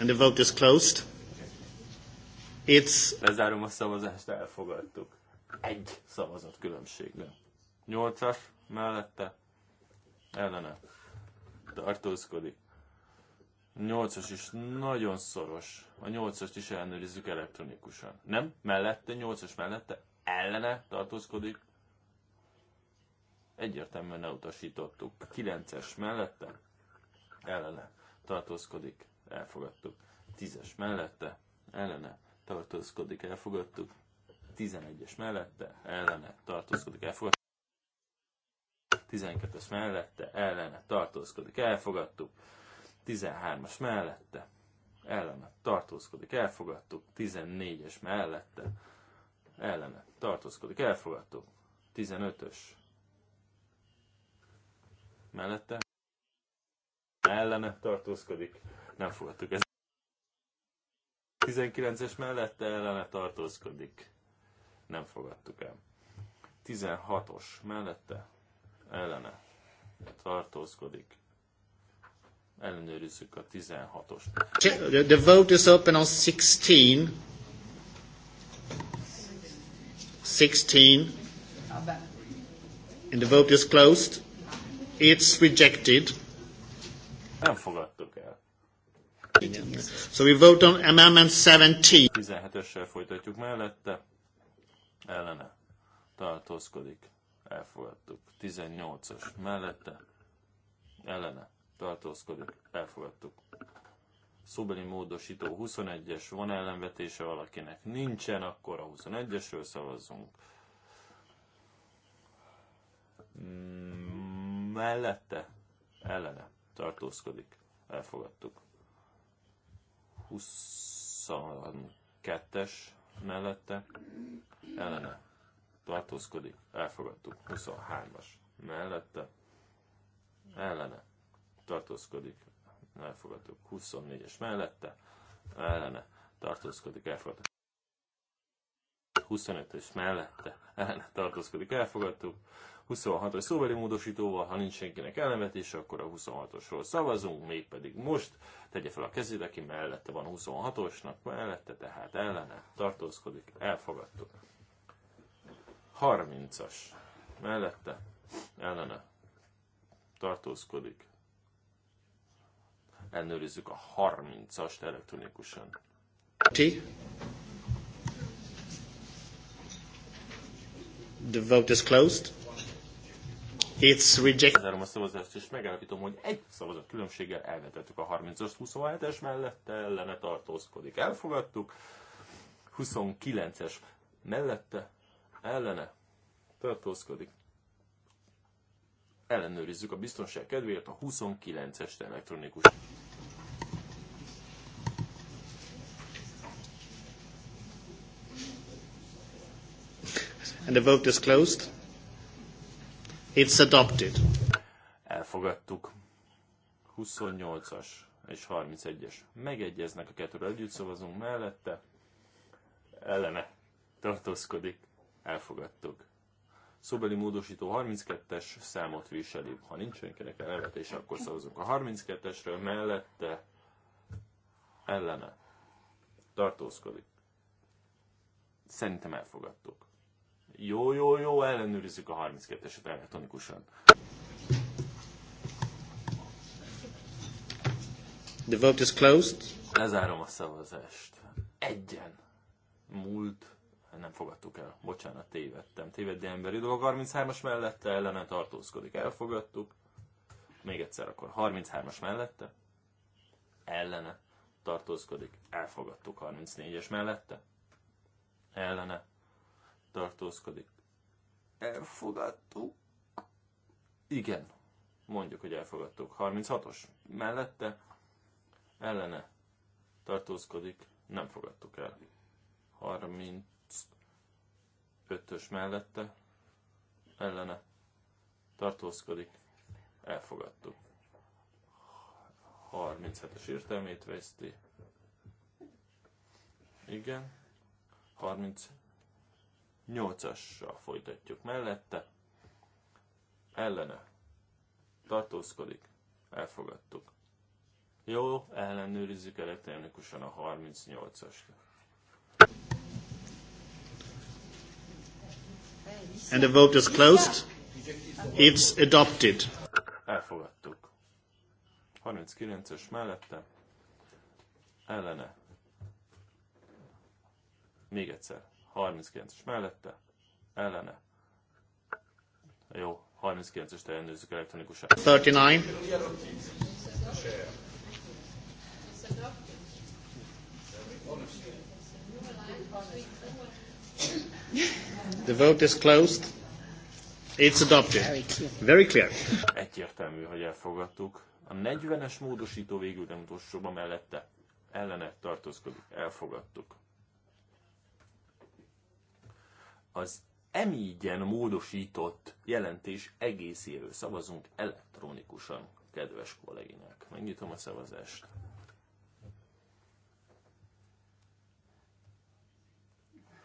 And the vote is closed. It's... Lezárom a szavazást, elfogadtuk. Egy szavazat különbséggel. Nyolcas mellette ellene tartózkodik. Nyolcas is nagyon szoros. A nyolcast is ellenőrizzük elektronikusan. Nem? Mellette, nyolcas mellette ellene tartózkodik. Egyértelműen elutasítottuk. Kilences mellette ellene tartózkodik elfogadtuk. tízes mellette, ellene tartózkodik, elfogadtuk. tizenegyes mellette, ellene tartózkodik, elfogadtuk. 12 mellette, ellene tartózkodik, elfogadtuk. tizenhármas mellette, ellene tartózkodik, elfogadtuk. tizennégyes mellette, ellene tartózkodik, elfogadtuk. tizenötös mellette, ellene tartózkodik, nem fogadtuk ezt. 19-es mellette ellene tartózkodik. Nem fogadtuk el. 16-os mellette ellene tartózkodik. Ellenőrizzük a 16-ost. The vote is open on 16. 16. And the vote is closed. It's rejected. Nem fogadtuk didn't. So we vote on amendment 17. 17-essel folytatjuk mellette. Ellene. Tartózkodik. Elfogadtuk. 18-as mellette. Ellene. Tartózkodik. Elfogadtuk. Szóbeli módosító 21-es. Van ellenvetése valakinek? Nincsen, akkor a 21-esről szavazzunk. Mm, mellette. Ellene. Tartózkodik. Elfogadtuk. 22-es mellette ellene tartózkodik, elfogadtuk. 23-as mellette ellene tartózkodik, elfogadtuk. 24-es mellette ellene tartózkodik, elfogadtuk. 25 es mellette ellene tartózkodik, elfogadtuk. 26-os szóbeli módosítóval, ha nincs senkinek elnevetése, akkor a 26-osról szavazunk, mégpedig most. Tegye fel a kezét, aki mellette van 26-osnak, mellette tehát ellene tartózkodik, elfogadtuk. 30-as mellette ellene tartózkodik. Ellenőrizzük a 30-ast elektronikusan. Ti? The vote is closed. It's reject. Lezárom a szavazást, és megállapítom, hogy egy szavazat különbséggel elvetettük a 35 27-es mellette, ellene tartózkodik. Elfogadtuk. 29-es mellette, ellene tartózkodik. Ellenőrizzük a biztonság kedvéért a 29 es elektronikus. And the vote is closed. It's adopted. Elfogadtuk. 28-as és 31-es. Megegyeznek a kettőről, együtt szavazunk mellette. Ellene tartózkodik. Elfogadtuk. Szóbeli módosító 32-es számot viseli. Ha nincs önkinek elvetés, akkor szavazunk a 32-esről, mellette ellene tartózkodik. Szerintem elfogadtuk. Jó, jó, jó, ellenőrizzük a 32-eset elektronikusan. The vote is closed. Lezárom a szavazást. Egyen múlt, nem fogadtuk el. Bocsánat, tévedtem. Téveddi emberi dolog. 33-as mellette ellene tartózkodik. Elfogadtuk. Még egyszer akkor. 33-as mellette ellene tartózkodik. Elfogadtuk 34-es mellette. Ellene tartózkodik. Elfogadtuk. Igen. Mondjuk, hogy elfogadtuk. 36-os. Mellette ellene tartózkodik. Nem fogadtuk el. 35-ös mellette ellene tartózkodik. Elfogadtuk. 37-es értelmét veszti. Igen. 8-assal folytatjuk mellette, ellene tartózkodik, elfogadtuk. Jó, ellenőrizzük elektronikusan a 38-as. And the vote is closed. It's adopted. Elfogadtuk. 39-es mellette, ellene. Még egyszer. 39-es mellette, ellene. Jó, 39-est es ellenőrzzük elektronikusan. 39. The vote is closed. It's adopted. Very clear. Egyértelmű, hogy elfogadtuk. A 40-es módosító végül nem utolsóban mellette ellene tartózkodik. Elfogadtuk az emígyen módosított jelentés egészéről szavazunk elektronikusan, kedves kolléginák. Megnyitom a szavazást.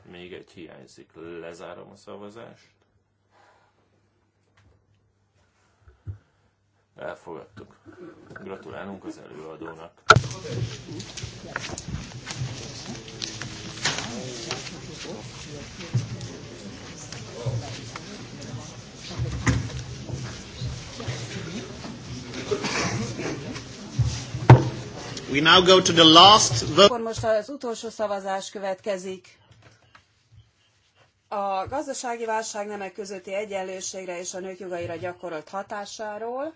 Még egy hiányzik. Lezárom a szavazást. Elfogadtuk. Gratulálunk az előadónak. We now go to the last vote. Akkor most az utolsó szavazás következik. A gazdasági válság nemek közötti egyenlőségre és a nők jogaira gyakorolt hatásáról.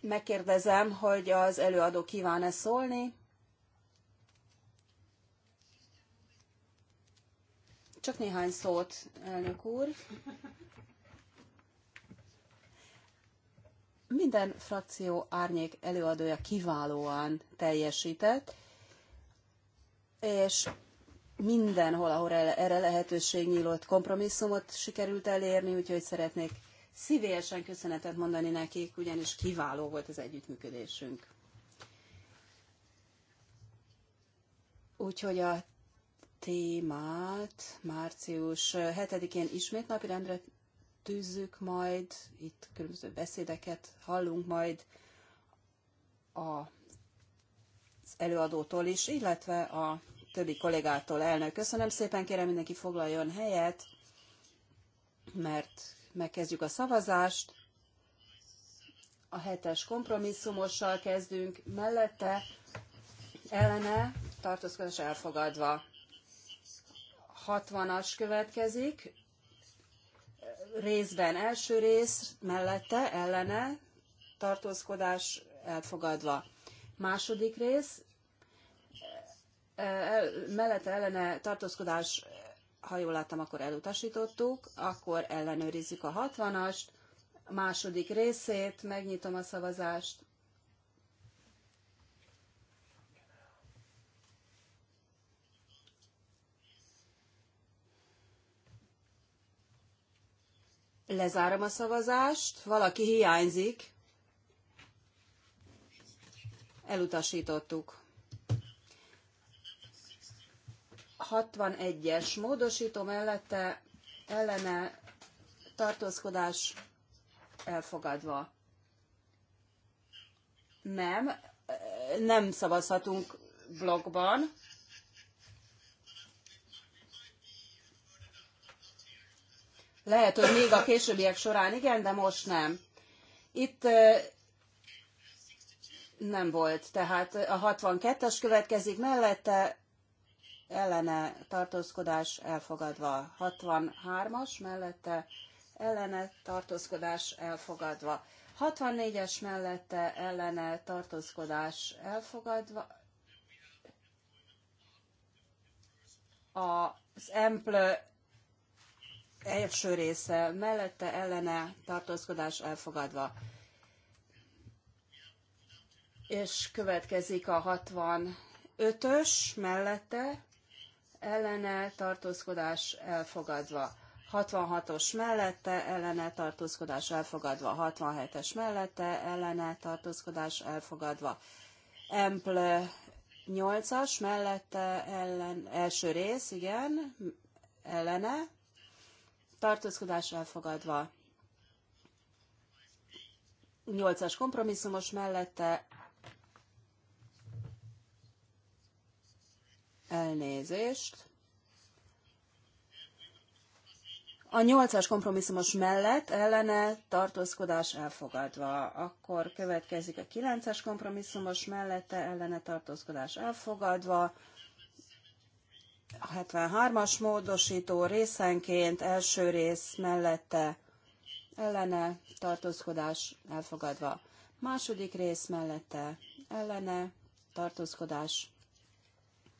Megkérdezem, hogy az előadó kíván-e szólni. Csak néhány szót, elnök úr. Minden frakció árnyék előadója kiválóan teljesített, és mindenhol, ahol erre lehetőség nyílt kompromisszumot sikerült elérni, úgyhogy szeretnék szívélyesen köszönetet mondani nekik, ugyanis kiváló volt az együttműködésünk. Úgyhogy a témát március 7-én ismét napirendre tűzzük majd, itt különböző beszédeket hallunk majd az előadótól is, illetve a többi kollégától elnök. Köszönöm szépen, kérem mindenki foglaljon helyet, mert megkezdjük a szavazást. A hetes kompromisszumossal kezdünk, mellette ellene tartózkodás elfogadva. 60-as következik, részben első rész, mellette, ellene, tartózkodás elfogadva. Második rész, e, mellette ellene tartózkodás, ha jól láttam, akkor elutasítottuk, akkor ellenőrizzük a 60-ast, második részét, megnyitom a szavazást, Lezárom a szavazást, valaki hiányzik. Elutasítottuk. 61-es módosító mellette ellene tartózkodás elfogadva. Nem, nem szavazhatunk blogban. Lehet, hogy még a későbbiek során igen, de most nem. Itt nem volt, tehát a 62-es következik mellette, ellene tartózkodás elfogadva. 63-as mellette ellene tartózkodás elfogadva. 64-es mellette ellene tartózkodás elfogadva. Az emplő első része mellette ellene tartózkodás elfogadva. És következik a 65-ös mellette ellene tartózkodás elfogadva. 66-os mellette ellene tartózkodás elfogadva, 67-es mellette ellene tartózkodás elfogadva. Empl 8-as mellette ellen, első rész, igen, ellene tartózkodás elfogadva. Nyolcas kompromisszumos mellette elnézést. A nyolcas kompromisszumos mellett ellene tartózkodás elfogadva. Akkor következik a kilences kompromisszumos mellette ellene tartózkodás elfogadva. 73-as módosító részenként első rész mellette ellene tartózkodás elfogadva. Második rész mellette ellene tartózkodás,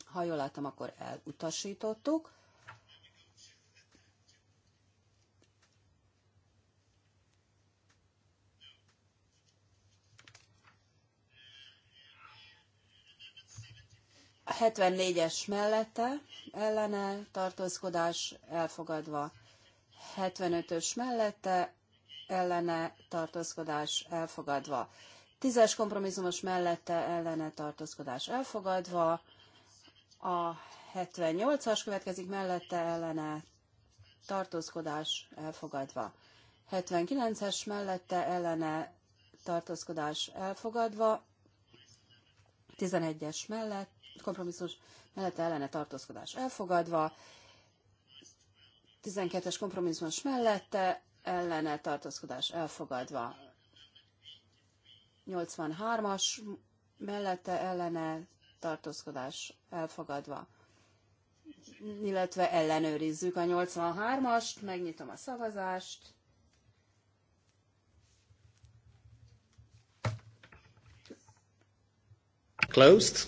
ha jól látom, akkor elutasítottuk. 74-es mellette ellene tartózkodás elfogadva. 75-ös mellette ellene tartózkodás elfogadva. 10-es kompromisszumos mellette ellene tartózkodás elfogadva. A 78-as következik mellette ellene tartózkodás elfogadva. 79-es mellette ellene tartózkodás elfogadva. 11-es mellett, kompromisszus mellett ellene tartózkodás elfogadva, 12-es kompromisszus mellette ellene tartózkodás elfogadva, 83-as mellette ellene tartózkodás elfogadva, illetve ellenőrizzük a 83-ast, megnyitom a szavazást, Closed.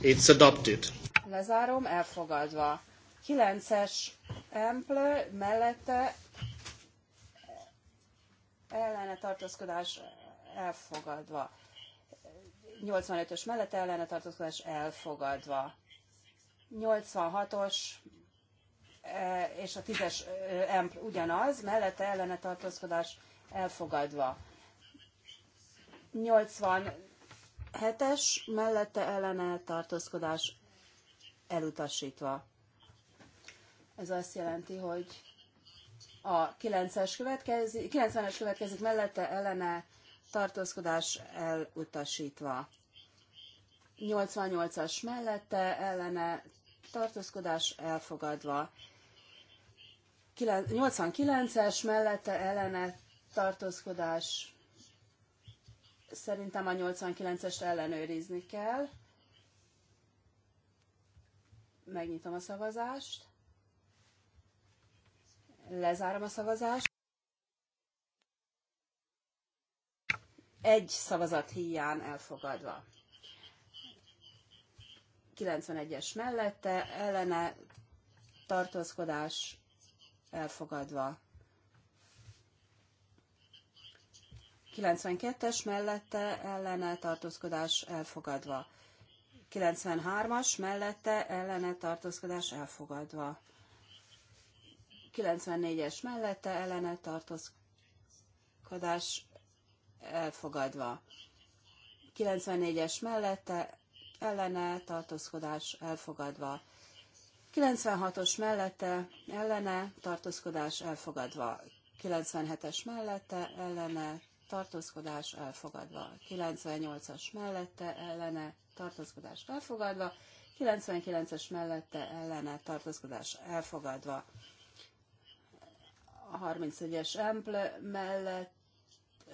It's adopted. Lezárom, elfogadva. 9-es emplő mellette ellene tartózkodás elfogadva. 85-ös mellette ellene tartózkodás elfogadva. 86-os e, és a 10-es e, empl ugyanaz, mellette ellene tartózkodás elfogadva. 80 hetes mellette ellene tartózkodás elutasítva. Ez azt jelenti, hogy a 90 es következik, 90-es következik mellette ellene tartózkodás elutasítva. 88-as mellette ellene tartózkodás elfogadva. 89-es mellette ellene tartózkodás Szerintem a 89-est ellenőrizni kell. Megnyitom a szavazást. Lezárom a szavazást. Egy szavazat hiány elfogadva. 91-es mellette, ellene tartózkodás elfogadva. 92-es mellette ellene tartózkodás elfogadva. 93-as mellette ellene tartózkodás elfogadva. 94-es mellette ellene tartózkodás elfogadva. 94-es mellette ellene tartózkodás elfogadva. 96-os mellette ellene tartózkodás elfogadva. 97-es mellette ellene tartózkodás elfogadva. 98-as mellette ellene tartózkodás elfogadva. 99-es mellette ellene tartózkodás elfogadva. A 31-es emple mellett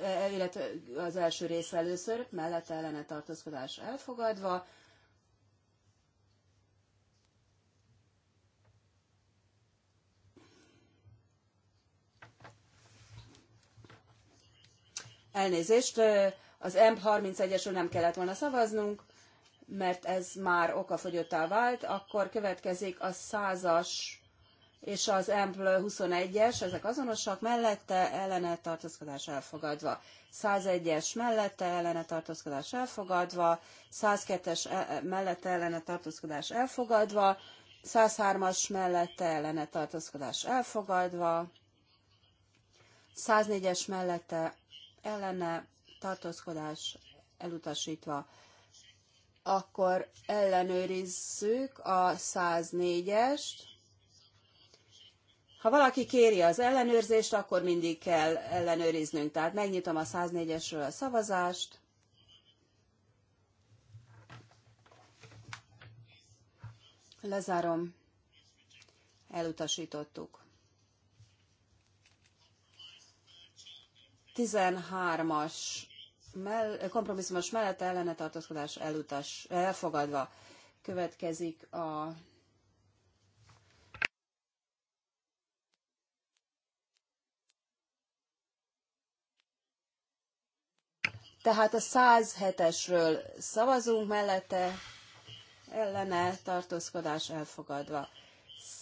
eh, illetve az első rész először, mellette ellene tartózkodás elfogadva, Elnézést, az M31-esről nem kellett volna szavaznunk, mert ez már okafogyottá vált, akkor következik a 100-as és az M 21-es, ezek azonosak, mellette ellene tartózkodás elfogadva. 101-es mellette ellene tartózkodás elfogadva, 102-es e- e- mellette ellene tartózkodás elfogadva, 103-as mellette ellene tartózkodás elfogadva, 104-es mellette ellene tartózkodás elutasítva. Akkor ellenőrizzük a 104-est. Ha valaki kéri az ellenőrzést, akkor mindig kell ellenőriznünk. Tehát megnyitom a 104-esről a szavazást. Lezárom. Elutasítottuk. 13-as mell, kompromisszumos mellett ellene tartózkodás elutas, elfogadva. Következik a Tehát a 107-esről szavazunk mellette, ellene tartózkodás elfogadva.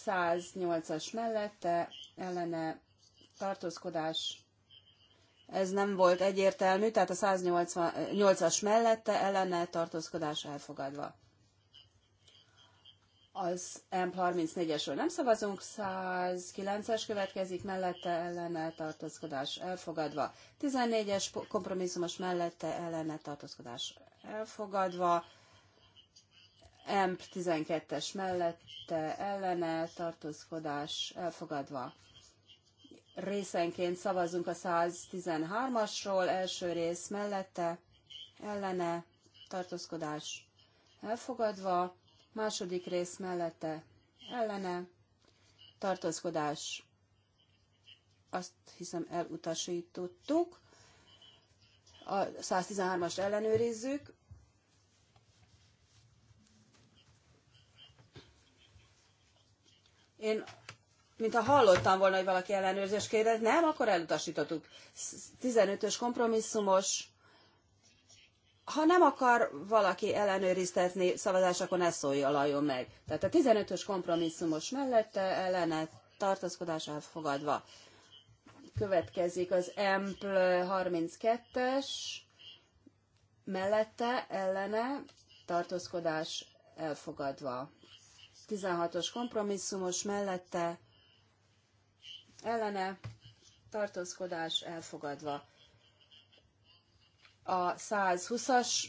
108-as mellette, ellene tartózkodás ez nem volt egyértelmű, tehát a 108-as mellette ellene tartózkodás elfogadva. Az M34-esről nem szavazunk, 109-es következik, mellette ellene tartózkodás elfogadva. 14-es kompromisszumos mellette ellene tartózkodás elfogadva. M12-es mellette ellene tartózkodás elfogadva részenként szavazunk a 113-asról, első rész mellette, ellene, tartózkodás elfogadva, második rész mellette, ellene, tartózkodás azt hiszem elutasítottuk, a 113-ast ellenőrizzük, én mintha hallottam volna, hogy valaki ellenőrzést kérett, nem, akkor elutasítottuk. 15-ös kompromisszumos, ha nem akar valaki ellenőriztetni szavazás, akkor ne szólaljon meg. Tehát a 15-ös kompromisszumos mellette ellene tartózkodás elfogadva. Következik az EMPL 32-es, mellette ellene tartózkodás elfogadva. 16-os kompromisszumos mellette ellene tartózkodás elfogadva. A 120-as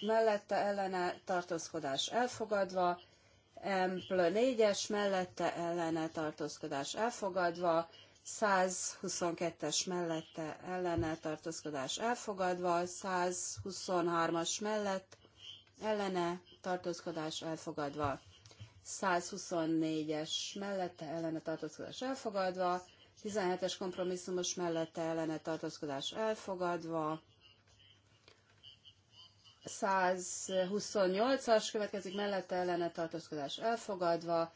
mellette ellene tartózkodás elfogadva, M 4-es mellette ellene tartózkodás elfogadva, 122-es mellette ellene tartózkodás elfogadva, 123-as mellett ellene tartózkodás elfogadva. 124-es mellette ellene tartózkodás elfogadva, 17-es kompromisszumos mellette ellene tartózkodás elfogadva, 128-as következik mellette ellene tartózkodás elfogadva,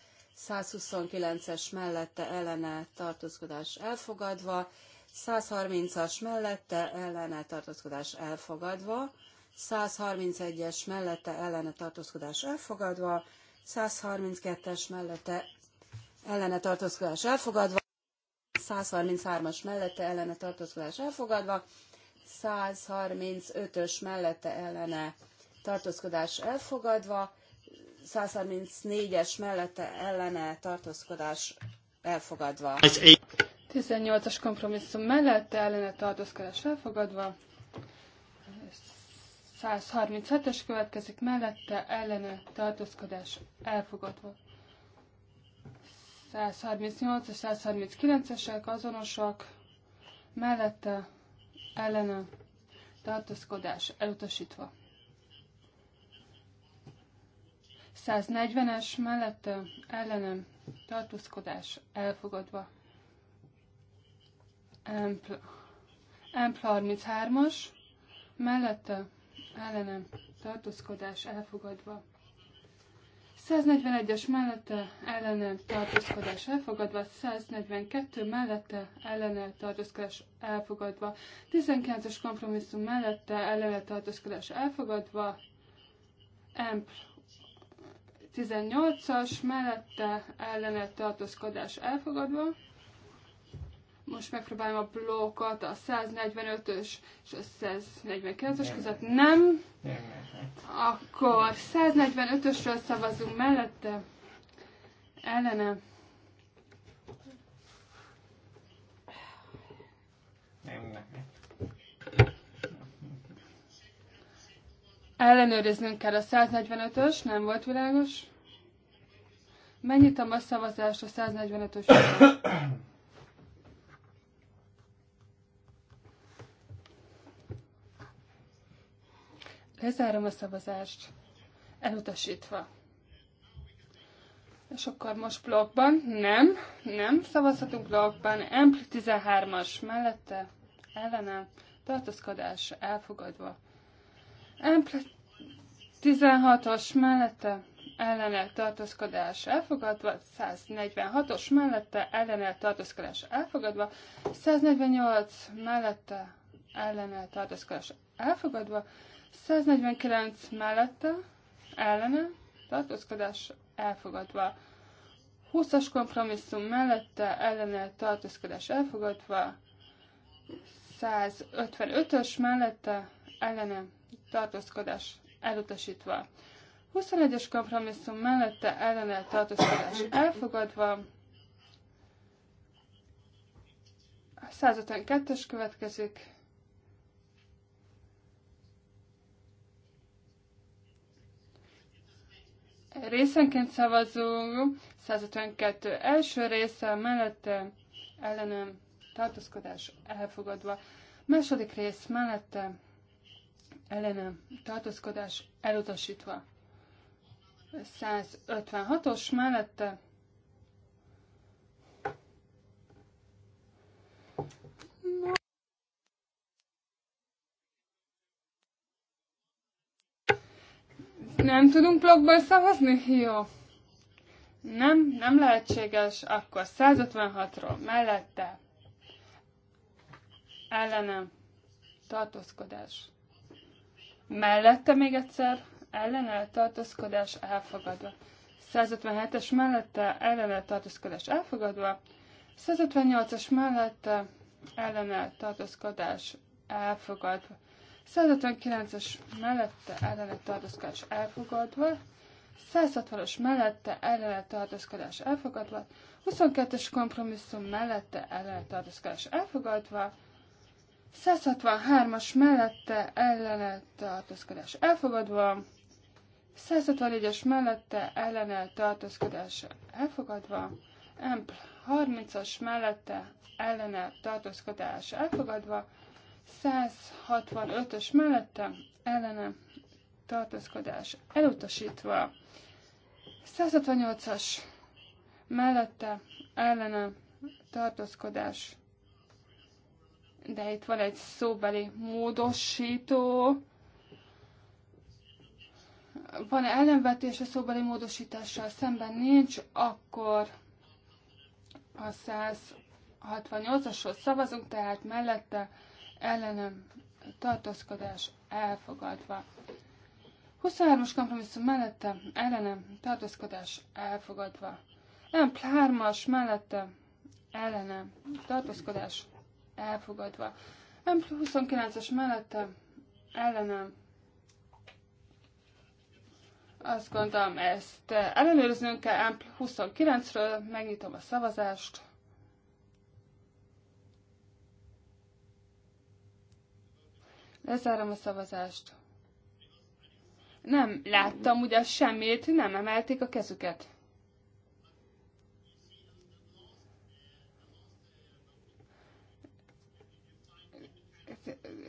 129-es mellette ellene tartózkodás elfogadva, 130-as mellette ellene tartózkodás elfogadva, 131-es mellette ellene tartózkodás elfogadva, 132-es mellette ellene tartózkodás elfogadva, 133-as mellette ellene tartózkodás elfogadva, 135-ös mellette ellene tartózkodás elfogadva, 134-es mellette ellene tartózkodás elfogadva. 18-as kompromisszum mellette ellene tartózkodás elfogadva, 137-es következik, mellette ellene tartózkodás elfogadva. 138 és 139-esek azonosak, mellette ellene tartózkodás elutasítva. 140-es mellette ellenem tartózkodás elfogadva. Empl, Empl 33-as mellette ellenem tartózkodás elfogadva. 141-es mellette ellenem tartózkodás elfogadva, 142 mellette ellenel tartózkodás elfogadva, 19-es kompromisszum mellette ellenel tartózkodás elfogadva, EMP 18-as mellette ellenel tartózkodás elfogadva, most megpróbálom a blokkot, a 145-ös és a 149-ös között. Nem. Akkor 145-ösről szavazunk mellette. Ellene. Nem, nem. Ellenőriznünk kell a 145-ös, nem volt világos. Mennyit a szavazást a 145-ösről. *coughs* Lezárom a szavazást. Elutasítva. És akkor most blogban? Nem, nem szavazhatunk blogban. Ampli 13-as mellette, ellenem, tartozkodás, elfogadva. Ampli 16-os mellette, ellene tartózkodás elfogadva, 146-os mellette, ellene tartózkodás elfogadva, 148 mellette, ellene tartózkodás elfogadva, 149 mellette, ellene, tartózkodás elfogadva. 20-as kompromisszum mellette, ellene, tartózkodás elfogadva. 155-ös mellette, ellene, tartózkodás elutasítva. 21-es kompromisszum mellette, ellene, tartózkodás elfogadva. 152-es következik részenként szavazunk, 152 első része, mellette ellenem tartózkodás elfogadva. Második rész mellette ellenem tartózkodás elutasítva. 156-os mellette Nem tudunk blogból szavazni? Jó. Nem, nem lehetséges. Akkor 156-ról mellette. Ellenem. Tartózkodás. Mellette még egyszer. Ellene tartózkodás elfogadva. 157-es mellette ellene tartózkodás elfogadva. 158-as mellette ellene tartózkodás elfogadva. 159-es mellette ellene tartozkodás elfogadva, 160-as mellette ellene tartozkodás elfogadva, 22-es kompromisszum mellette ellene tartozkodás elfogadva, 163-as mellette ellene tartózkodás elfogadva, 164-es mellette ellene tartózkodás elfogadva, Empl 30-as mellette ellene tartózkodás elfogadva, 165-ös mellette ellene tartózkodás elutasítva. 168-as mellette ellene tartózkodás. De itt van egy szóbeli módosító. Van-e ellenvetés a szóbeli módosítással szemben? Nincs, akkor a 168-ashoz szavazunk, tehát mellette ellenem tartózkodás elfogadva. 23-as kompromisszum mellette ellenem tartózkodás elfogadva. Nem plármas mellette ellenem tartózkodás elfogadva. Nem 29-es mellette ellenem azt gondolom, ezt ellenőrznünk kell. 29-ről megnyitom a szavazást. Lezárom a szavazást. Nem láttam ugye semmit, nem emelték a kezüket.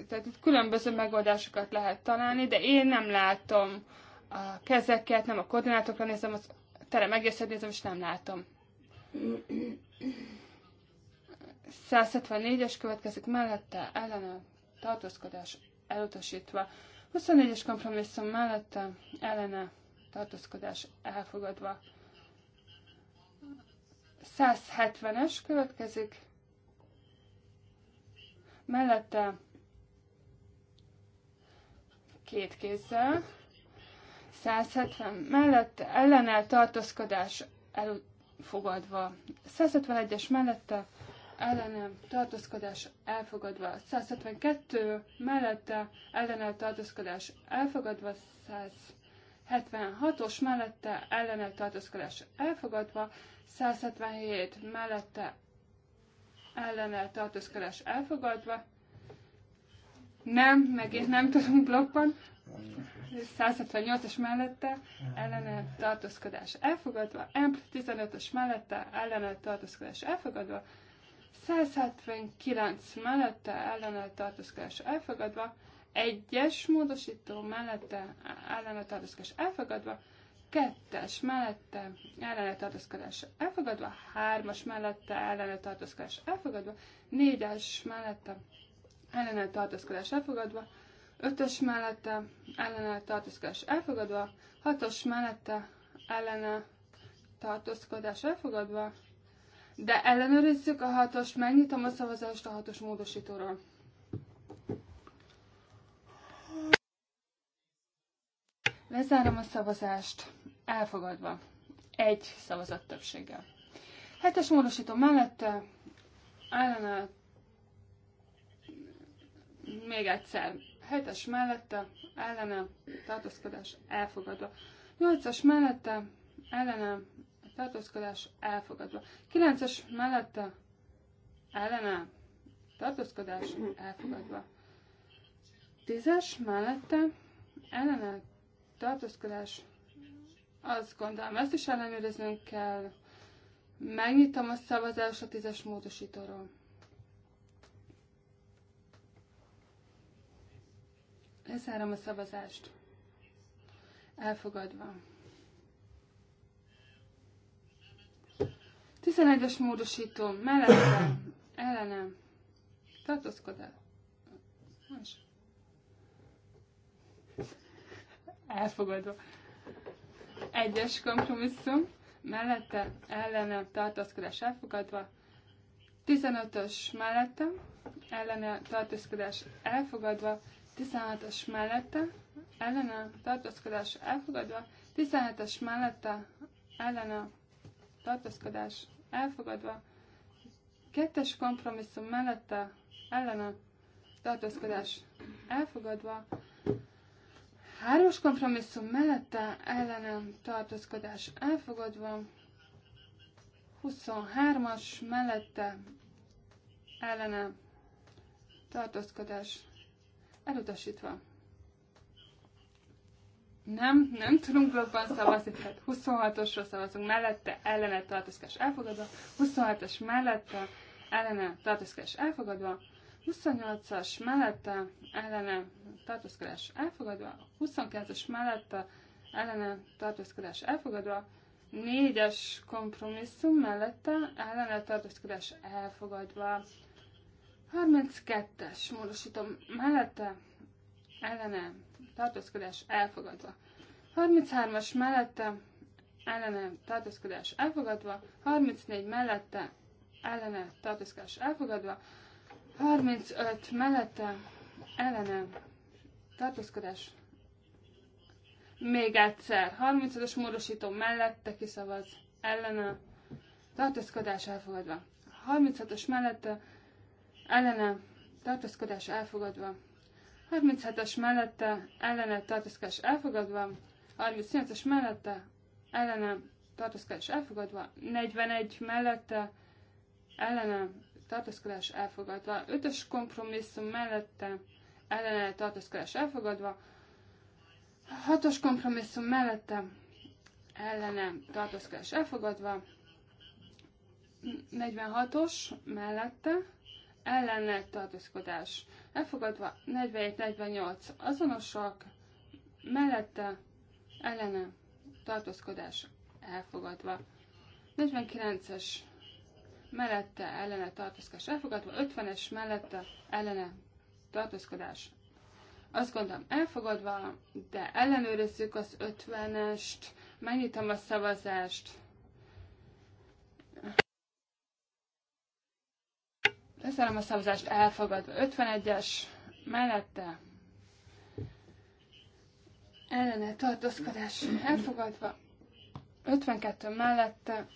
Tehát itt különböző megoldásokat lehet találni, de én nem látom a kezeket, nem a koordinátokra nézem, az terem egészet nézem, és nem látom. 174-es következik mellette, ellene tartózkodás elutasítva. 24-es kompromisszum mellette ellene tartózkodás elfogadva. 170-es következik. Mellette két kézzel. 170 mellette ellenel tartózkodás elfogadva. 171-es mellette ellenem tartózkodás elfogadva, 172 mellette ellenem tartózkodás elfogadva, 176-os mellette ellenem tartózkodás elfogadva, 177 mellette ellenem tartózkodás elfogadva, nem, megint nem tudunk blokkban, 178-as mellette ellene tartózkodás elfogadva, M15-ös mellette ellene tartózkodás elfogadva, 179 mellette ellene tartózkodás elfogadva, egyes módosító mellette ellene tartózkodás elfogadva, kettes mellette ellene tartózkodás elfogadva, hármas mellette ellene tartózkodás elfogadva, négyes mellette ellene tartózkodás elfogadva, ötös mellette ellene tartózkodás elfogadva, hatos mellette ellene tartózkodás elfogadva, de ellenőrizzük a hatost, megnyitom a szavazást a hatos módosítóról. Lezárom a szavazást, elfogadva, egy szavazat többséggel. Hetes módosító mellette, állana még egyszer, hetes mellette, ellene, tartózkodás elfogadva. Nyolcas mellette, ellene, tartózkodás elfogadva. 9-es mellette ellene tartózkodás elfogadva. 10-es mellette ellene tartózkodás azt gondolom, ezt is ellenőriznünk kell. Megnyitom a szavazást a tízes módosítóról. Lezárom a szavazást. Elfogadva. 11-es módosító mellette ellenem tartózkodás. Elfogadva. Egyes kompromisszum mellette ellenem tartózkodás elfogadva. 15-ös mellette ellene tartózkodás elfogadva. 16-os mellette ellene tartózkodás elfogadva. 17-es mellette ellene tartózkodás elfogadva. Kettes kompromisszum mellette a tartózkodás elfogadva. Hármas kompromisszum mellette ellenem tartózkodás elfogadva. 23-as mellette ellenem tartózkodás elutasítva. Nem, nem tudunk blokkban szavazni, tehát 26-osra szavazunk mellette, ellene tartozkás elfogadva, 27-es mellette, ellene tartozkás elfogadva, 28-as mellette, ellene tartózkodás elfogadva, 29-es mellette, ellene tartózkodás elfogadva, 4-es kompromisszum mellette, ellene tartózkodás elfogadva, 32-es módosítom mellette, ellene tartózkodás elfogadva. 33-as mellette ellene tartózkodás elfogadva, 34 mellette ellene tartózkodás elfogadva, 35 mellette ellene tartózkodás még egyszer, 35-ös módosító mellette kiszavaz, ellene tartózkodás elfogadva. 36-os mellette ellene tartózkodás elfogadva. 37-es mellette ellene tartózkodás elfogadva, 38-as mellette ellene tartózkodás elfogadva, 41 mellette ellene tartozkodás elfogadva, 5-ös kompromisszum mellette ellene tartozkodás elfogadva, 6-os kompromisszum mellette ellene tartozkodás elfogadva, 46-os mellette ellene tartózkodás elfogadva 47 48 azonosak, mellette ellene tartózkodás elfogadva. 49-es mellette ellene tartózkodás elfogadva, 50-es mellette ellene tartózkodás. Azt gondolom elfogadva, de ellenőrizzük az 50-est, megnyitom a szavazást. Lezárom a szavazást elfogadva. 51-es mellette ellene tartózkodás elfogadva. 52 mellette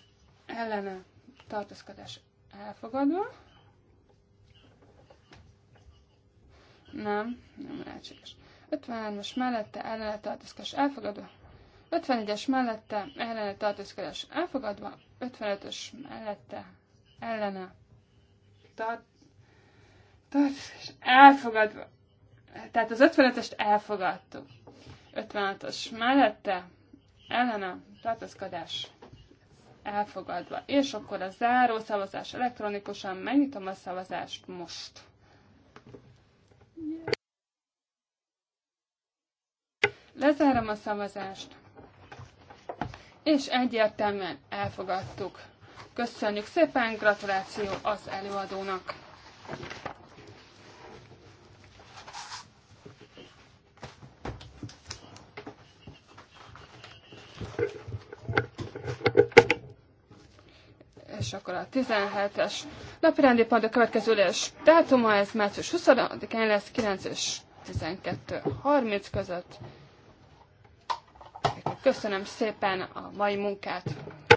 ellene tartózkodás elfogadva. Nem, nem lehetséges. 53-as mellette ellene tartózkodás elfogadva. 51-es mellette ellene tartózkodás elfogadva. 55-ös mellette ellene tart, tart és elfogadva. Tehát az 55-est elfogadtuk. 56-os mellette ellene tartozkodás elfogadva. És akkor a záró szavazás elektronikusan. Megnyitom a szavazást most. Lezárom a szavazást. És egyértelműen elfogadtuk. Köszönjük szépen, gratuláció az előadónak! és akkor a 17-es napirendi pont a következő ülés dátuma, ez március 20-án lesz, 9 és 12.30 között. Köszönöm szépen a mai munkát!